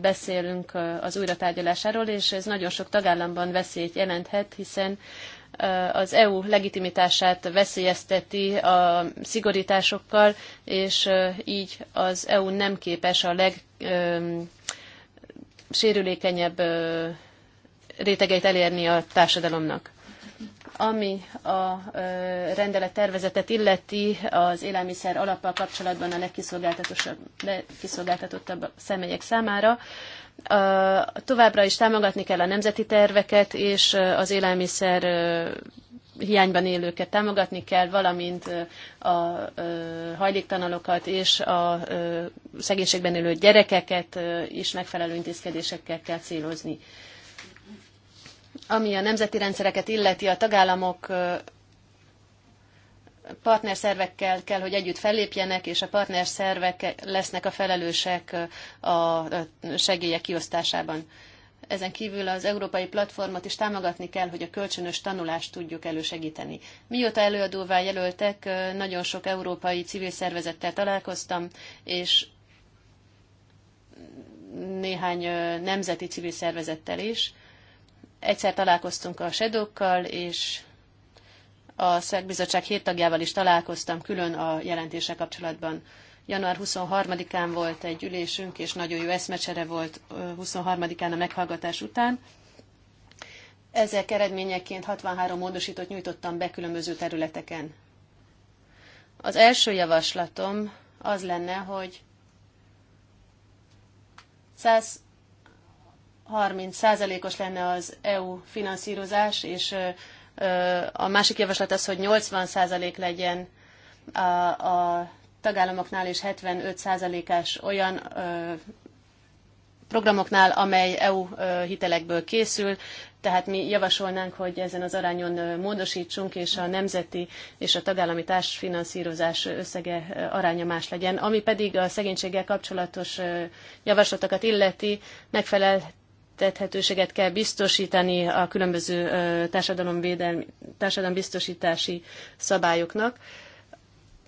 beszélünk az újratárgyalásáról, és ez nagyon sok tagállamban veszélyt jelenthet, hiszen az EU legitimitását veszélyezteti a szigorításokkal, és így az EU nem képes a legsérülékenyebb rétegeit elérni a társadalomnak. Ami a rendelet tervezetet illeti, az élelmiszer alappal kapcsolatban a legkiszolgáltatottabb személyek számára, továbbra is támogatni kell a nemzeti terveket, és az élelmiszer hiányban élőket támogatni kell, valamint a hajléktanalokat és a szegénységben élő gyerekeket is megfelelő intézkedésekkel kell célozni. Ami a nemzeti rendszereket illeti, a tagállamok partnerszervekkel kell, hogy együtt fellépjenek, és a partnerszervek lesznek a felelősek a segélyek kiosztásában. Ezen kívül az európai platformot is támogatni kell, hogy a kölcsönös tanulást tudjuk elősegíteni. Mióta előadóvá jelöltek, nagyon sok európai civil szervezettel találkoztam, és néhány nemzeti civil szervezettel is. Egyszer találkoztunk a sedókkal, és a szakbizottság hét tagjával is találkoztam külön a jelentése kapcsolatban. Január 23-án volt egy ülésünk, és nagyon jó eszmecsere volt 23-án a meghallgatás után. Ezek eredményeként 63 módosítót nyújtottam be különböző területeken. Az első javaslatom az lenne, hogy 100 30%-os lenne az EU finanszírozás, és a másik javaslat az, hogy 80% legyen a, a tagállamoknál, és 75%-ás olyan programoknál, amely EU hitelekből készül, tehát mi javasolnánk, hogy ezen az arányon módosítsunk, és a nemzeti és a tagállami társfinanszírozás összege aránya más legyen. Ami pedig a szegénységgel kapcsolatos javaslatokat illeti, megfelel összeegyeztethetőséget kell biztosítani a különböző társadalomvédelmi, társadalombiztosítási szabályoknak.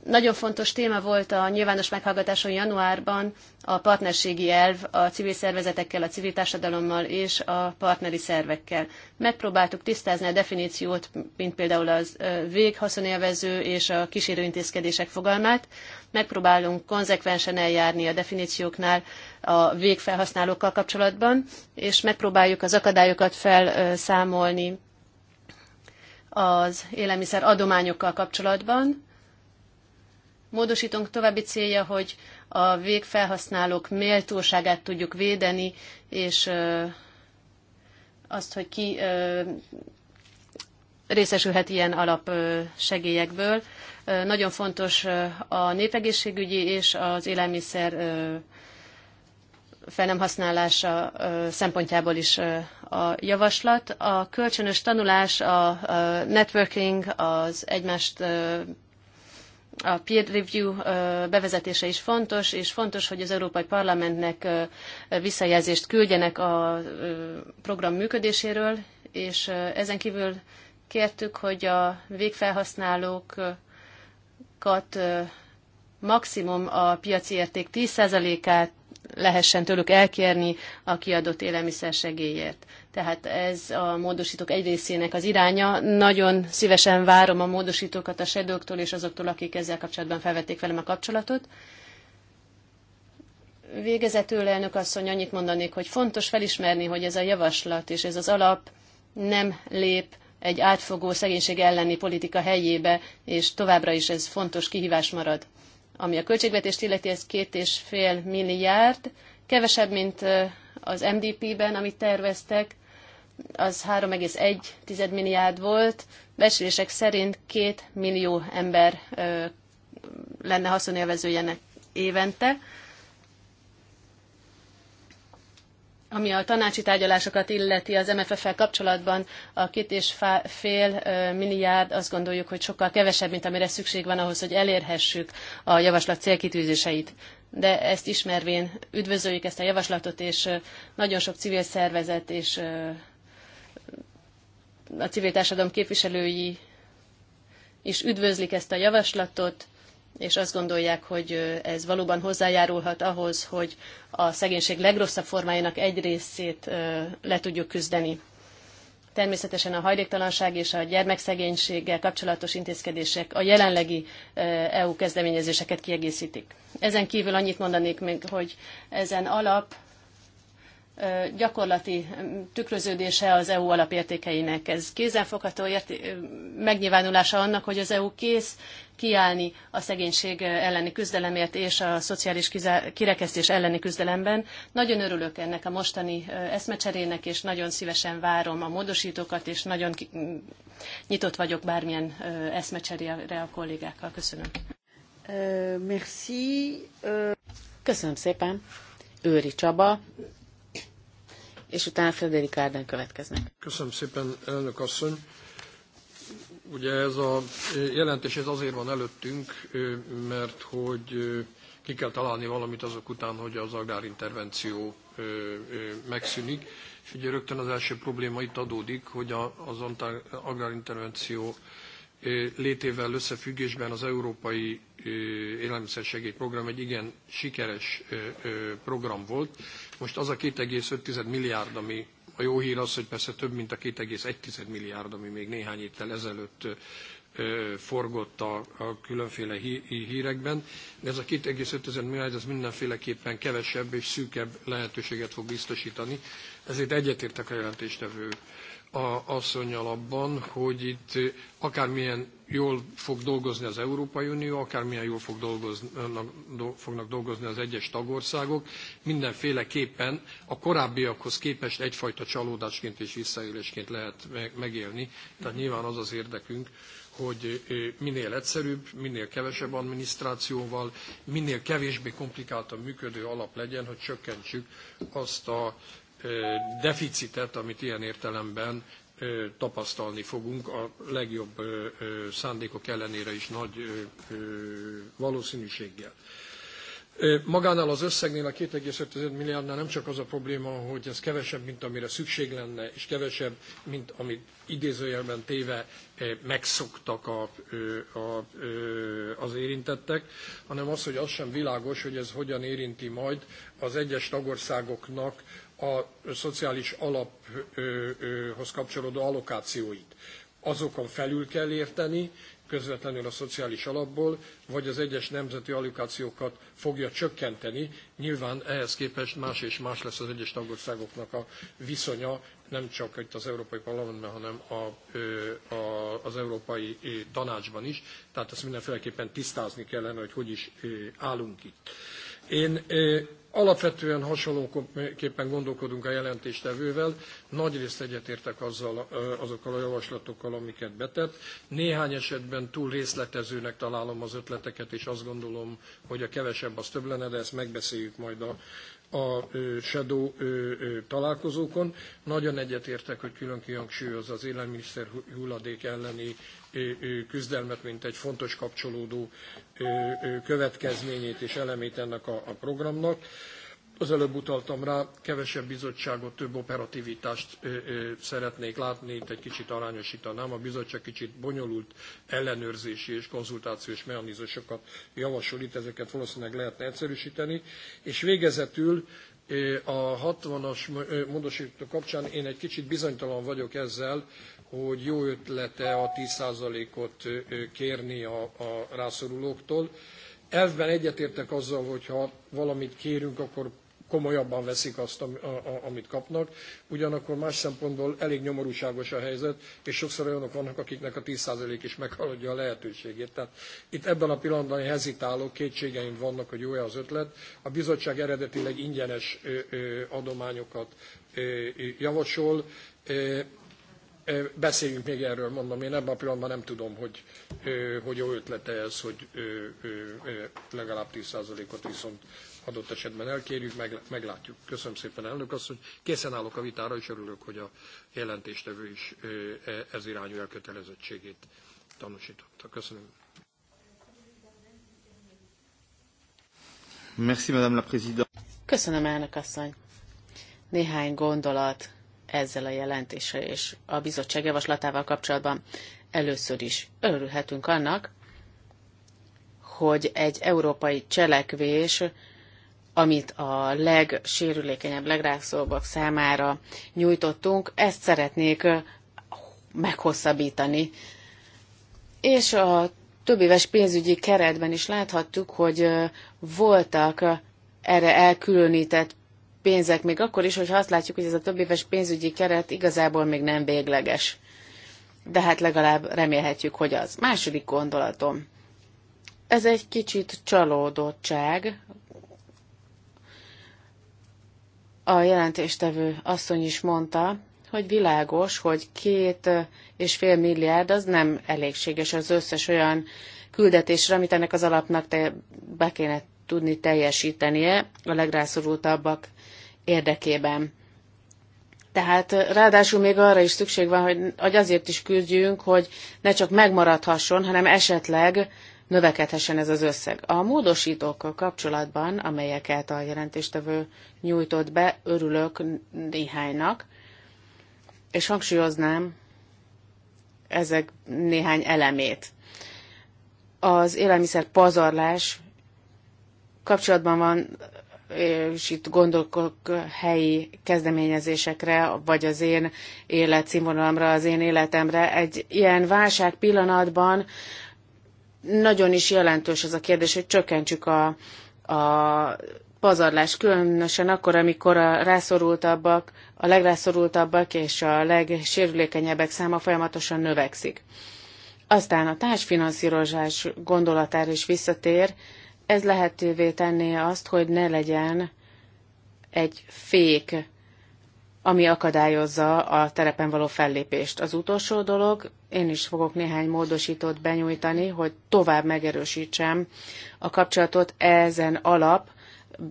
Nagyon fontos téma volt a nyilvános meghallgatáson januárban a partnerségi elv a civil szervezetekkel, a civil társadalommal és a partneri szervekkel. Megpróbáltuk tisztázni a definíciót, mint például az véghaszonélvező és a kísérőintézkedések fogalmát, megpróbálunk konzekvensen eljárni a definícióknál a végfelhasználókkal kapcsolatban, és megpróbáljuk az akadályokat felszámolni az élelmiszer adományokkal kapcsolatban. Módosítunk további célja, hogy a végfelhasználók méltóságát tudjuk védeni, és azt, hogy ki részesülhet ilyen alapsegélyekből. Nagyon fontos a népegészségügyi és az élelmiszer fel nem használása szempontjából is a javaslat. A kölcsönös tanulás, a networking, az egymást a peer review bevezetése is fontos, és fontos, hogy az Európai Parlamentnek visszajelzést küldjenek a program működéséről, és ezen kívül Kértük, hogy a végfelhasználókat maximum a piaci érték 10%-át lehessen tőlük elkérni a kiadott élelmiszer segélyért. Tehát ez a módosítók egy részének az iránya. Nagyon szívesen várom a módosítókat a sedőktől és azoktól, akik ezzel kapcsolatban felvették velem a kapcsolatot. Végezetül, elnök asszony, annyit mondanék, hogy fontos felismerni, hogy ez a javaslat és ez az alap nem lép egy átfogó szegénység elleni politika helyébe, és továbbra is ez fontos kihívás marad. Ami a költségvetést illeti, ez két és fél milliárd, kevesebb, mint az MDP-ben, amit terveztek, az 3,1 milliárd volt, becslések szerint két millió ember lenne haszonélvezőjenek évente. ami a tanácsi tárgyalásokat illeti az MFF-fel kapcsolatban, a két és fél milliárd azt gondoljuk, hogy sokkal kevesebb, mint amire szükség van ahhoz, hogy elérhessük a javaslat célkitűzéseit. De ezt ismervén üdvözöljük ezt a javaslatot, és nagyon sok civil szervezet és a civil társadalom képviselői is üdvözlik ezt a javaslatot, és azt gondolják, hogy ez valóban hozzájárulhat ahhoz, hogy a szegénység legrosszabb formájának egy részét le tudjuk küzdeni. Természetesen a hajléktalanság és a gyermekszegénységgel kapcsolatos intézkedések a jelenlegi EU kezdeményezéseket kiegészítik. Ezen kívül annyit mondanék még, hogy ezen alap gyakorlati tükröződése az EU alapértékeinek. Ez kézenfogható érté- megnyilvánulása annak, hogy az EU kész kiállni a szegénység elleni küzdelemért és a szociális kirekesztés elleni küzdelemben. Nagyon örülök ennek a mostani eszmecserének, és nagyon szívesen várom a módosítókat, és nagyon nyitott vagyok bármilyen eszmecserére a kollégákkal. Köszönöm. merci. Köszönöm szépen. Őri Csaba, és utána Frederik Árden következnek. Köszönöm szépen, elnök asszony. Ugye ez a jelentés ez azért van előttünk, mert hogy ki kell találni valamit azok után, hogy az agrárintervenció megszűnik. És ugye rögtön az első probléma itt adódik, hogy az agrárintervenció létével összefüggésben az Európai Élelmiszersegély Program egy igen sikeres program volt, most az a 2,5 milliárd, ami a jó hír az, hogy persze több, mint a 2,1 milliárd, ami még néhány héttel ezelőtt forgott a, a különféle hí, hírekben, de ez a 2,5 milliárd ez mindenféleképpen kevesebb és szűkebb lehetőséget fog biztosítani, ezért egyetértek a jelentéstevő a asszonyal abban, hogy itt eh, akármilyen jól fog dolgozni az Európai Unió, akármilyen jól fog fognak dolgozni az egyes tagországok, mindenféleképpen a korábbiakhoz képest egyfajta csalódásként és visszaélésként lehet megélni. Tehát nyilván az az érdekünk, hogy eh, minél egyszerűbb, minél kevesebb adminisztrációval, minél kevésbé komplikáltan működő alap legyen, hogy csökkentsük azt a deficitet, amit ilyen értelemben tapasztalni fogunk, a legjobb szándékok ellenére is nagy valószínűséggel. Magánál az összegnél, a 2,5 milliárdnál nem csak az a probléma, hogy ez kevesebb, mint amire szükség lenne, és kevesebb, mint amit idézőjelben téve megszoktak a, a, az érintettek, hanem az, hogy az sem világos, hogy ez hogyan érinti majd az egyes tagországoknak a szociális alaphoz kapcsolódó allokációit. Azokon felül kell érteni, közvetlenül a szociális alapból, vagy az egyes nemzeti allokációkat fogja csökkenteni. Nyilván ehhez képest más és más lesz az egyes tagországoknak a viszonya, nem csak itt az Európai Parlamentben, hanem a, a, az Európai Tanácsban is. Tehát ezt mindenféleképpen tisztázni kellene, hogy hogy is állunk itt. Én Alapvetően hasonlóképpen gondolkodunk a jelentéstevővel, nagyrészt egyetértek azzal, azokkal a javaslatokkal, amiket betett. Néhány esetben túl részletezőnek találom az ötleteket, és azt gondolom, hogy a kevesebb az több lenne, de ezt megbeszéljük majd a, a Shadow találkozókon. Nagyon egyetértek, hogy külön kihangsúlyoz az élelmiszer hulladék elleni küzdelmet, mint egy fontos kapcsolódó következményét és elemét ennek a, programnak. Az előbb utaltam rá, kevesebb bizottságot, több operativitást szeretnék látni, itt egy kicsit arányosítanám. A bizottság kicsit bonyolult ellenőrzési és konzultációs mechanizmusokat javasol itt, ezeket valószínűleg lehetne egyszerűsíteni. És végezetül a 60-as módosító kapcsán én egy kicsit bizonytalan vagyok ezzel, hogy jó ötlete a 10%-ot kérni a, a rászorulóktól. Elvben egyetértek azzal, hogy ha valamit kérünk, akkor komolyabban veszik azt, amit kapnak. Ugyanakkor más szempontból elég nyomorúságos a helyzet, és sokszor olyanok vannak, akiknek a 10% is meghaladja a lehetőségét. Tehát itt ebben a pillanatban hezitálok, kétségeim vannak, hogy jó-e az ötlet. A bizottság eredetileg ingyenes adományokat javasol. Beszéljünk még erről, mondom, én ebben a pillanatban nem tudom, hogy, hogy jó ötlete ez, hogy legalább 10%-ot viszont adott esetben elkérjük, meg, meglátjuk. Köszönöm szépen, elnök asszony. készen állok a vitára, és örülök, hogy a jelentéstevő is e, ez irányú elkötelezettségét tanúsította. Köszönöm. Merci, Madame la Présidente. Köszönöm, elnök asszony. Néhány gondolat ezzel a jelentéssel és a bizottság javaslatával kapcsolatban. Először is örülhetünk annak, hogy egy európai cselekvés, amit a legsérülékenyebb, legrászolóbbak számára nyújtottunk, ezt szeretnék meghosszabbítani. És a több éves pénzügyi keretben is láthattuk, hogy voltak erre elkülönített pénzek még akkor is, hogyha azt látjuk, hogy ez a több éves pénzügyi keret igazából még nem végleges. De hát legalább remélhetjük, hogy az. Második gondolatom. Ez egy kicsit csalódottság. A jelentéstevő asszony is mondta, hogy világos, hogy két és fél milliárd az nem elégséges az összes olyan küldetésre, amit ennek az alapnak te be kéne tudni teljesítenie a legrászorultabbak érdekében. Tehát eh, ráadásul még arra is szükség van, hogy, hogy azért is küzdjünk, hogy ne csak megmaradhasson, hanem esetleg növekedhessen ez az összeg. A módosítókkal kapcsolatban, amelyeket a jelentéstevő nyújtott be, örülök néhánynak, és hangsúlyoznám ezek néhány elemét. Az élelmiszer pazarlás kapcsolatban van és itt gondolkok helyi kezdeményezésekre, vagy az én életszínvonalamra, az én életemre. Egy ilyen válság pillanatban nagyon is jelentős az a kérdés, hogy csökkentsük a, a pazarlás, különösen akkor, amikor a rászorultabbak, a legrászorultabbak és a legsérülékenyebbek száma folyamatosan növekszik. Aztán a társfinanszírozás gondolatára is visszatér, ez lehetővé tenné azt, hogy ne legyen egy fék, ami akadályozza a terepen való fellépést. Az utolsó dolog, én is fogok néhány módosítót benyújtani, hogy tovább megerősítsem a kapcsolatot ezen alap,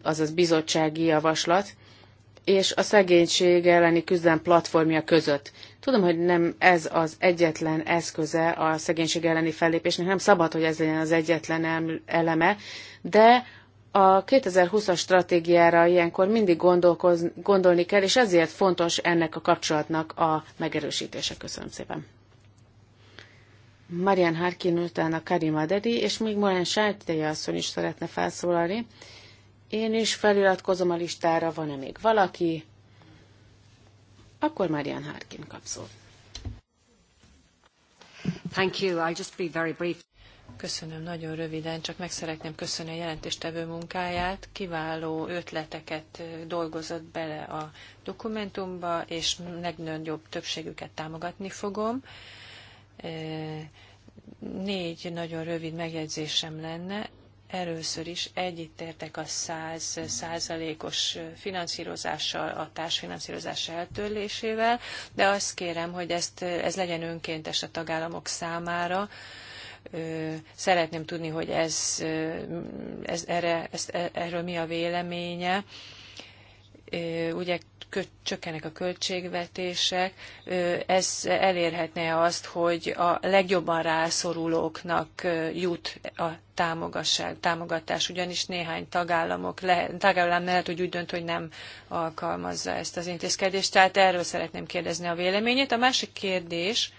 azaz bizottsági javaslat és a szegénység elleni küzdelem platformja között. Tudom, hogy nem ez az egyetlen eszköze a szegénység elleni fellépésnek, nem szabad, hogy ez legyen az egyetlen eleme, de a 2020-as stratégiára ilyenkor mindig gondolni kell, és ezért fontos ennek a kapcsolatnak a megerősítése. Köszönöm szépen. Marian Harkin a Karima Dedi, és még Morán Sájtéja asszony is szeretne felszólalni. Én is feliratkozom a listára, van-e még valaki? Akkor Marian Harkin kap szót. Thank you. I'll just be very brief. Köszönöm nagyon röviden, csak meg szeretném köszönni a jelentéstevő munkáját. Kiváló ötleteket dolgozott bele a dokumentumba, és legnagyobb többségüket támogatni fogom. Négy nagyon rövid megjegyzésem lenne először is együttértek a 100 százalékos finanszírozással, a társfinanszírozás eltörlésével, de azt kérem, hogy ezt, ez legyen önkéntes a tagállamok számára, szeretném tudni, hogy ez, ez erre, ez, e, erről mi a véleménye. Ugye csökkenek a költségvetések, ez elérhetne azt, hogy a legjobban rászorulóknak jut a támogatás, ugyanis néhány tagállamok lehet, tagállam lehet, hogy úgy dönt, hogy nem alkalmazza ezt az intézkedést. Tehát erről szeretném kérdezni a véleményét. A másik kérdés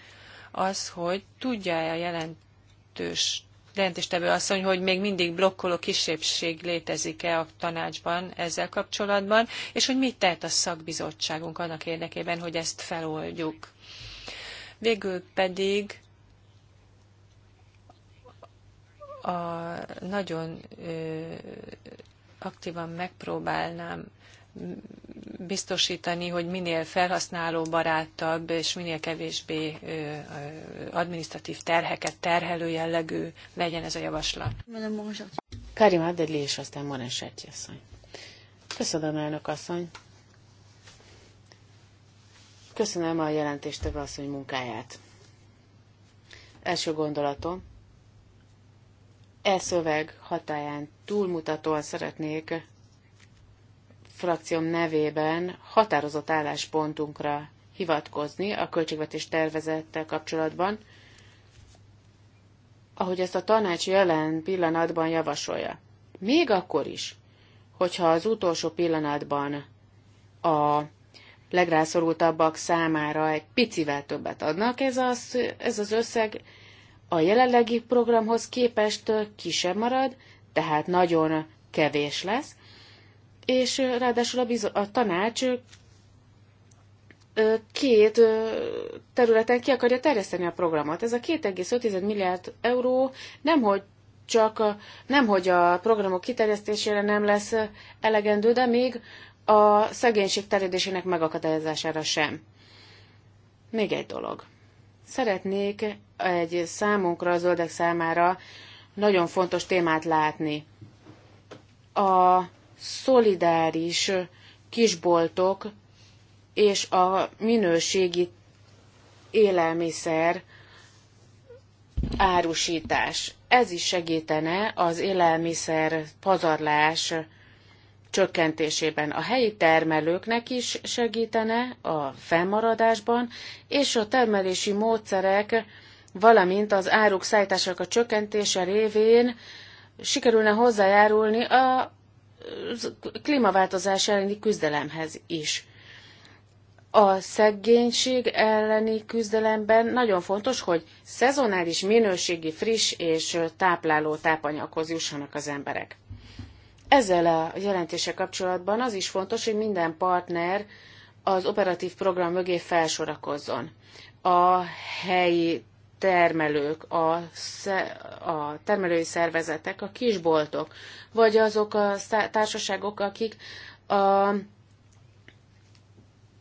az, hogy tudja-e a jelentős jelentéstevő asszony, hogy még mindig blokkoló kisebbség létezik-e a tanácsban ezzel kapcsolatban, és hogy mit tehet a szakbizottságunk annak érdekében, hogy ezt feloldjuk. Végül pedig a nagyon aktívan megpróbálnám biztosítani, hogy minél felhasználóbarátabb és minél kevésbé administratív terheket terhelő jellegű legyen ez a javaslat. Karim Adedli és aztán Moresetti asszony. Köszönöm, elnök asszony. Köszönöm a jelentéstevő asszony munkáját. Első gondolatom, e szöveg hatáján túlmutatóan szeretnék frakcióm nevében határozott álláspontunkra hivatkozni a költségvetés tervezettel kapcsolatban, ahogy ezt a tanács jelen pillanatban javasolja. Még akkor is, hogyha az utolsó pillanatban a legrászorultabbak számára egy picivel többet adnak, ez az, ez az összeg a jelenlegi programhoz képest kisebb marad, tehát nagyon kevés lesz, és ráadásul a, bizo- a tanács két területen ki akarja terjeszteni a programot. Ez a 2,5 milliárd euró nemhogy csak nemhogy a programok kiterjesztésére nem lesz elegendő, de még a szegénység terjedésének megakadályozására sem. Még egy dolog. Szeretnék egy számunkra, a zöldek számára nagyon fontos témát látni. A szolidáris kisboltok és a minőségi élelmiszer árusítás. Ez is segítene az élelmiszer pazarlás csökkentésében. A helyi termelőknek is segítene a fennmaradásban, és a termelési módszerek, valamint az áruk szállításának a csökkentése révén sikerülne hozzájárulni a klímaváltozás elleni küzdelemhez is. A szegénység elleni küzdelemben nagyon fontos, hogy szezonális, minőségi, friss és tápláló tápanyaghoz jussanak az emberek. Ezzel a jelentéssel kapcsolatban az is fontos, hogy minden partner az operatív program mögé felsorakozzon. A helyi termelők, a, a termelői szervezetek, a kisboltok, vagy azok a társaságok, akik a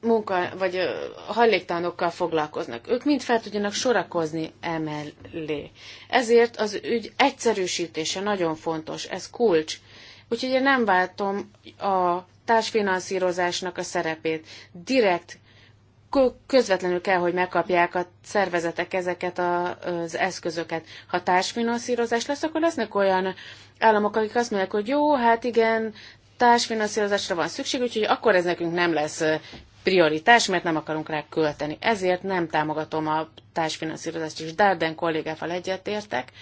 munka, vagy a hajléktalanokkal foglalkoznak. Ők mind fel tudjanak sorakozni emellé. Ezért az ügy egyszerűsítése nagyon fontos, ez kulcs. Úgyhogy én nem váltom a társfinanszírozásnak a szerepét. Direkt, közvetlenül kell, hogy megkapják a szervezetek ezeket az eszközöket. Ha társfinanszírozás lesz, akkor lesznek olyan államok, akik azt mondják, hogy jó, hát igen, társfinanszírozásra van szükség, úgyhogy akkor ez nekünk nem lesz prioritás, mert nem akarunk rá költeni. Ezért nem támogatom a társfinanszírozást, és Darden kollégával egyetértek.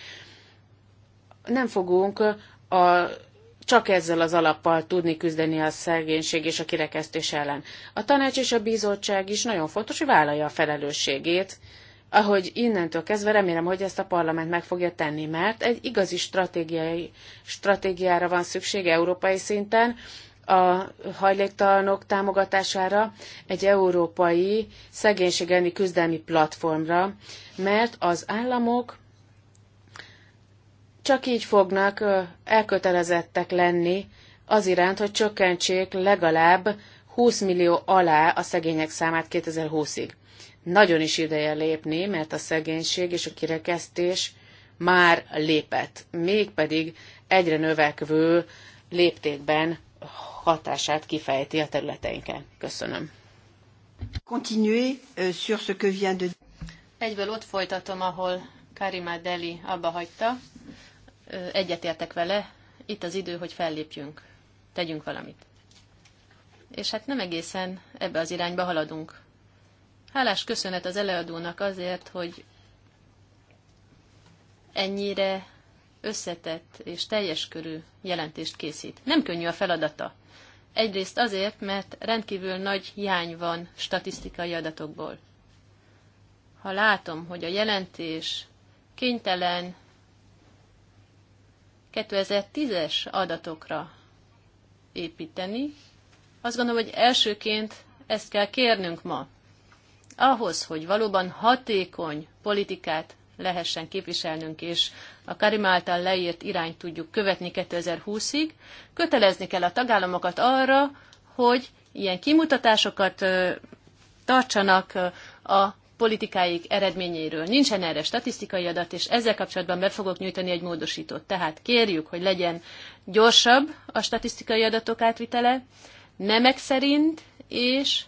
Nem fogunk a csak ezzel az alappal tudni küzdeni a szegénység és a kirekesztés ellen. A tanács és a bizottság is nagyon fontos, hogy vállalja a felelősségét, ahogy innentől kezdve remélem, hogy ezt a parlament meg fogja tenni, mert egy igazi stratégiai, stratégiára van szükség európai szinten, a hajléktalanok támogatására, egy európai szegénységeni küzdelmi platformra, mert az államok csak így fognak elkötelezettek lenni az iránt, hogy csökkentsék legalább 20 millió alá a szegények számát 2020-ig. Nagyon is ideje lépni, mert a szegénység és a kirekesztés már lépett, mégpedig egyre növekvő léptékben hatását kifejti a területeinken. Köszönöm. Euh, Egyből ott folytatom, ahol Karima Deli abba hagyta egyetértek vele, itt az idő, hogy fellépjünk, tegyünk valamit. És hát nem egészen ebbe az irányba haladunk. Hálás köszönet az előadónak azért, hogy ennyire összetett és teljes körű jelentést készít. Nem könnyű a feladata. Egyrészt azért, mert rendkívül nagy hiány van statisztikai adatokból. Ha látom, hogy a jelentés kénytelen 2010-es adatokra építeni. Azt gondolom, hogy elsőként ezt kell kérnünk ma. Ahhoz, hogy valóban hatékony politikát lehessen képviselnünk, és a Karim által leírt irányt tudjuk követni 2020-ig, kötelezni kell a tagállamokat arra, hogy ilyen kimutatásokat tartsanak a politikáik eredményéről. Nincsen erre statisztikai adat, és ezzel kapcsolatban be fogok nyújtani egy módosítót. Tehát kérjük, hogy legyen gyorsabb a statisztikai adatok átvitele, nemek szerint, és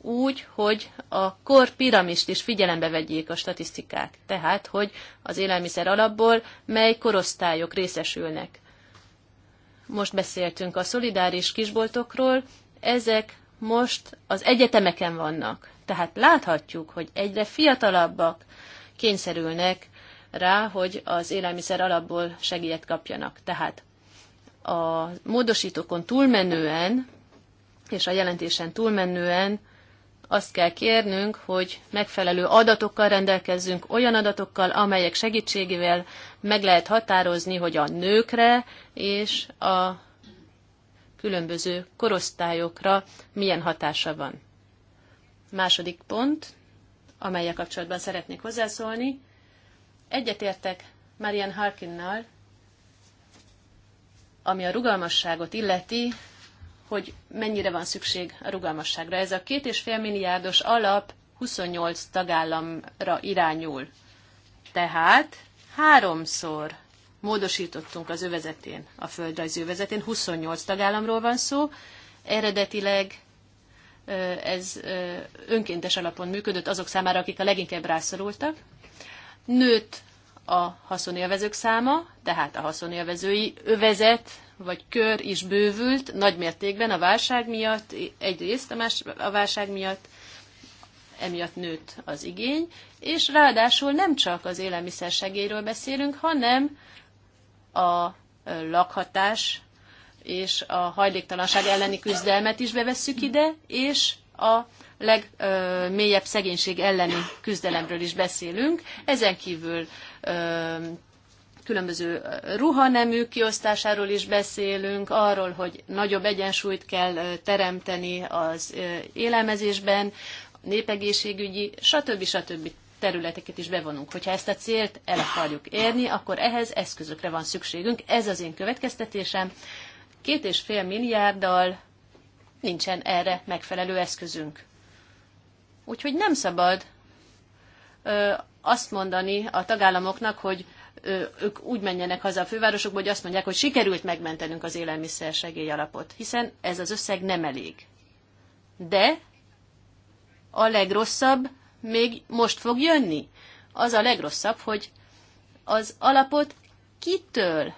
úgy, hogy a kor piramist is figyelembe vegyék a statisztikák. Tehát, hogy az élelmiszer alapból mely korosztályok részesülnek. Most beszéltünk a szolidáris kisboltokról, ezek most az egyetemeken vannak. Tehát láthatjuk, hogy egyre fiatalabbak kényszerülnek rá, hogy az élelmiszer alapból segélyet kapjanak. Tehát a módosítókon túlmenően, és a jelentésen túlmenően azt kell kérnünk, hogy megfelelő adatokkal rendelkezzünk, olyan adatokkal, amelyek segítségével meg lehet határozni, hogy a nőkre és a különböző korosztályokra milyen hatása van. Második pont, amelyek kapcsolatban szeretnék hozzászólni. Egyetértek Marian Harkinnal, ami a rugalmasságot illeti, hogy mennyire van szükség a rugalmasságra. Ez a két és fél milliárdos alap 28 tagállamra irányul. Tehát háromszor módosítottunk az övezetén, a földrajzi övezetén. 28 tagállamról van szó. Eredetileg ez önkéntes alapon működött azok számára, akik a leginkább rászorultak. Nőtt a haszonélvezők száma, tehát a haszonélvezői övezet vagy kör is bővült nagy mértékben a válság miatt, egyrészt a, más, a válság miatt, emiatt nőtt az igény, és ráadásul nem csak az élelmiszer segélyről beszélünk, hanem a lakhatás és a hajléktalanság elleni küzdelmet is bevesszük ide, és a legmélyebb szegénység elleni küzdelemről is beszélünk. Ezen kívül különböző ruhanemű kiosztásáról is beszélünk, arról, hogy nagyobb egyensúlyt kell teremteni az élelmezésben, népegészségügyi, stb. stb területeket is bevonunk. Hogyha ezt a célt el akarjuk érni, akkor ehhez eszközökre van szükségünk. Ez az én következtetésem. Két és fél milliárddal nincsen erre megfelelő eszközünk. Úgyhogy nem szabad ö, azt mondani a tagállamoknak, hogy ö, ők úgy menjenek haza a fővárosokba, hogy azt mondják, hogy sikerült megmentenünk az élelmiszer alapot, hiszen ez az összeg nem elég. De a legrosszabb még most fog jönni. Az a legrosszabb, hogy az alapot kitől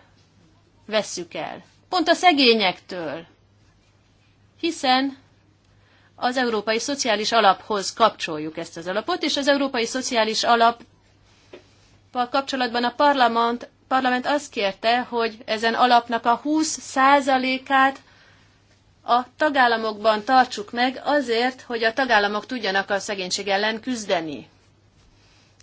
vesszük el? Pont a szegényektől. Hiszen az Európai Szociális Alaphoz kapcsoljuk ezt az alapot, és az Európai Szociális Alap kapcsolatban a parlament, parlament azt kérte, hogy ezen alapnak a 20%-át a tagállamokban tartsuk meg azért, hogy a tagállamok tudjanak a szegénység ellen küzdeni.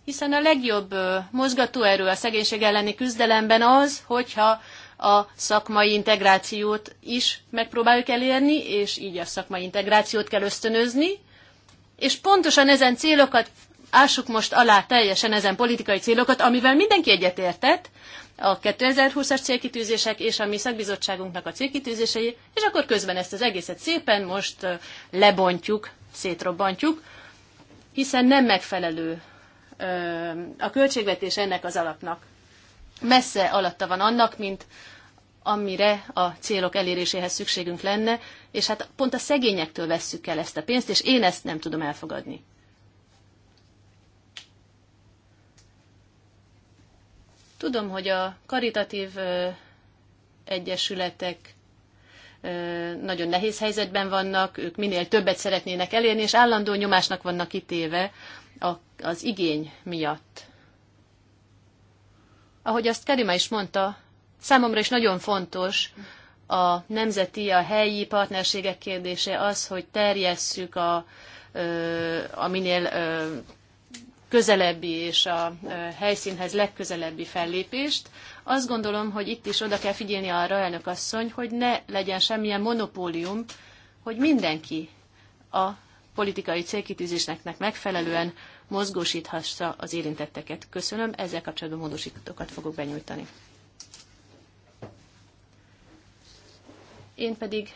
Hiszen a legjobb mozgatóerő a szegénység elleni küzdelemben az, hogyha a szakmai integrációt is megpróbáljuk elérni, és így a szakmai integrációt kell ösztönözni, és pontosan ezen célokat ássuk most alá teljesen ezen politikai célokat, amivel mindenki egyetértett, a 2020-as célkitűzések és a mi szakbizottságunknak a célkitűzései, és akkor közben ezt az egészet szépen most lebontjuk, szétrobbantjuk, hiszen nem megfelelő a költségvetés ennek az alapnak. Messze alatta van annak, mint amire a célok eléréséhez szükségünk lenne, és hát pont a szegényektől vesszük el ezt a pénzt, és én ezt nem tudom elfogadni. Tudom, hogy a karitatív egyesületek nagyon nehéz helyzetben vannak, ők minél többet szeretnének elérni, és állandó nyomásnak vannak a, az igény miatt. Ahogy azt Kerima is mondta, számomra is nagyon fontos a nemzeti, a helyi partnerségek kérdése az, hogy terjesszük a, a minél közelebbi és a helyszínhez legközelebbi fellépést. Azt gondolom, hogy itt is oda kell figyelni arra, elnök asszony, hogy ne legyen semmilyen monopólium, hogy mindenki a politikai célkitűzésnek megfelelően mozgósíthassa az érintetteket. Köszönöm, ezzel kapcsolatban módosítókat fogok benyújtani. Én pedig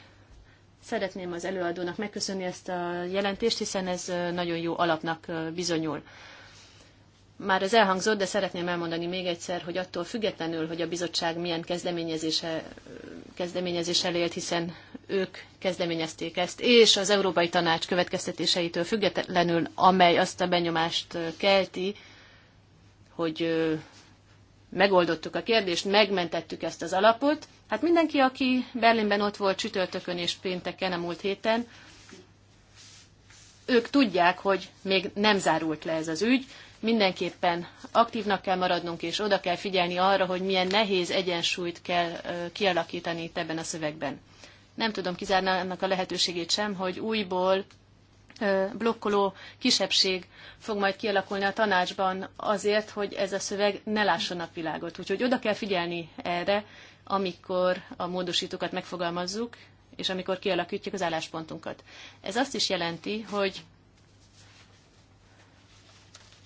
szeretném az előadónak megköszönni ezt a jelentést, hiszen ez nagyon jó alapnak bizonyul. Már ez elhangzott, de szeretném elmondani még egyszer, hogy attól függetlenül, hogy a bizottság milyen kezdeményezése, kezdeményezés elélt, hiszen ők kezdeményezték ezt, és az Európai Tanács következtetéseitől függetlenül, amely azt a benyomást kelti, hogy megoldottuk a kérdést, megmentettük ezt az alapot. Hát mindenki, aki Berlinben ott volt csütörtökön és pénteken a múlt héten, ők tudják, hogy még nem zárult le ez az ügy, mindenképpen aktívnak kell maradnunk, és oda kell figyelni arra, hogy milyen nehéz egyensúlyt kell kialakítani itt ebben a szövegben. Nem tudom kizárni annak a lehetőségét sem, hogy újból blokkoló kisebbség fog majd kialakulni a tanácsban azért, hogy ez a szöveg ne lásson napvilágot. Úgyhogy oda kell figyelni erre, amikor a módosítókat megfogalmazzuk, és amikor kialakítjuk az álláspontunkat. Ez azt is jelenti, hogy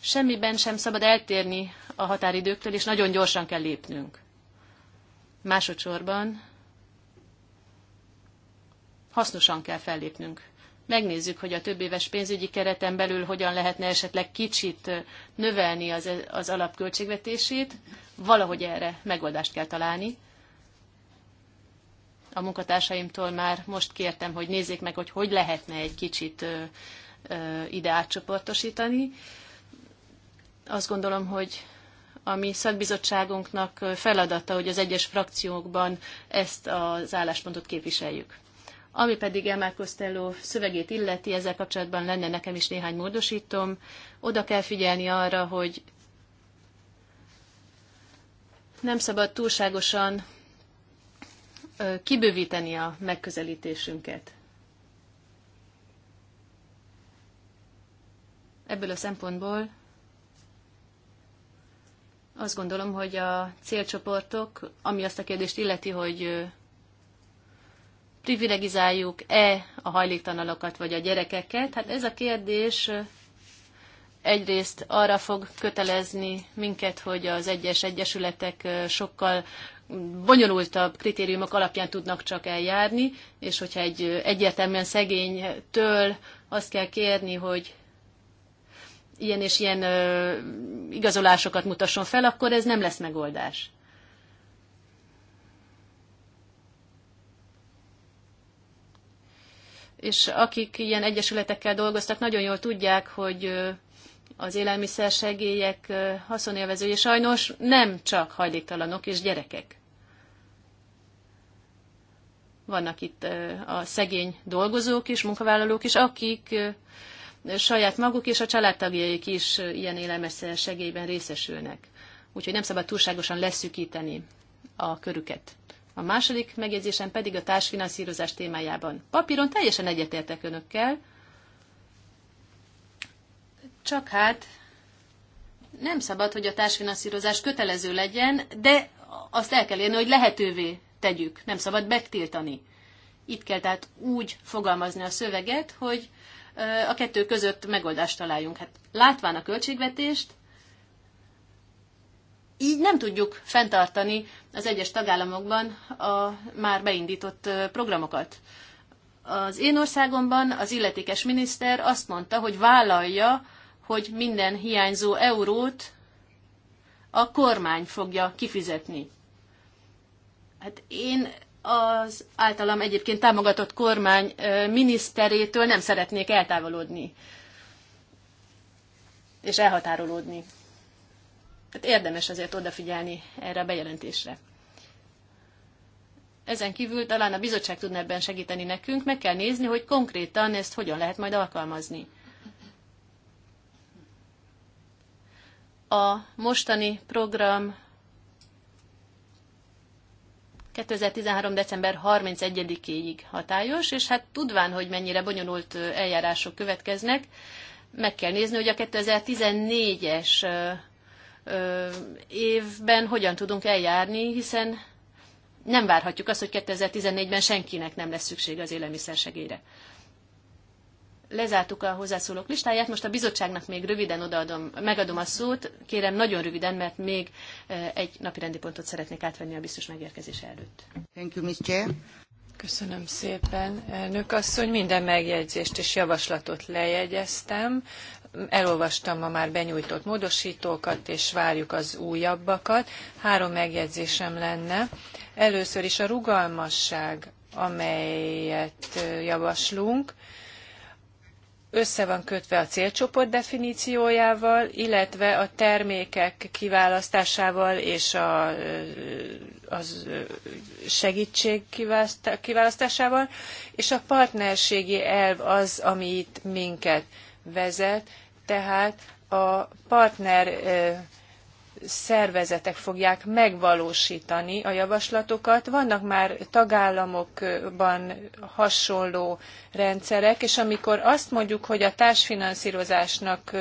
semmiben sem szabad eltérni a határidőktől, és nagyon gyorsan kell lépnünk. Másodszorban hasznosan kell fellépnünk. Megnézzük, hogy a több éves pénzügyi kereten belül hogyan lehetne esetleg kicsit növelni az, az alapköltségvetését. Valahogy erre megoldást kell találni a munkatársaimtól már most kértem, hogy nézzék meg, hogy hogy lehetne egy kicsit ide átcsoportosítani. Azt gondolom, hogy a mi szakbizottságunknak feladata, hogy az egyes frakciókban ezt az álláspontot képviseljük. Ami pedig Emma Costello szövegét illeti, ezzel kapcsolatban lenne nekem is néhány módosítom. Oda kell figyelni arra, hogy nem szabad túlságosan kibővíteni a megközelítésünket. Ebből a szempontból azt gondolom, hogy a célcsoportok, ami azt a kérdést illeti, hogy privilegizáljuk-e a hajléktalanokat vagy a gyerekeket, hát ez a kérdés egyrészt arra fog kötelezni minket, hogy az egyes egyesületek sokkal bonyolultabb kritériumok alapján tudnak csak eljárni, és hogyha egy egyértelműen szegénytől azt kell kérni, hogy ilyen és ilyen ö, igazolásokat mutasson fel, akkor ez nem lesz megoldás. És akik ilyen egyesületekkel dolgoztak, nagyon jól tudják, hogy az élelmiszersegélyek haszonélvezői sajnos nem csak hajléktalanok és gyerekek. Vannak itt a szegény dolgozók is, munkavállalók is, akik saját maguk és a családtagjaik is ilyen élelmiszer segélyben részesülnek. Úgyhogy nem szabad túlságosan leszűkíteni a körüket. A második megjegyzésem pedig a társfinanszírozás témájában. Papíron teljesen egyetértek önökkel, csak hát nem szabad, hogy a társfinanszírozás kötelező legyen, de azt el kell érni, hogy lehetővé tegyük, nem szabad megtiltani. Itt kell tehát úgy fogalmazni a szöveget, hogy a kettő között megoldást találjunk. Hát látván a költségvetést, így nem tudjuk fenntartani az egyes tagállamokban a már beindított programokat. Az én országomban az illetékes miniszter azt mondta, hogy vállalja hogy minden hiányzó eurót a kormány fogja kifizetni. Hát én az általam egyébként támogatott kormány miniszterétől nem szeretnék eltávolodni és elhatárolódni. Tehát érdemes azért odafigyelni erre a bejelentésre. Ezen kívül talán a bizottság tudna ebben segíteni nekünk, meg kell nézni, hogy konkrétan ezt hogyan lehet majd alkalmazni. a mostani program 2013. december 31-ig hatályos, és hát tudván, hogy mennyire bonyolult eljárások következnek, meg kell nézni, hogy a 2014-es évben hogyan tudunk eljárni, hiszen nem várhatjuk azt, hogy 2014-ben senkinek nem lesz szüksége az élelmiszersegélyre lezártuk a hozzászólók listáját. Most a bizottságnak még röviden odaadom, megadom a szót. Kérem, nagyon röviden, mert még egy napi rendi pontot szeretnék átvenni a biztos megérkezés előtt. Thank you, Ms. Chair. Köszönöm szépen, elnök asszony. Minden megjegyzést és javaslatot lejegyeztem. Elolvastam a már benyújtott módosítókat, és várjuk az újabbakat. Három megjegyzésem lenne. Először is a rugalmasság, amelyet javaslunk össze van kötve a célcsoport definíciójával, illetve a termékek kiválasztásával és a, az segítség kiválasztásával, és a partnerségi elv az, ami itt minket vezet, tehát a partner szervezetek fogják megvalósítani a javaslatokat. Vannak már tagállamokban hasonló rendszerek, és amikor azt mondjuk, hogy a társfinanszírozásnak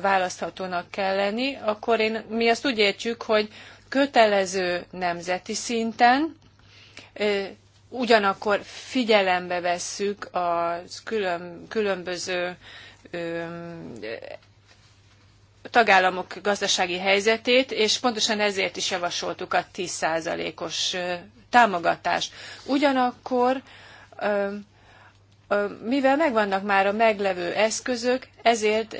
választhatónak kell lenni, akkor én, mi azt úgy értjük, hogy kötelező nemzeti szinten, ugyanakkor figyelembe vesszük a külön, különböző tagállamok gazdasági helyzetét, és pontosan ezért is javasoltuk a 10%-os támogatást. Ugyanakkor mivel megvannak már a meglevő eszközök, ezért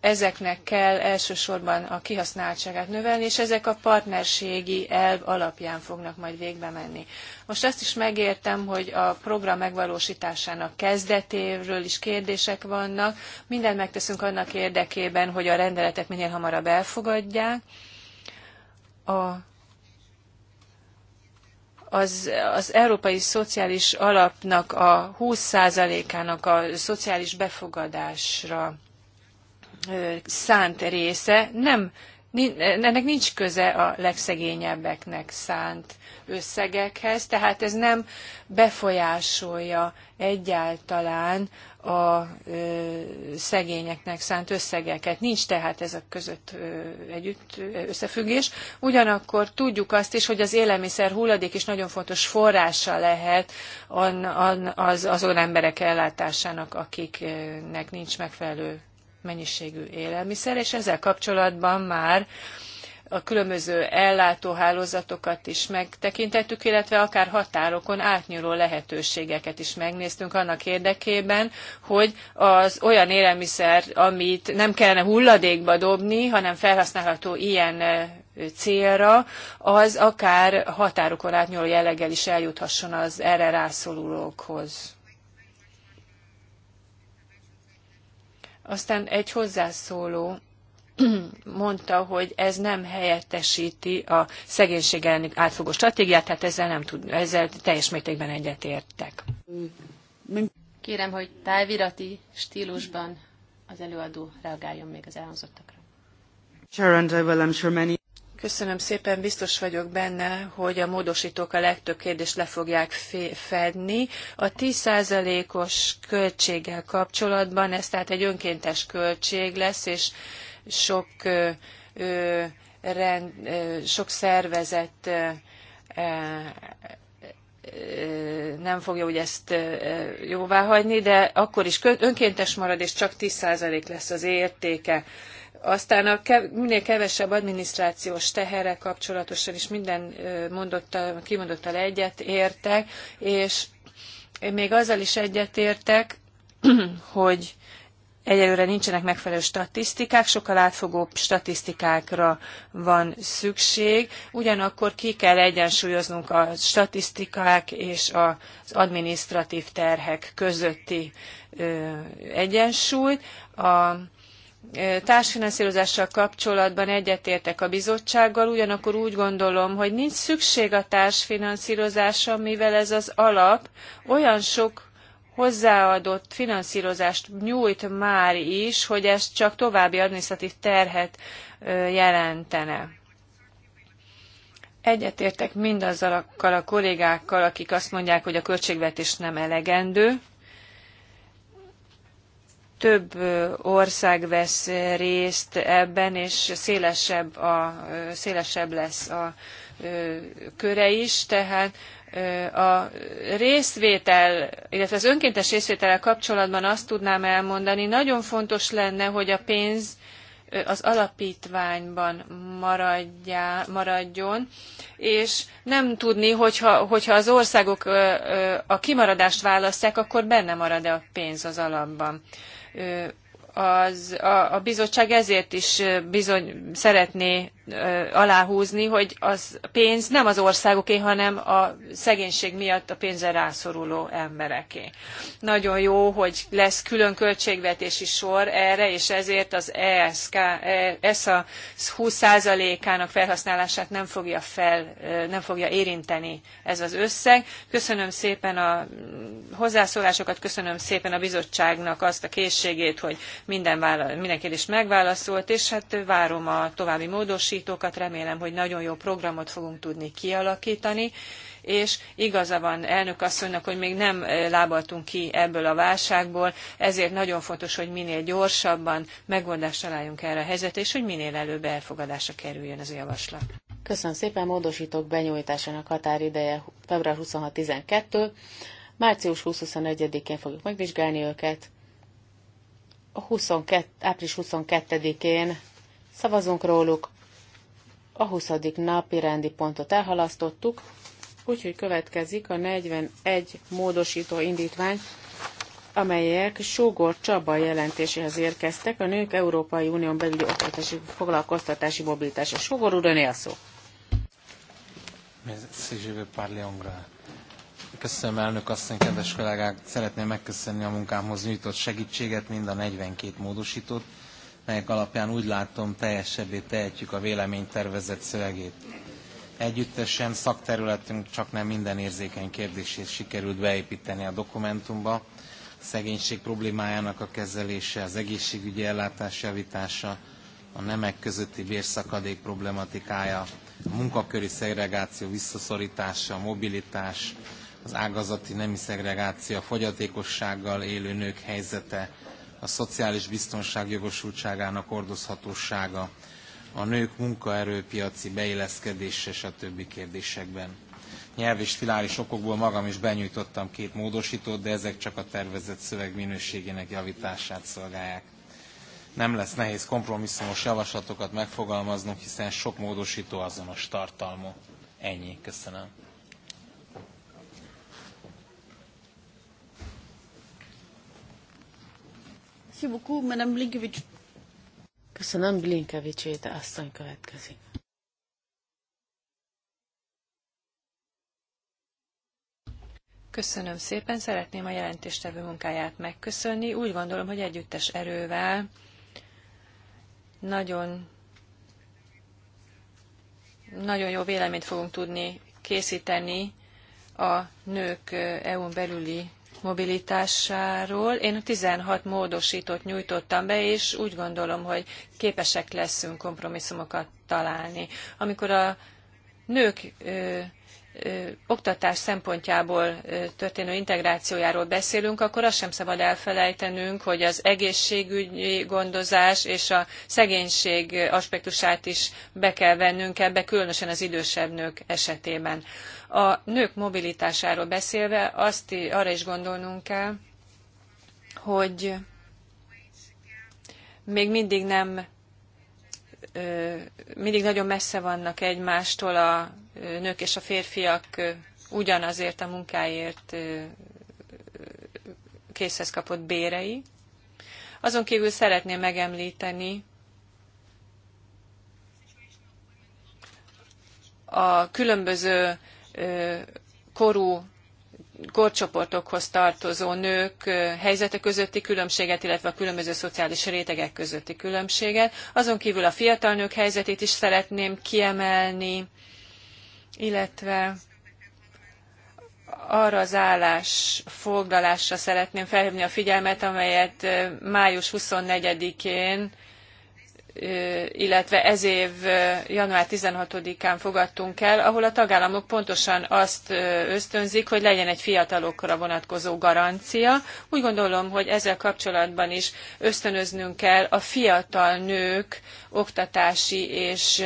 ezeknek kell elsősorban a kihasználtságát növelni, és ezek a partnerségi elv alapján fognak majd végbe menni. Most azt is megértem, hogy a program megvalósításának kezdetéről is kérdések vannak. Mindent megteszünk annak érdekében, hogy a rendeletet minél hamarabb elfogadják. A az, az Európai Szociális Alapnak a 20%-ának a szociális befogadásra szánt része nem ennek nincs köze a legszegényebbeknek szánt összegekhez, tehát ez nem befolyásolja egyáltalán a szegényeknek szánt összegeket. Nincs tehát ezek között együtt összefüggés. Ugyanakkor tudjuk azt is, hogy az élelmiszer hulladék is nagyon fontos forrása lehet az, azon emberek ellátásának, akiknek nincs megfelelő mennyiségű élelmiszer, és ezzel kapcsolatban már a különböző ellátóhálózatokat is megtekintettük, illetve akár határokon átnyúló lehetőségeket is megnéztünk annak érdekében, hogy az olyan élelmiszer, amit nem kellene hulladékba dobni, hanem felhasználható ilyen célra, az akár határokon átnyúló jelleggel is eljuthasson az erre rászorulókhoz. Aztán egy hozzászóló mondta, hogy ez nem helyettesíti a szegénység elleni átfogó stratégiát, tehát ezzel, nem tud, ezzel teljes mértékben egyetértek. Kérem, hogy távirati stílusban az előadó reagáljon még az elhangzottakra. Köszönöm szépen, biztos vagyok benne, hogy a módosítók a legtöbb kérdést le fogják fedni. A 10%-os költséggel kapcsolatban ez tehát egy önkéntes költség lesz, és sok, rend, sok szervezet nem fogja úgy ezt jóvá hagyni, de akkor is önkéntes marad, és csak 10% lesz az értéke. Aztán a kev, minél kevesebb adminisztrációs teherre kapcsolatosan is minden mondottal, kimondottal egyet értek, és még azzal is egyetértek, hogy egyelőre nincsenek megfelelő statisztikák, sokkal átfogóbb statisztikákra van szükség. Ugyanakkor ki kell egyensúlyoznunk a statisztikák és az administratív terhek közötti egyensúlyt. A társfinanszírozással kapcsolatban egyetértek a bizottsággal, ugyanakkor úgy gondolom, hogy nincs szükség a társfinanszírozásra, mivel ez az alap olyan sok hozzáadott finanszírozást nyújt már is, hogy ez csak további adminisztratív terhet jelentene. Egyetértek mindazokkal a kollégákkal, akik azt mondják, hogy a költségvetés nem elegendő. Több ország vesz részt ebben, és szélesebb, a, szélesebb lesz a köre is, tehát a részvétel, illetve az önkéntes részvétellel kapcsolatban azt tudnám elmondani, nagyon fontos lenne, hogy a pénz az alapítványban maradjá, maradjon, és nem tudni, hogyha, hogyha az országok a kimaradást választják, akkor benne marad-e a pénz az alapban. Az, a, a bizottság ezért is bizony szeretné aláhúzni, hogy az pénz nem az országoké, hanem a szegénység miatt a pénzre rászoruló embereké. Nagyon jó, hogy lesz külön költségvetési sor erre, és ezért az ESK, ESA e 20%-ának felhasználását nem fogja, fel, nem fogja érinteni ez az összeg. Köszönöm szépen a hozzászólásokat, köszönöm szépen a bizottságnak azt a készségét, hogy minden, minden kérdést megválaszolt, és hát várom a további módosítást, módosítókat, remélem, hogy nagyon jó programot fogunk tudni kialakítani, és igaza van elnök asszonynak, hogy még nem eh, lábaltunk ki ebből a válságból, ezért nagyon fontos, hogy minél gyorsabban megoldást találjunk erre a helyzetre, és hogy minél előbb elfogadásra kerüljön ez a javaslat. Köszönöm szépen, módosítók benyújtásának határideje február 26-12. Március 20-21-én fogjuk megvizsgálni őket. A 22, április 22-én szavazunk róluk, a 20. napi rendi pontot elhalasztottuk, úgyhogy következik a 41 módosító indítvány, amelyek Sógor Csaba jelentéséhez érkeztek, a Nők Európai Unión belüli oktatási foglalkoztatási mobilitása. Sógor úr, a szó. Köszönöm, elnök asszony, kedves kollégák! Szeretném megköszönni a munkámhoz nyújtott segítséget, mind a 42 módosítót, melyek alapján úgy látom teljesebbé tehetjük a véleménytervezet szövegét. Együttesen szakterületünk csak nem minden érzékeny kérdését sikerült beépíteni a dokumentumba. A szegénység problémájának a kezelése, az egészségügyi ellátás javítása, a nemek közötti bérszakadék problematikája, a munkaköri szegregáció visszaszorítása, a mobilitás, az ágazati nemi szegregáció, a fogyatékossággal élő nők helyzete, a szociális biztonság jogosultságának ordozhatósága, a nők munkaerőpiaci beilleszkedése, stb. kérdésekben. Nyelv és filális okokból magam is benyújtottam két módosítót, de ezek csak a tervezett szöveg minőségének javítását szolgálják. Nem lesz nehéz kompromisszumos javaslatokat megfogalmaznunk, hiszen sok módosító azonos tartalmú. Ennyi, köszönöm. Merci beaucoup, Madame Köszönöm, Blinkevics Éte asszony következik. Köszönöm szépen, szeretném a jelentéstevő munkáját megköszönni. Úgy gondolom, hogy együttes erővel nagyon, nagyon jó véleményt fogunk tudni készíteni a nők eh, EU-n belüli mobilitásáról. Én 16 módosítót nyújtottam be, és úgy gondolom, hogy képesek leszünk kompromisszumokat találni. Amikor a nők oktatás szempontjából történő integrációjáról beszélünk, akkor azt sem szabad elfelejtenünk, hogy az egészségügyi gondozás és a szegénység aspektusát is be kell vennünk ebbe, különösen az idősebb nők esetében. A nők mobilitásáról beszélve azt arra is gondolnunk kell, hogy még mindig nem mindig nagyon messze vannak egymástól a nők és a férfiak ugyanazért a munkáért készhez kapott bérei. Azon kívül szeretném megemlíteni a különböző korú korcsoportokhoz tartozó nők helyzete közötti különbséget, illetve a különböző szociális rétegek közötti különbséget. Azon kívül a fiatal nők helyzetét is szeretném kiemelni, illetve arra az állásfoglalásra szeretném felhívni a figyelmet, amelyet május 24-én, illetve ez év január 16-án fogadtunk el, ahol a tagállamok pontosan azt ösztönzik, hogy legyen egy fiatalokra vonatkozó garancia. Úgy gondolom, hogy ezzel kapcsolatban is ösztönöznünk kell a fiatal nők oktatási és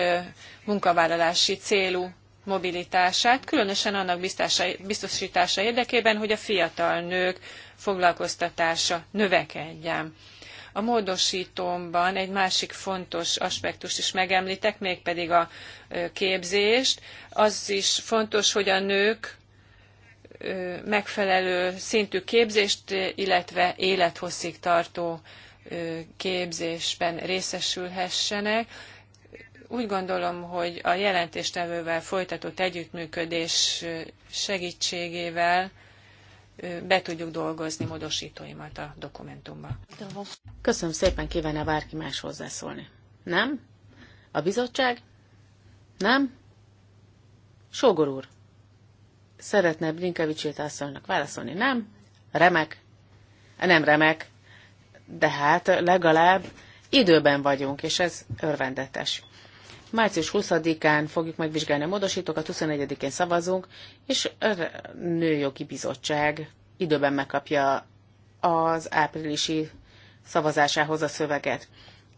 munkavállalási célú mobilitását, különösen annak biztosítása érdekében, hogy a fiatal nők foglalkoztatása növekedjen. A módosítómban egy másik fontos aspektust is megemlítek, mégpedig a képzést. Az is fontos, hogy a nők megfelelő szintű képzést, illetve élethosszig tartó képzésben részesülhessenek úgy gondolom, hogy a jelentéstevővel folytatott együttműködés segítségével be tudjuk dolgozni módosítóimat a dokumentumba. Köszönöm szépen, kívánna bárki más hozzászólni. Nem? A bizottság? Nem? Sógor úr, szeretne Brinkevicsét asszonynak válaszolni, nem? Remek? Eh, nem remek, de hát legalább időben vagyunk, és ez örvendetes. Március 20-án fogjuk megvizsgálni a módosítókat, 21-én szavazunk, és a Nőjogi Bizottság időben megkapja az áprilisi szavazásához a szöveget.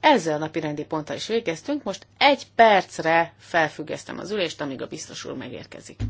Ezzel a napi rendi ponttal is végeztünk, most egy percre felfüggesztem az ülést, amíg a biztos úr megérkezik.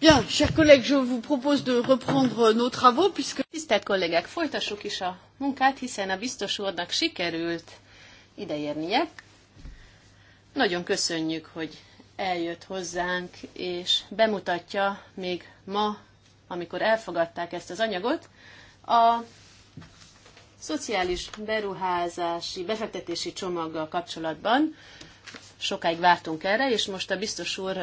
Bien, chers collègues, je vous propose de reprendre nos travaux, puisque... Tisztelt kollégák, folytassuk is a munkát, hiszen a biztos úrnak sikerült ideérnie. Nagyon köszönjük, hogy eljött hozzánk, és bemutatja még ma, amikor elfogadták ezt az anyagot, a szociális beruházási, befektetési csomaggal kapcsolatban, sokáig vártunk erre, és most a biztos úr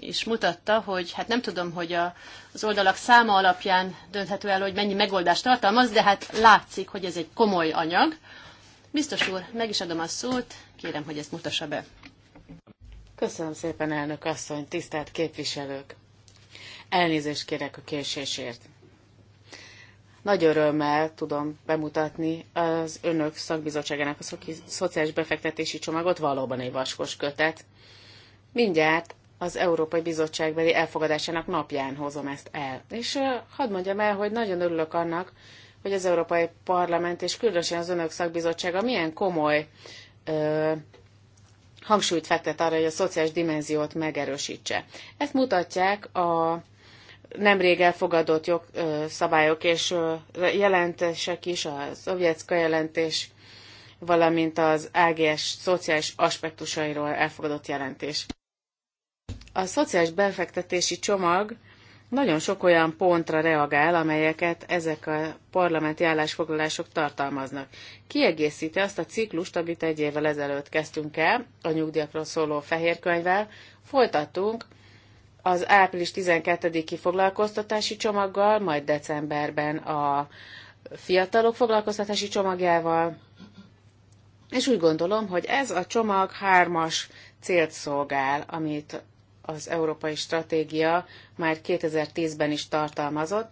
is mutatta, hogy hát nem tudom, hogy a, az oldalak száma alapján dönthető el, hogy mennyi megoldást tartalmaz, de hát látszik, hogy ez egy komoly anyag. Biztos úr, meg is adom a szót, kérem, hogy ezt mutassa be. Köszönöm szépen, elnök asszony, tisztelt képviselők! Elnézést kérek a késésért. Nagy örömmel tudom bemutatni az önök szakbizottságának a szociális befektetési csomagot, valóban egy vaskos kötet. Mindjárt az Európai Bizottságbeli elfogadásának napján hozom ezt el. És hadd mondjam el, hogy nagyon örülök annak, hogy az Európai Parlament és különösen az önök szakbizottsága milyen komoly ö, hangsúlyt fektet arra, hogy a szociális dimenziót megerősítse. Ezt mutatják a nemrég elfogadott jogszabályok és jelentések is, a szovjetszka jelentés, valamint az AGS szociális aspektusairól elfogadott jelentés. A szociális befektetési csomag nagyon sok olyan pontra reagál, amelyeket ezek a parlamenti állásfoglalások tartalmaznak. Kiegészíti azt a ciklust, amit egy évvel ezelőtt kezdtünk el, a nyugdíjakról szóló fehérkönyvvel, folytattunk az április 12-i foglalkoztatási csomaggal, majd decemberben a fiatalok foglalkoztatási csomagjával, és úgy gondolom, hogy ez a csomag hármas célt szolgál, amit az Európai Stratégia már 2010-ben is tartalmazott.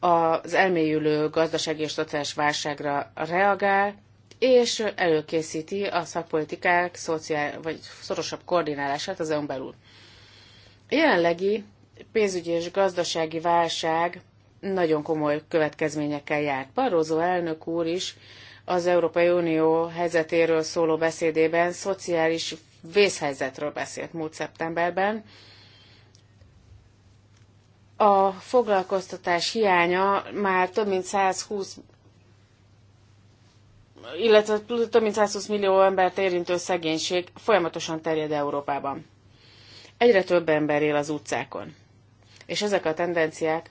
Az elmélyülő gazdasági és szociális válságra reagál, és előkészíti a szakpolitikák szociál, vagy szorosabb koordinálását az EU-n belül jelenlegi pénzügyi és gazdasági válság nagyon komoly következményekkel járt. Barroso elnök úr is az Európai Unió helyzetéről szóló beszédében szociális vészhelyzetről beszélt múlt szeptemberben. A foglalkoztatás hiánya már több mint 120 illetve több mint 120 millió embert érintő szegénység folyamatosan terjed Európában. Egyre több ember él az utcákon. És ezek a tendenciák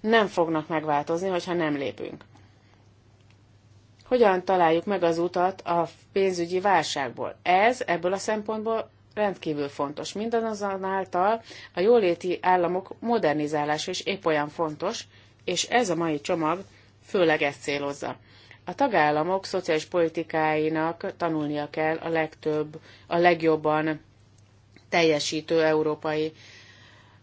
nem fognak megváltozni, hogyha nem lépünk. Hogyan találjuk meg az utat a pénzügyi válságból? Ez ebből a szempontból rendkívül fontos. Mindazonáltal a jóléti államok modernizálása is épp olyan fontos, és ez a mai csomag főleg ezt célozza. A tagállamok szociális politikáinak tanulnia kell a legtöbb, a legjobban teljesítő európai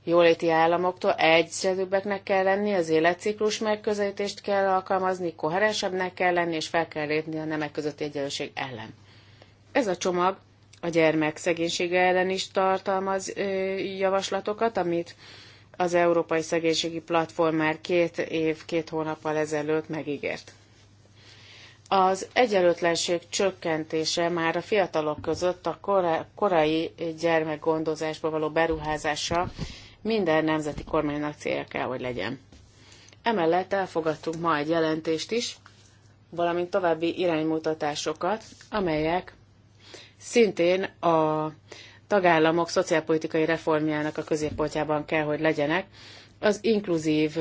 jóléti államoktól egyszerűbbeknek kell lenni, az életciklus megközelítést kell alkalmazni, koherensebbnek kell lenni, és fel kell lépni a nemek közötti egyenlőség ellen. Ez a csomag a gyermek szegénysége ellen is tartalmaz javaslatokat, amit az Európai Szegénységi Platform már két év, két hónappal ezelőtt megígért. Az egyenlőtlenség csökkentése már a fiatalok között a korai gyermekgondozásba való beruházása minden nemzeti kormánynak célja kell, hogy legyen. Emellett elfogadtunk ma egy jelentést is, valamint további iránymutatásokat, amelyek szintén a tagállamok szociálpolitikai reformjának a középpontjában kell, hogy legyenek. Az inkluzív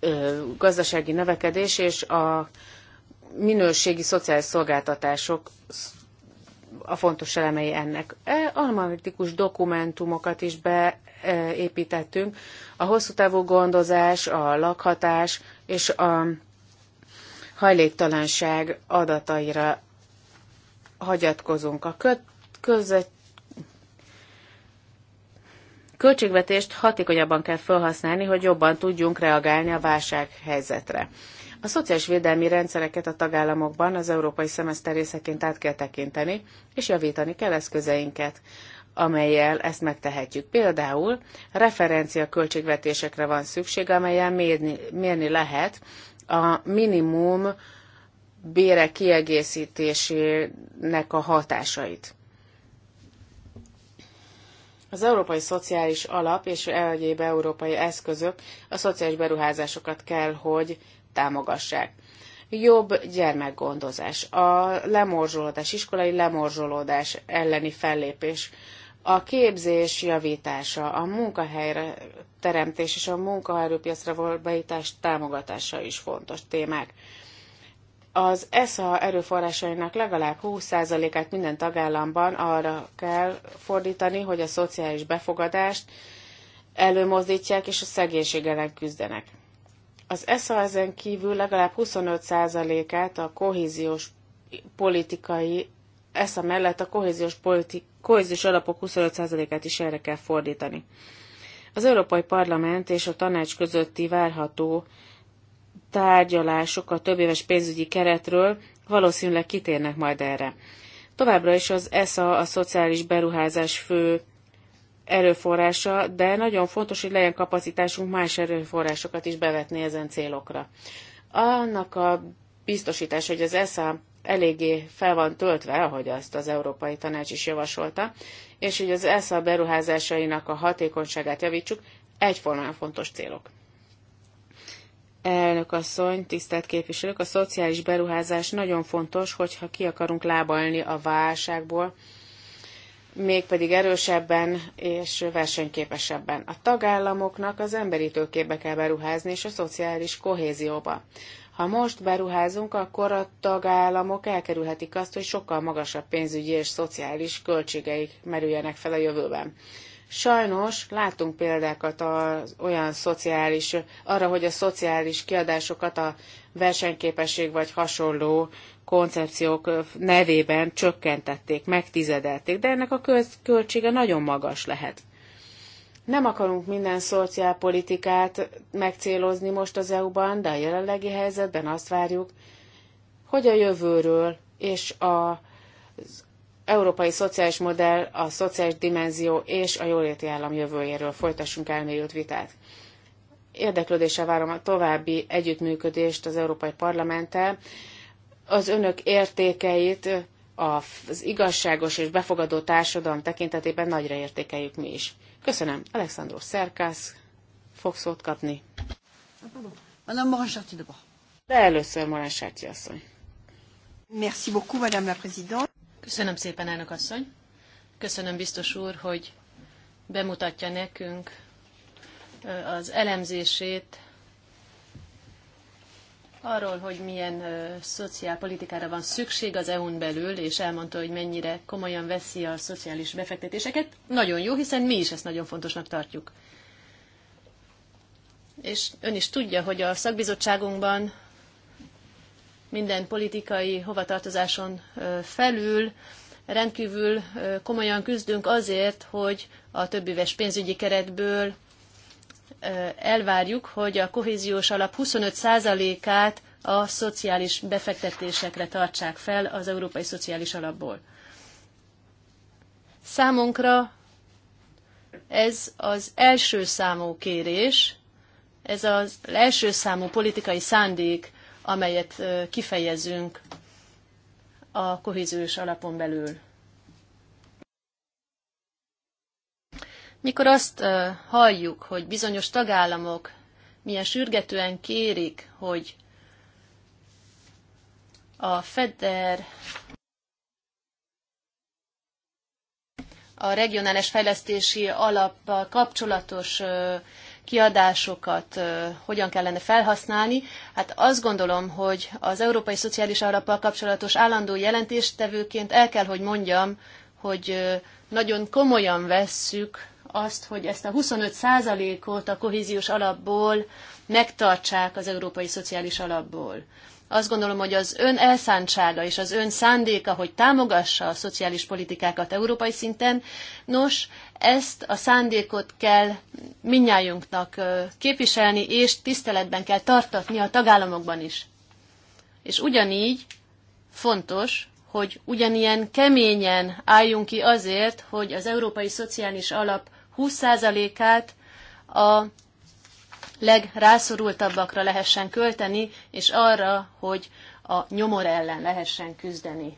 ö, gazdasági növekedés és a minőségi szociális szolgáltatások a fontos elemei ennek. E, analitikus dokumentumokat is beépítettünk. A hosszú távú gondozás, a lakhatás és a hajléktalanság adataira hagyatkozunk. A között költségvetést hatékonyabban kell felhasználni, hogy jobban tudjunk reagálni a válsághelyzetre. A szociális védelmi rendszereket a tagállamokban az európai szemeszter részeként át kell tekinteni, és javítani kell eszközeinket amelyel ezt megtehetjük. Például referencia költségvetésekre van szükség, amelyen mérni, mérni lehet a minimum bére kiegészítésének a hatásait. Az Európai Szociális Alap és egyéb európai eszközök a szociális beruházásokat kell, hogy támogassák. Jobb gyermekgondozás, a lemorzsolódás, iskolai lemorzsolódás elleni fellépés, a képzés javítása, a munkahelyre teremtés és a munkaerőpiacra való beítás támogatása is fontos témák. Az ESZA erőforrásainak legalább 20%-át minden tagállamban arra kell fordítani, hogy a szociális befogadást előmozdítják és a szegénység ellen küzdenek. Az ESZA ezen kívül legalább 25%-át a kohéziós politikai, ESZA mellett a kohéziós, politi, kohéziós alapok 25%-át is erre kell fordítani. Az Európai Parlament és a tanács közötti várható tárgyalások a többéves pénzügyi keretről valószínűleg kitérnek majd erre. Továbbra is az ESA a szociális beruházás fő erőforrása, de nagyon fontos, hogy legyen kapacitásunk más erőforrásokat is bevetni ezen célokra. Annak a biztosítás, hogy az ESA eléggé fel van töltve, ahogy azt az Európai Tanács is javasolta, és hogy az ESA beruházásainak a hatékonyságát javítsuk, egyformán fontos célok. Elnök asszony, tisztelt képviselők, a szociális beruházás nagyon fontos, hogyha ki akarunk lábalni a válságból, mégpedig erősebben és versenyképesebben. A tagállamoknak az emberi tőkébe kell beruházni, és a szociális kohézióba. Ha most beruházunk, akkor a tagállamok elkerülhetik azt, hogy sokkal magasabb pénzügyi és szociális költségeik merüljenek fel a jövőben. Sajnos látunk példákat az olyan szociális, arra, hogy a szociális kiadásokat a versenyképesség vagy hasonló koncepciók nevében csökkentették, megtizedelték, de ennek a költsége nagyon magas lehet. Nem akarunk minden szociálpolitikát megcélozni most az EU-ban, de a jelenlegi helyzetben azt várjuk, hogy a jövőről és a, az európai szociális modell, a szociális dimenzió és a jóléti állam jövőjéről folytassunk elmélyült vitát. Érdeklődéssel várom a további együttműködést az Európai Parlamenttel, az önök értékeit az igazságos és befogadó társadalom tekintetében nagyra értékeljük mi is. Köszönöm. Alexandro Szerkász fog szót kapni. Madame Morin de először Morin Sárti asszony. Merci beaucoup, Madame la Présidente. Köszönöm szépen, elnök asszony. Köszönöm biztos úr, hogy bemutatja nekünk az elemzését arról, hogy milyen szociálpolitikára van szükség az EU-n belül, és elmondta, hogy mennyire komolyan veszi a szociális befektetéseket. Nagyon jó, hiszen mi is ezt nagyon fontosnak tartjuk. És ön is tudja, hogy a szakbizottságunkban minden politikai hovatartozáson felül rendkívül komolyan küzdünk azért, hogy a többéves pénzügyi keretből elvárjuk, hogy a kohéziós alap 25%-át a szociális befektetésekre tartsák fel az Európai Szociális Alapból. Számunkra ez az első számú kérés, ez az első számú politikai szándék, amelyet kifejezünk a kohéziós alapon belül. Mikor azt halljuk, hogy bizonyos tagállamok milyen sürgetően kérik, hogy a FEDER a regionális fejlesztési alappal kapcsolatos kiadásokat hogyan kellene felhasználni. Hát azt gondolom, hogy az Európai Szociális Alappal kapcsolatos állandó jelentéstevőként el kell, hogy mondjam, hogy nagyon komolyan vesszük azt, hogy ezt a 25%-ot a kohéziós alapból megtartsák az Európai Szociális Alapból azt gondolom, hogy az ön elszántsága és az ön szándéka, hogy támogassa a szociális politikákat európai szinten, nos, ezt a szándékot kell minnyájunknak képviselni, és tiszteletben kell tartatni a tagállamokban is. És ugyanígy fontos, hogy ugyanilyen keményen álljunk ki azért, hogy az Európai Szociális Alap 20%-át a legrászorultabbakra lehessen költeni, és arra, hogy a nyomor ellen lehessen küzdeni.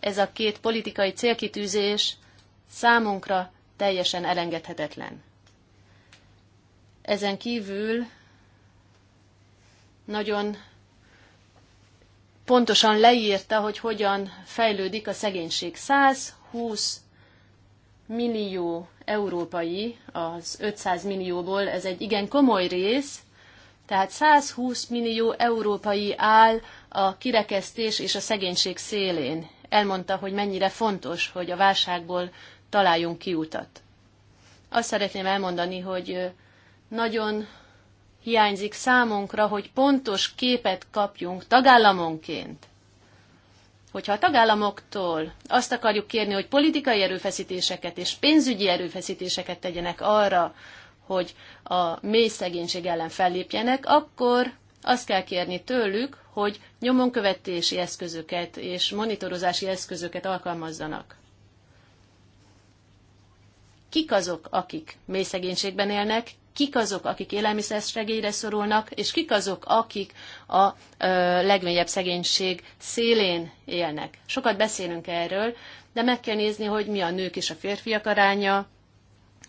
Ez a két politikai célkitűzés számunkra teljesen elengedhetetlen. Ezen kívül nagyon pontosan leírta, hogy hogyan fejlődik a szegénység. 120 millió európai, az 500 millióból, ez egy igen komoly rész, tehát 120 millió európai áll a kirekesztés és a szegénység szélén. Elmondta, hogy mennyire fontos, hogy a válságból találjunk kiutat. Azt szeretném elmondani, hogy nagyon hiányzik számunkra, hogy pontos képet kapjunk tagállamonként hogyha a tagállamoktól azt akarjuk kérni, hogy politikai erőfeszítéseket és pénzügyi erőfeszítéseket tegyenek arra, hogy a mély szegénység ellen fellépjenek, akkor azt kell kérni tőlük, hogy nyomonkövetési eszközöket és monitorozási eszközöket alkalmazzanak. Kik azok, akik mély szegénységben élnek, kik azok, akik élelmiszerszegélyre szorulnak, és kik azok, akik a legmélyebb szegénység szélén élnek. Sokat beszélünk erről, de meg kell nézni, hogy mi a nők és a férfiak aránya,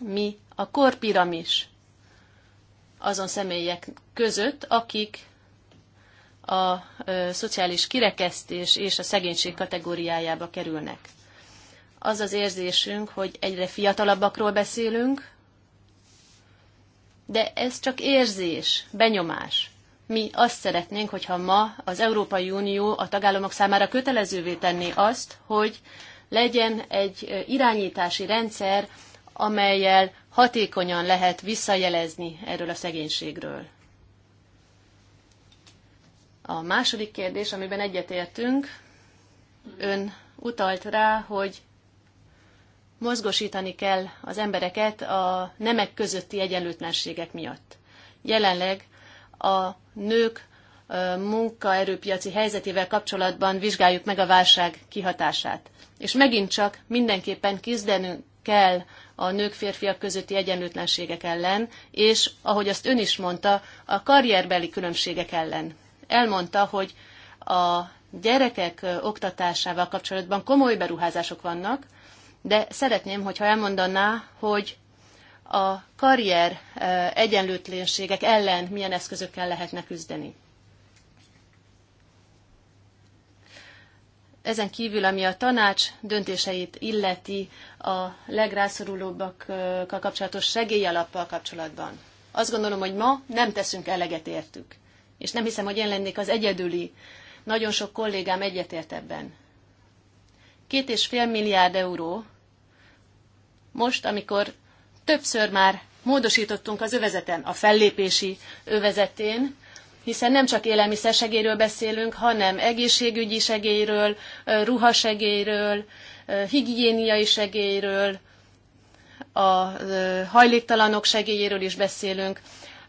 mi a korpiramis azon személyek között, akik a ö, szociális kirekesztés és a szegénység kategóriájába kerülnek. Az az érzésünk, hogy egyre fiatalabbakról beszélünk, de ez csak érzés, benyomás. Mi azt szeretnénk, hogyha ma az Európai Unió a tagállamok számára kötelezővé tenni azt, hogy legyen egy irányítási rendszer, amelyel hatékonyan lehet visszajelezni erről a szegénységről. A második kérdés, amiben egyetértünk, ön utalt rá, hogy mozgosítani kell az embereket a nemek közötti egyenlőtlenségek miatt. Jelenleg a nők munkaerőpiaci helyzetével kapcsolatban vizsgáljuk meg a válság kihatását. És megint csak mindenképpen küzdenünk kell a nők-férfiak közötti egyenlőtlenségek ellen, és ahogy azt ön is mondta, a karrierbeli különbségek ellen. Elmondta, hogy a gyerekek oktatásával kapcsolatban komoly beruházások vannak, de szeretném, hogyha elmondaná, hogy a karrier egyenlőtlenségek ellen milyen eszközökkel lehetne küzdeni. Ezen kívül, ami a tanács döntéseit illeti a legrászorulóbbakkal kapcsolatos segélyalappal kapcsolatban. Azt gondolom, hogy ma nem teszünk eleget értük. És nem hiszem, hogy én lennék az egyedüli. Nagyon sok kollégám egyetért ebben. Két és fél milliárd euró most, amikor többször már módosítottunk az övezeten, a fellépési övezetén, hiszen nem csak élelmiszersegélyről beszélünk, hanem egészségügyi segélyről, ruhasegélyről, higiéniai segélyről, a hajléktalanok segélyéről is beszélünk.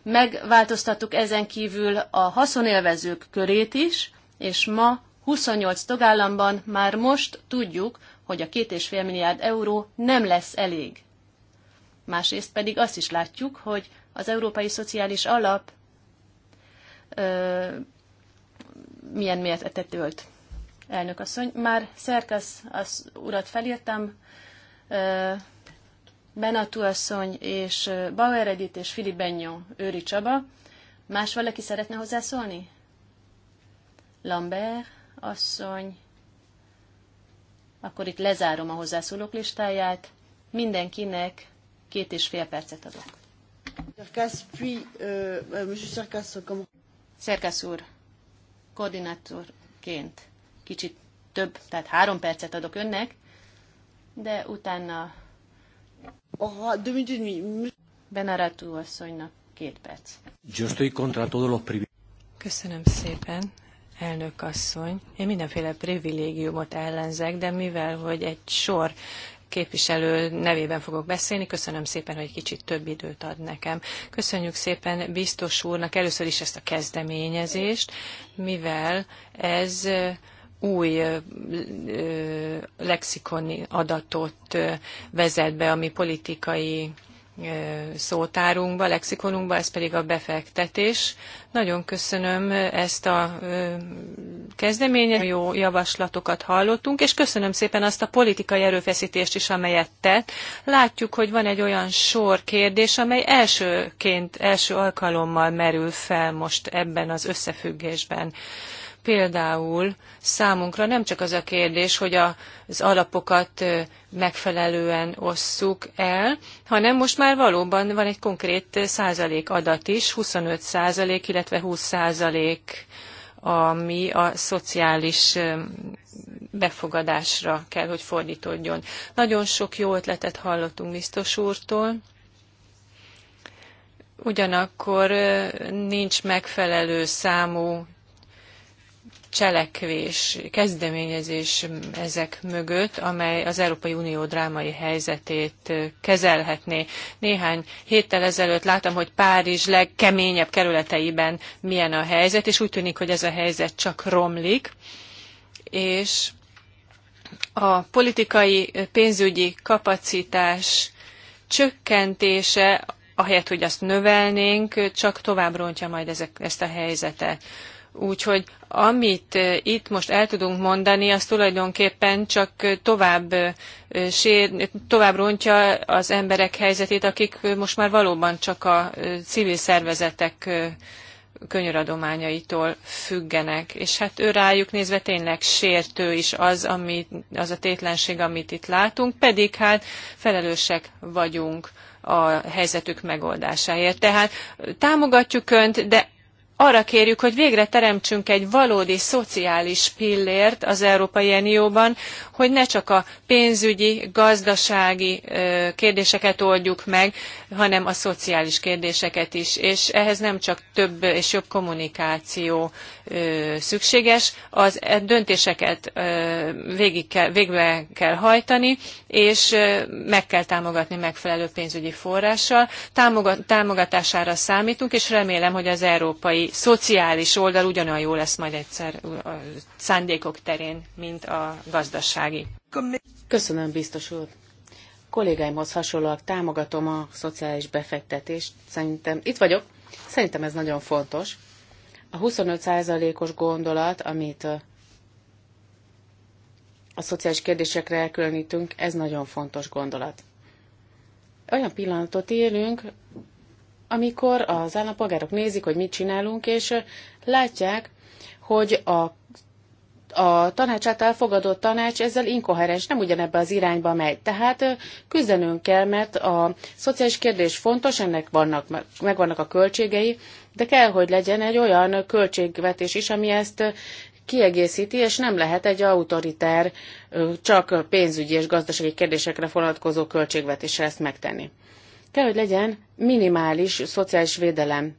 Megváltoztattuk ezen kívül a haszonélvezők körét is, és ma 28 tagállamban már most tudjuk, hogy a két és fél milliárd euró nem lesz elég. Másrészt pedig azt is látjuk, hogy az Európai Szociális Alap ö, milyen mértetet ölt. Elnök asszony, már Szerkasz az urat felírtam, ö, Benatú asszony és Bauer Edith és Filip Benyó, Őri Csaba. Más valaki szeretne hozzászólni? Lambert asszony, akkor itt lezárom a hozzászólók listáját. Mindenkinek két és fél percet adok. Szerkesz euh, euh, úr, koordinátorként kicsit több, tehát három percet adok önnek, de utána Benaratú asszonynak két perc. Köszönöm szépen elnök asszony. Én mindenféle privilégiumot ellenzek, de mivel, hogy egy sor képviselő nevében fogok beszélni. Köszönöm szépen, hogy kicsit több időt ad nekem. Köszönjük szépen biztos úrnak először is ezt a kezdeményezést, mivel ez új lexikoni adatot vezet be a mi politikai szótárunkba, lexikonunkba, ez pedig a befektetés. Nagyon köszönöm ezt a kezdeményezést, jó javaslatokat hallottunk, és köszönöm szépen azt a politikai erőfeszítést is, amelyet tett. Látjuk, hogy van egy olyan sor kérdés, amely elsőként, első alkalommal merül fel most ebben az összefüggésben. Például számunkra nem csak az a kérdés, hogy az alapokat megfelelően osszuk el, hanem most már valóban van egy konkrét százalék adat is, 25 százalék, illetve 20 százalék, ami a szociális befogadásra kell, hogy fordítódjon. Nagyon sok jó ötletet hallottunk biztos úrtól, ugyanakkor nincs megfelelő számú cselekvés, kezdeményezés ezek mögött, amely az Európai Unió drámai helyzetét kezelhetné. Néhány héttel ezelőtt láttam, hogy Párizs legkeményebb kerületeiben milyen a helyzet, és úgy tűnik, hogy ez a helyzet csak romlik, és a politikai pénzügyi kapacitás csökkentése ahelyett, hogy azt növelnénk, csak tovább rontja majd ezek, ezt a helyzetet. Úgyhogy amit eh, itt most el tudunk mondani, az tulajdonképpen csak eh, tovább, eh, sér, tovább rontja az emberek helyzetét, akik most már valóban csak a civil szervezetek könyöradományaitól függenek. És hát ő rájuk nézve tényleg sértő is az, ami, az a tétlenség, amit itt látunk, pedig hát felelősek vagyunk a helyzetük megoldásáért. Tehát támogatjuk Önt, de arra kérjük, hogy végre teremtsünk egy valódi szociális pillért az Európai Unióban, hogy ne csak a pénzügyi, gazdasági kérdéseket oldjuk meg, hanem a szociális kérdéseket is. És ehhez nem csak több és jobb kommunikáció szükséges, az e, döntéseket végig kell, végbe kell hajtani, és meg kell támogatni megfelelő pénzügyi forrással. támogatására számítunk, és remélem, hogy az európai szociális oldal ugyanolyan jó lesz majd egyszer a szándékok terén, mint a gazdasági. Köszönöm, biztos úr. Kollégáimhoz hasonlóak támogatom a szociális befektetést. Szerintem, itt vagyok, szerintem ez nagyon fontos. A 25%-os gondolat, amit a szociális kérdésekre elkülönítünk, ez nagyon fontos gondolat. Olyan pillanatot élünk, amikor az állampolgárok nézik, hogy mit csinálunk, és látják, hogy a, a tanács által fogadott tanács ezzel inkoherens, nem ugyanebbe az irányba megy. Tehát küzdenünk kell, mert a szociális kérdés fontos, ennek vannak, megvannak a költségei, de kell, hogy legyen egy olyan költségvetés is, ami ezt kiegészíti, és nem lehet egy autoritár, csak pénzügyi és gazdasági kérdésekre vonatkozó költségvetésre ezt megtenni kell, hogy legyen minimális szociális védelem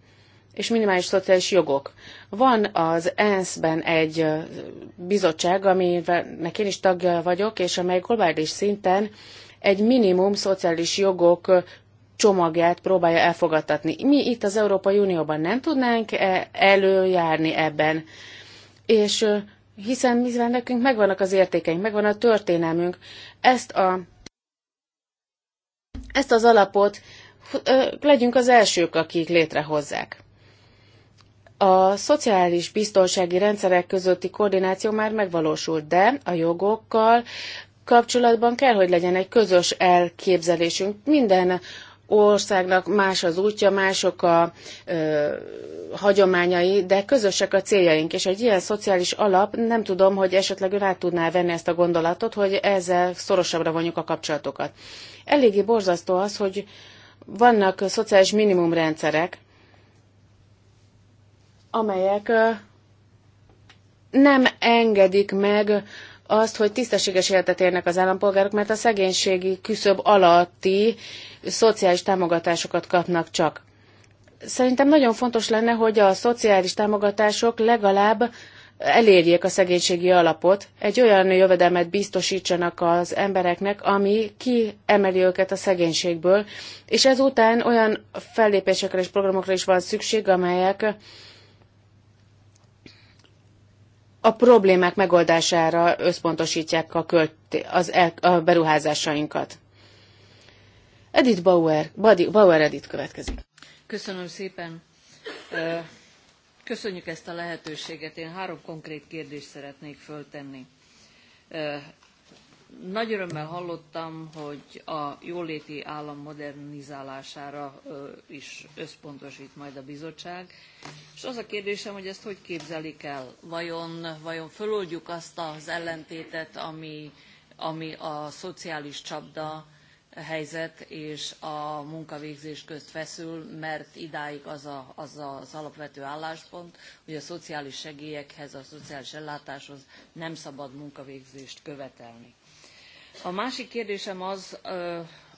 és minimális szociális jogok. Van az ENSZ-ben egy bizottság, aminek én is tagja vagyok, és amely globális szinten egy minimum szociális jogok csomagját próbálja elfogadtatni. Mi itt az Európai Unióban nem tudnánk e, előjárni ebben. És hiszen mivel nekünk megvannak az értékeink, megvan a történelmünk, ezt a ezt az alapot legyünk az elsők, akik létrehozzák. A szociális biztonsági rendszerek közötti koordináció már megvalósult, de a jogokkal kapcsolatban kell, hogy legyen egy közös elképzelésünk. Minden országnak más az útja, mások a ö, hagyományai, de közösek a céljaink, és egy ilyen szociális alap, nem tudom, hogy esetleg ő át tudná venni ezt a gondolatot, hogy ezzel szorosabbra vonjuk a kapcsolatokat. Eléggé borzasztó az, hogy vannak szociális minimumrendszerek, amelyek nem engedik meg azt, hogy tisztességes életet érnek az állampolgárok, mert a szegénységi küszöb alatti szociális támogatásokat kapnak csak. Szerintem nagyon fontos lenne, hogy a szociális támogatások legalább elérjék a szegénységi alapot, egy olyan jövedelmet biztosítsanak az embereknek, ami kiemeli őket a szegénységből, és ezután olyan fellépésekre és programokra is van szükség, amelyek a problémák megoldására összpontosítják a, költ, az el, a beruházásainkat. Edith Bauer, Badi, Bauer Edith következik. Köszönöm szépen. Köszönjük ezt a lehetőséget. Én három konkrét kérdést szeretnék föltenni. Nagy örömmel hallottam, hogy a jóléti állam modernizálására is összpontosít majd a bizottság. És az a kérdésem, hogy ezt hogy képzelik el? Vajon, vajon föloldjuk azt az ellentétet, ami, ami a szociális csapda helyzet és a munkavégzés közt feszül, mert idáig az, a, az az alapvető álláspont, hogy a szociális segélyekhez, a szociális ellátáshoz nem szabad munkavégzést követelni. A másik kérdésem az,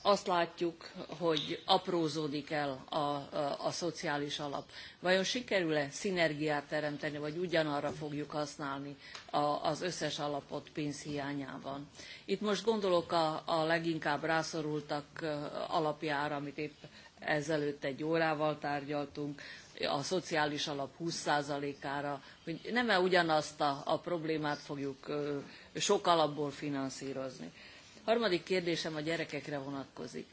azt látjuk, hogy aprózódik el a, a, a szociális alap. Vajon sikerül-e szinergiát teremteni, vagy ugyanarra fogjuk használni a, az összes alapot pénzhiányában? Itt most gondolok a, a leginkább rászorultak alapjára, amit épp ezelőtt egy órával tárgyaltunk, a szociális alap 20%-ára, hogy nem-e ugyanazt a, a problémát fogjuk sok alapból finanszírozni. Harmadik kérdésem a gyerekekre vonatkozik.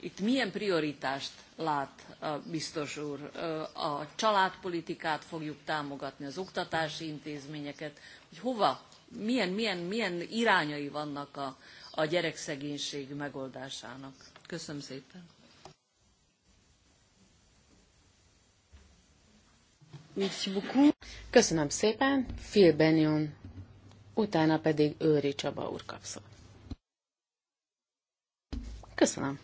Itt milyen prioritást lát a biztos úr? A családpolitikát fogjuk támogatni, az oktatási intézményeket, hogy hova, milyen, milyen, milyen irányai vannak a, a gyerekszegénység megoldásának. Köszönöm szépen. Merci beaucoup. Köszönöm szépen, Phil Benyon, utána pedig Őri Csaba úr kapszott. Köszönöm.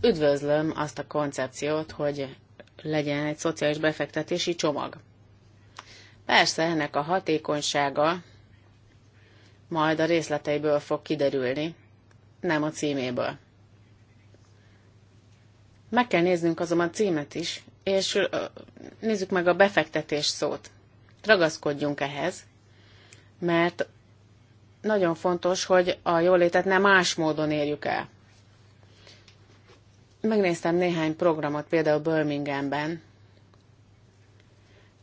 Üdvözlöm azt a koncepciót, hogy legyen egy szociális befektetési csomag. Persze ennek a hatékonysága majd a részleteiből fog kiderülni, nem a címéből. Meg kell néznünk azonban a címet is, és nézzük meg a befektetés szót. Ragaszkodjunk ehhez, mert nagyon fontos, hogy a jólétet nem más módon érjük el. Megnéztem néhány programot, például Birminghamben,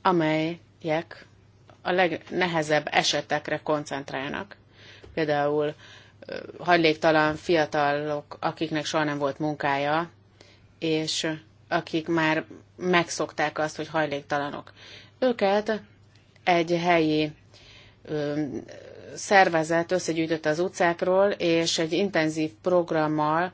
amelyek a legnehezebb esetekre koncentrálnak. Például hagylégtalan fiatalok, akiknek soha nem volt munkája, és akik már megszokták azt, hogy hajléktalanok. Őket egy helyi szervezet összegyűjtött az utcákról, és egy intenzív programmal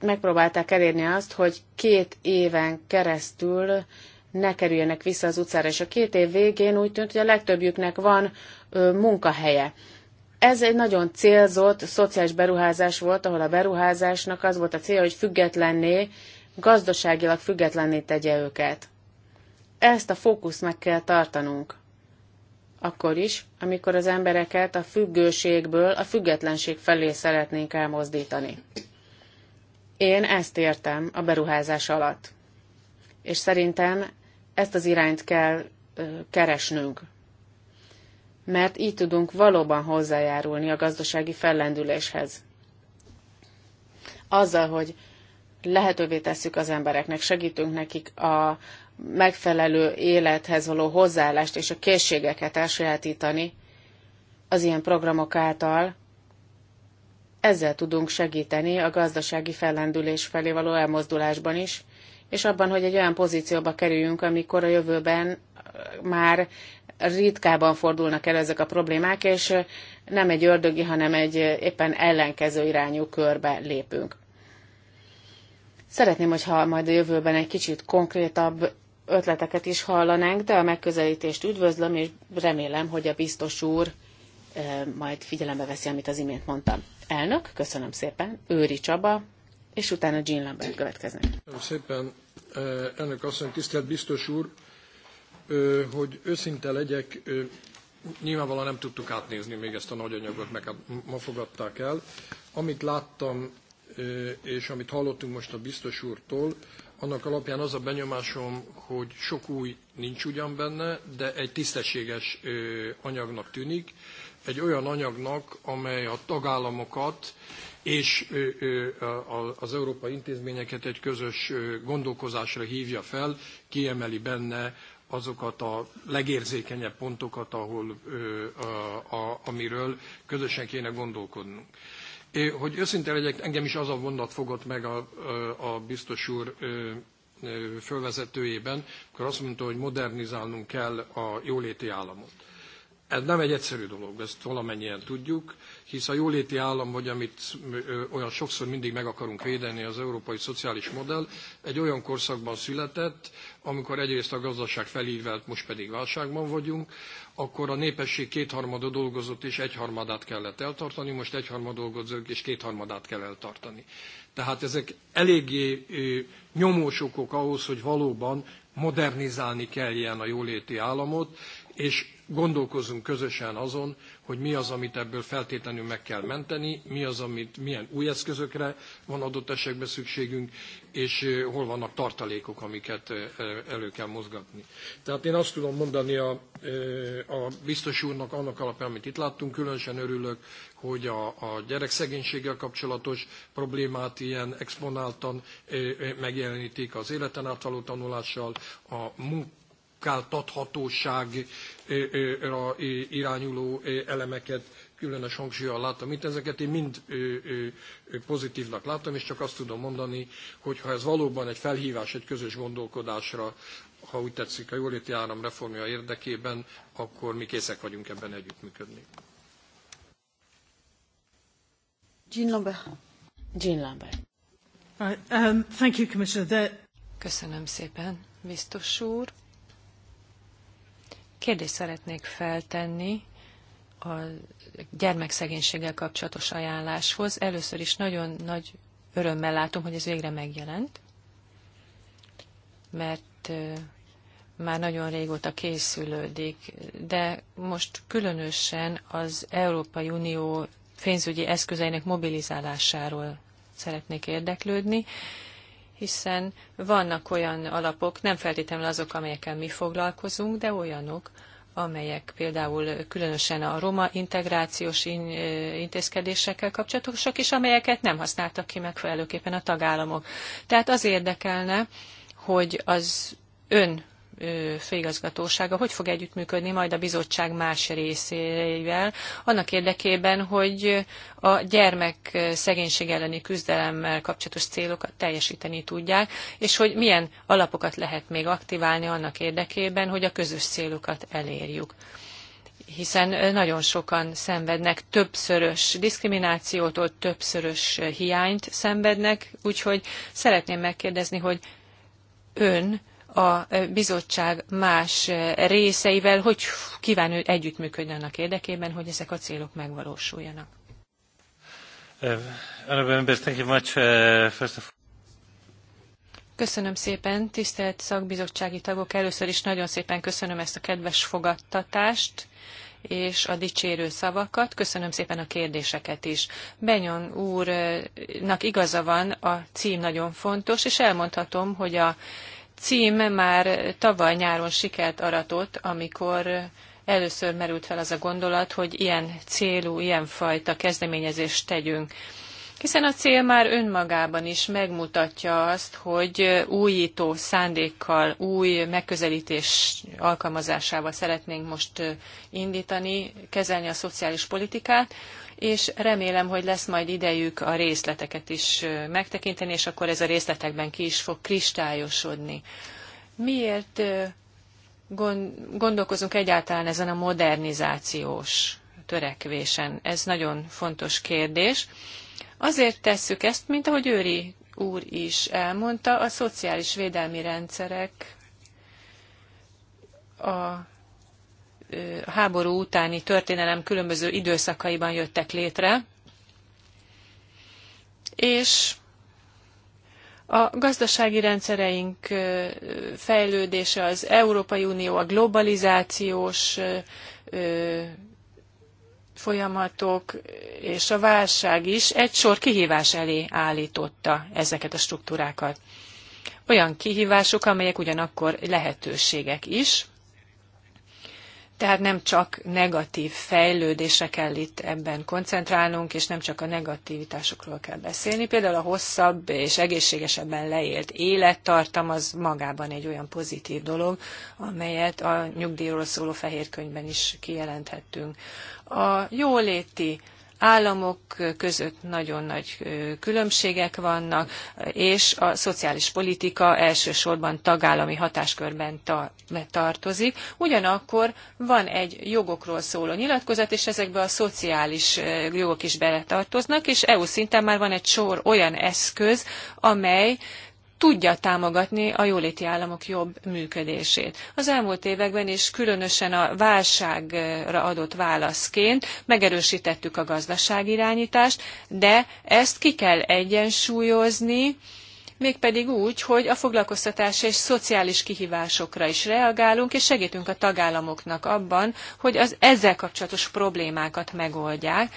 megpróbálták elérni azt, hogy két éven keresztül ne kerüljenek vissza az utcára, és a két év végén úgy tűnt, hogy a legtöbbjüknek van ö, munkahelye. Ez egy nagyon célzott szociális beruházás volt, ahol a beruházásnak az volt a célja, hogy függetlenné, gazdaságilag függetlenné tegye őket. Ezt a fókuszt meg kell tartanunk akkor is, amikor az embereket a függőségből a függetlenség felé szeretnénk elmozdítani. Én ezt értem a beruházás alatt. És szerintem ezt az irányt kell keresnünk. Mert így tudunk valóban hozzájárulni a gazdasági fellendüléshez. Azzal, hogy lehetővé tesszük az embereknek, segítünk nekik a, megfelelő élethez való hozzáállást és a készségeket elsajátítani az ilyen programok által, ezzel tudunk segíteni a gazdasági fellendülés felé való elmozdulásban is, és abban, hogy egy olyan pozícióba kerüljünk, amikor a jövőben már ritkában fordulnak elő ezek a problémák, és nem egy ördögi, hanem egy éppen ellenkező irányú körbe lépünk. Szeretném, hogyha majd a jövőben egy kicsit konkrétabb ötleteket is hallanánk, de a megközelítést üdvözlöm, és remélem, hogy a biztos úr eh, majd figyelembe veszi, amit az imént mondtam. Elnök, köszönöm szépen, Őri Csaba, és utána Jean Lambert következnek. Köszönöm szépen, eh, elnök asszony, tisztelt biztos úr, eh, hogy őszinte legyek, nyilvánvalóan nem tudtuk átnézni még ezt a nagy anyagot, meg hát ma fogadták el. Amit láttam, és amit hallottunk most a biztos úrtól, annak alapján az a benyomásom, hogy sok új nincs ugyan benne, de egy tisztességes anyagnak tűnik. Egy olyan anyagnak, amely a tagállamokat és az európai intézményeket egy közös gondolkozásra hívja fel, kiemeli benne azokat a legérzékenyebb pontokat, ahol, a, amiről közösen kéne gondolkodnunk. Hogy őszinte legyek, engem is az a vonat fogott meg a, a biztos úr fölvezetőjében, akkor azt mondta, hogy modernizálnunk kell a jóléti államot. Ez nem egy egyszerű dolog, ezt valamennyien tudjuk, hisz a jóléti állam, vagy amit olyan sokszor mindig meg akarunk védeni, az európai szociális modell, egy olyan korszakban született, amikor egyrészt a gazdaság felívelt, most pedig válságban vagyunk, akkor a népesség kétharmada dolgozott és egyharmadát kellett eltartani, most egyharmad dolgozók és kétharmadát kell eltartani. Tehát ezek eléggé nyomós okok ahhoz, hogy valóban modernizálni kelljen a jóléti államot, és gondolkozzunk közösen azon, hogy mi az, amit ebből feltétlenül meg kell menteni, mi az, amit, milyen új eszközökre van adott esetben szükségünk, és hol vannak tartalékok, amiket elő kell mozgatni. Tehát én azt tudom mondani a, a biztos úrnak annak alapján, amit itt láttunk, különösen örülök, hogy a, a gyerekszegénységgel kapcsolatos problémát ilyen exponáltan megjelenítik az életen átvaló tanulással, a munk munkáltathatóságra irányuló elemeket különös hangsúlyal láttam itt, ezeket én mind ö, ö, pozitívnak láttam, és csak azt tudom mondani, hogy ha ez valóban egy felhívás egy közös gondolkodásra, ha úgy tetszik a jóléti áram reformja érdekében, akkor mi készek vagyunk ebben együttműködni. Jean Lambert. Jean Lambert. Right, um, thank you, Commissioner. There... Köszönöm szépen, biztos úr. Kérdést szeretnék feltenni a gyermekszegénységgel kapcsolatos ajánláshoz. Először is nagyon nagy örömmel látom, hogy ez végre megjelent, mert már nagyon régóta készülődik, de most különösen az Európai Unió pénzügyi eszközeinek mobilizálásáról szeretnék érdeklődni, hiszen vannak olyan alapok, nem feltétlenül azok, amelyekkel mi foglalkozunk, de olyanok, amelyek például különösen a roma integrációs intézkedésekkel kapcsolatosak, és amelyeket nem használtak ki megfelelőképpen a tagállamok. Tehát az érdekelne, hogy az ön főigazgatósága hogy fog együttműködni majd a bizottság más részével, annak érdekében, hogy a gyermek szegénység elleni küzdelemmel kapcsolatos célokat teljesíteni tudják, és hogy milyen alapokat lehet még aktiválni annak érdekében, hogy a közös célokat elérjük hiszen nagyon sokan szenvednek többszörös diszkriminációtól, többszörös hiányt szenvednek, úgyhogy szeretném megkérdezni, hogy ön a bizottság más részeivel, hogy kíván ő együttműködni annak érdekében, hogy ezek a célok megvalósuljanak. Eh, eh, köszönöm szépen, tisztelt szakbizottsági tagok, először is nagyon szépen köszönöm ezt a kedves fogadtatást és a dicsérő szavakat. Köszönöm szépen a kérdéseket is. Benyon úrnak igaza van, a cím nagyon fontos, és elmondhatom, hogy a cím már tavaly nyáron sikert aratott, amikor először merült fel az a gondolat, hogy ilyen célú, ilyen fajta kezdeményezést tegyünk. Hiszen a cél már önmagában is megmutatja azt, hogy újító szándékkal, új megközelítés alkalmazásával szeretnénk most indítani, kezelni a szociális politikát, és remélem, hogy lesz majd idejük a részleteket is megtekinteni, és akkor ez a részletekben ki is fog kristályosodni. Miért gondolkozunk egyáltalán ezen a modernizációs törekvésen? Ez nagyon fontos kérdés. Azért tesszük ezt, mint ahogy Őri úr is elmondta, a szociális védelmi rendszerek a a háború utáni történelem különböző időszakaiban jöttek létre, és a gazdasági rendszereink fejlődése, az Európai Unió, a globalizációs folyamatok és a válság is egy sor kihívás elé állította ezeket a struktúrákat. Olyan kihívások, amelyek ugyanakkor lehetőségek is, tehát nem csak negatív fejlődésre kell itt ebben koncentrálnunk, és nem csak a negativitásokról kell beszélni. Például a hosszabb és egészségesebben leélt élettartam az magában egy olyan pozitív dolog, amelyet a nyugdíjról szóló fehér könyvben is kijelenthettünk. A jóléti államok között nagyon nagy különbségek vannak, és a szociális politika elsősorban tagállami hatáskörben tartozik. Ugyanakkor van egy jogokról szóló nyilatkozat, és ezekbe a szociális jogok is beletartoznak, és EU szinten már van egy sor olyan eszköz, amely tudja támogatni a jóléti államok jobb működését. Az elmúlt években is különösen a válságra adott válaszként megerősítettük a gazdaságirányítást, de ezt ki kell egyensúlyozni, mégpedig úgy, hogy a foglalkoztatás és szociális kihívásokra is reagálunk, és segítünk a tagállamoknak abban, hogy az ezzel kapcsolatos problémákat megoldják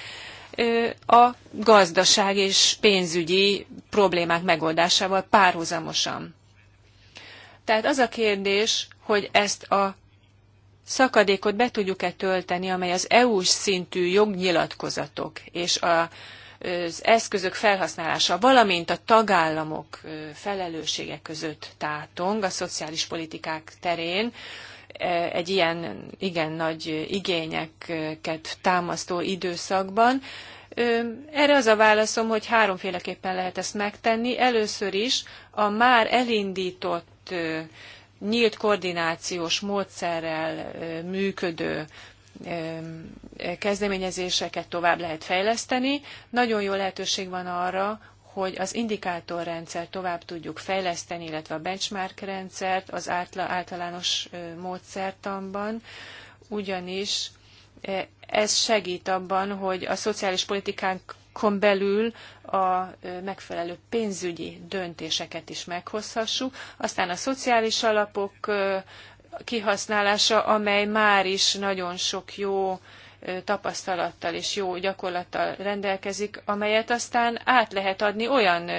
a gazdaság és pénzügyi problémák megoldásával párhuzamosan. Tehát az a kérdés, hogy ezt a szakadékot be tudjuk-e tölteni, amely az EU-s szintű jognyilatkozatok és a, az eszközök felhasználása, valamint a tagállamok felelőssége között tátong a szociális politikák terén, egy ilyen igen nagy igényeket támasztó időszakban. Erre az a válaszom, hogy háromféleképpen lehet ezt megtenni. Először is a már elindított nyílt koordinációs módszerrel működő kezdeményezéseket tovább lehet fejleszteni. Nagyon jó lehetőség van arra, hogy az indikátorrendszer tovább tudjuk fejleszteni, illetve a benchmark rendszert az általános módszertanban, ugyanis ez segít abban, hogy a szociális politikánkon belül a megfelelő pénzügyi döntéseket is meghozhassuk. Aztán a szociális alapok kihasználása, amely már is nagyon sok jó tapasztalattal és jó gyakorlattal rendelkezik, amelyet aztán át lehet adni olyan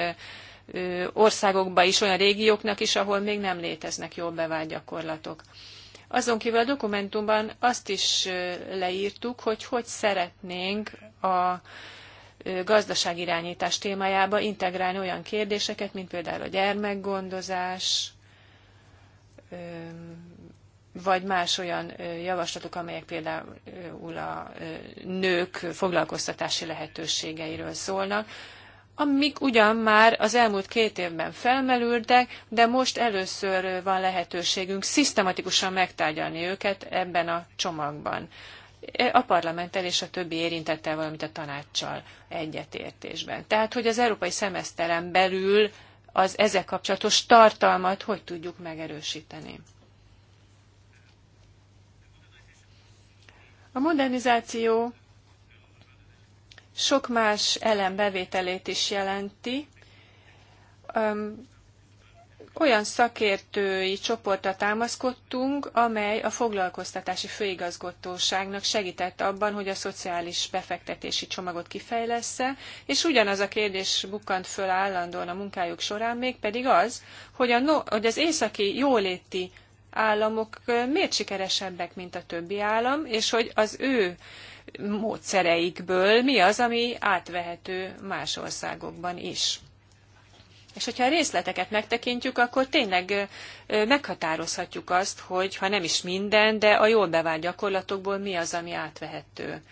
országokba is, olyan régióknak is, ahol még nem léteznek jól bevált gyakorlatok. Azon kívül a dokumentumban azt is leírtuk, hogy hogy szeretnénk a gazdaságirányítás témájába integrálni olyan kérdéseket, mint például a gyermekgondozás, vagy más olyan javaslatok, amelyek például a nők foglalkoztatási lehetőségeiről szólnak, amik ugyan már az elmúlt két évben felmerültek, de most először van lehetőségünk szisztematikusan megtárgyalni őket ebben a csomagban. E, a parlamenttel és a többi érintettel, valamint a tanácssal egyetértésben. Tehát, hogy az európai szemeszteren belül az ezzel kapcsolatos tartalmat hogy tudjuk megerősíteni. A modernizáció sok más elem bevételét is jelenti. Olyan szakértői csoportra támaszkodtunk, amely a foglalkoztatási főigazgatóságnak segített abban, hogy a szociális befektetési csomagot kifejlesz-e, és ugyanaz a kérdés bukkant föl állandóan a munkájuk során, mégpedig az, hogy, a no, hogy az északi jóléti államok miért sikeresebbek, mint a többi állam, és hogy az ő módszereikből mi az, ami átvehető más országokban is. És hogyha a részleteket megtekintjük, akkor tényleg meghatározhatjuk azt, hogy ha nem is minden, de a jól bevált gyakorlatokból mi az, ami átvehető.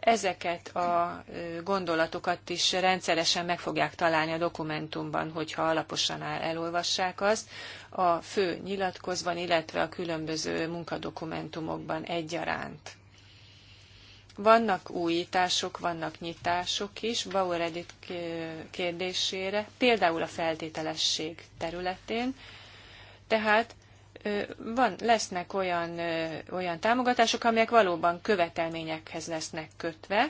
Ezeket a gondolatokat is rendszeresen meg fogják találni a dokumentumban, hogyha alaposan elolvassák azt, a fő nyilatkozban, illetve a különböző munkadokumentumokban egyaránt. Vannak újítások, vannak nyitások is Bauer Edith kérdésére, például a feltételesség területén. Tehát van, lesznek olyan, olyan támogatások, amelyek valóban követelményekhez lesznek kötve,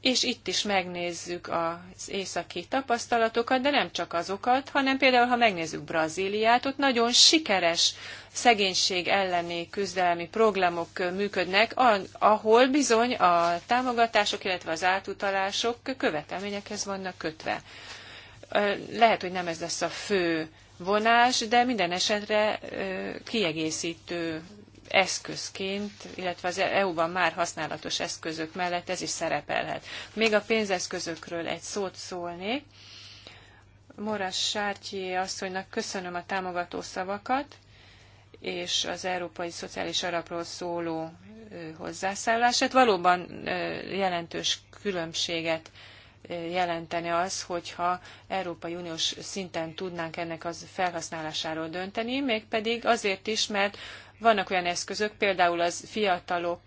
és itt is megnézzük az északi tapasztalatokat, de nem csak azokat, hanem például, ha megnézzük Brazíliát, ott nagyon sikeres szegénység elleni küzdelmi programok működnek, ahol bizony a támogatások, illetve az átutalások követelményekhez vannak kötve. Lehet, hogy nem ez lesz a fő vonás, de minden esetre kiegészítő eszközként, illetve az EU-ban már használatos eszközök mellett ez is szerepelhet. Még a pénzeszközökről egy szót szólnék. Moras Sártyé asszonynak köszönöm a támogató szavakat, és az Európai Szociális Alapról szóló hozzászállását. Valóban jelentős különbséget jelenteni az, hogyha Európai Uniós szinten tudnánk ennek az felhasználásáról dönteni, mégpedig azért is, mert vannak olyan eszközök, például az fiatalok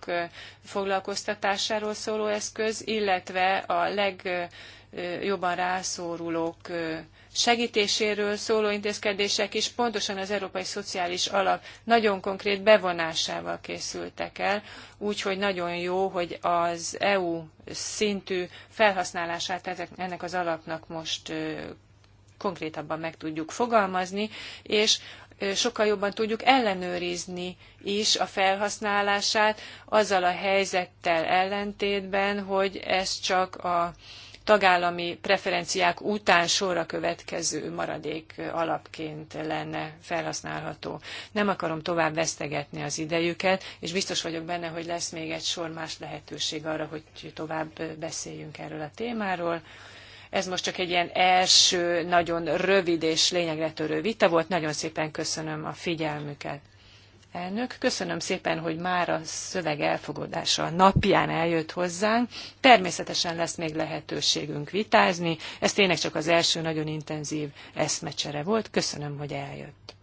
foglalkoztatásáról szóló eszköz, illetve a legjobban rászorulók segítéséről szóló intézkedések is pontosan az Európai Szociális Alap nagyon konkrét bevonásával készültek el, úgyhogy nagyon jó, hogy az EU szintű felhasználását ennek az alapnak most konkrétabban meg tudjuk fogalmazni, és sokkal jobban tudjuk ellenőrizni is a felhasználását azzal a helyzettel ellentétben, hogy ez csak a tagállami preferenciák után sorra következő maradék alapként lenne felhasználható. Nem akarom tovább vesztegetni az idejüket, és biztos vagyok benne, hogy lesz még egy sor más lehetőség arra, hogy tovább beszéljünk erről a témáról. Ez most csak egy ilyen első, nagyon rövid és lényegre törő vita volt. Nagyon szépen köszönöm a figyelmüket. Elnök, köszönöm szépen, hogy már a szöveg elfogadása napján eljött hozzánk. Természetesen lesz még lehetőségünk vitázni. Ez tényleg csak az első nagyon intenzív eszmecsere volt. Köszönöm, hogy eljött.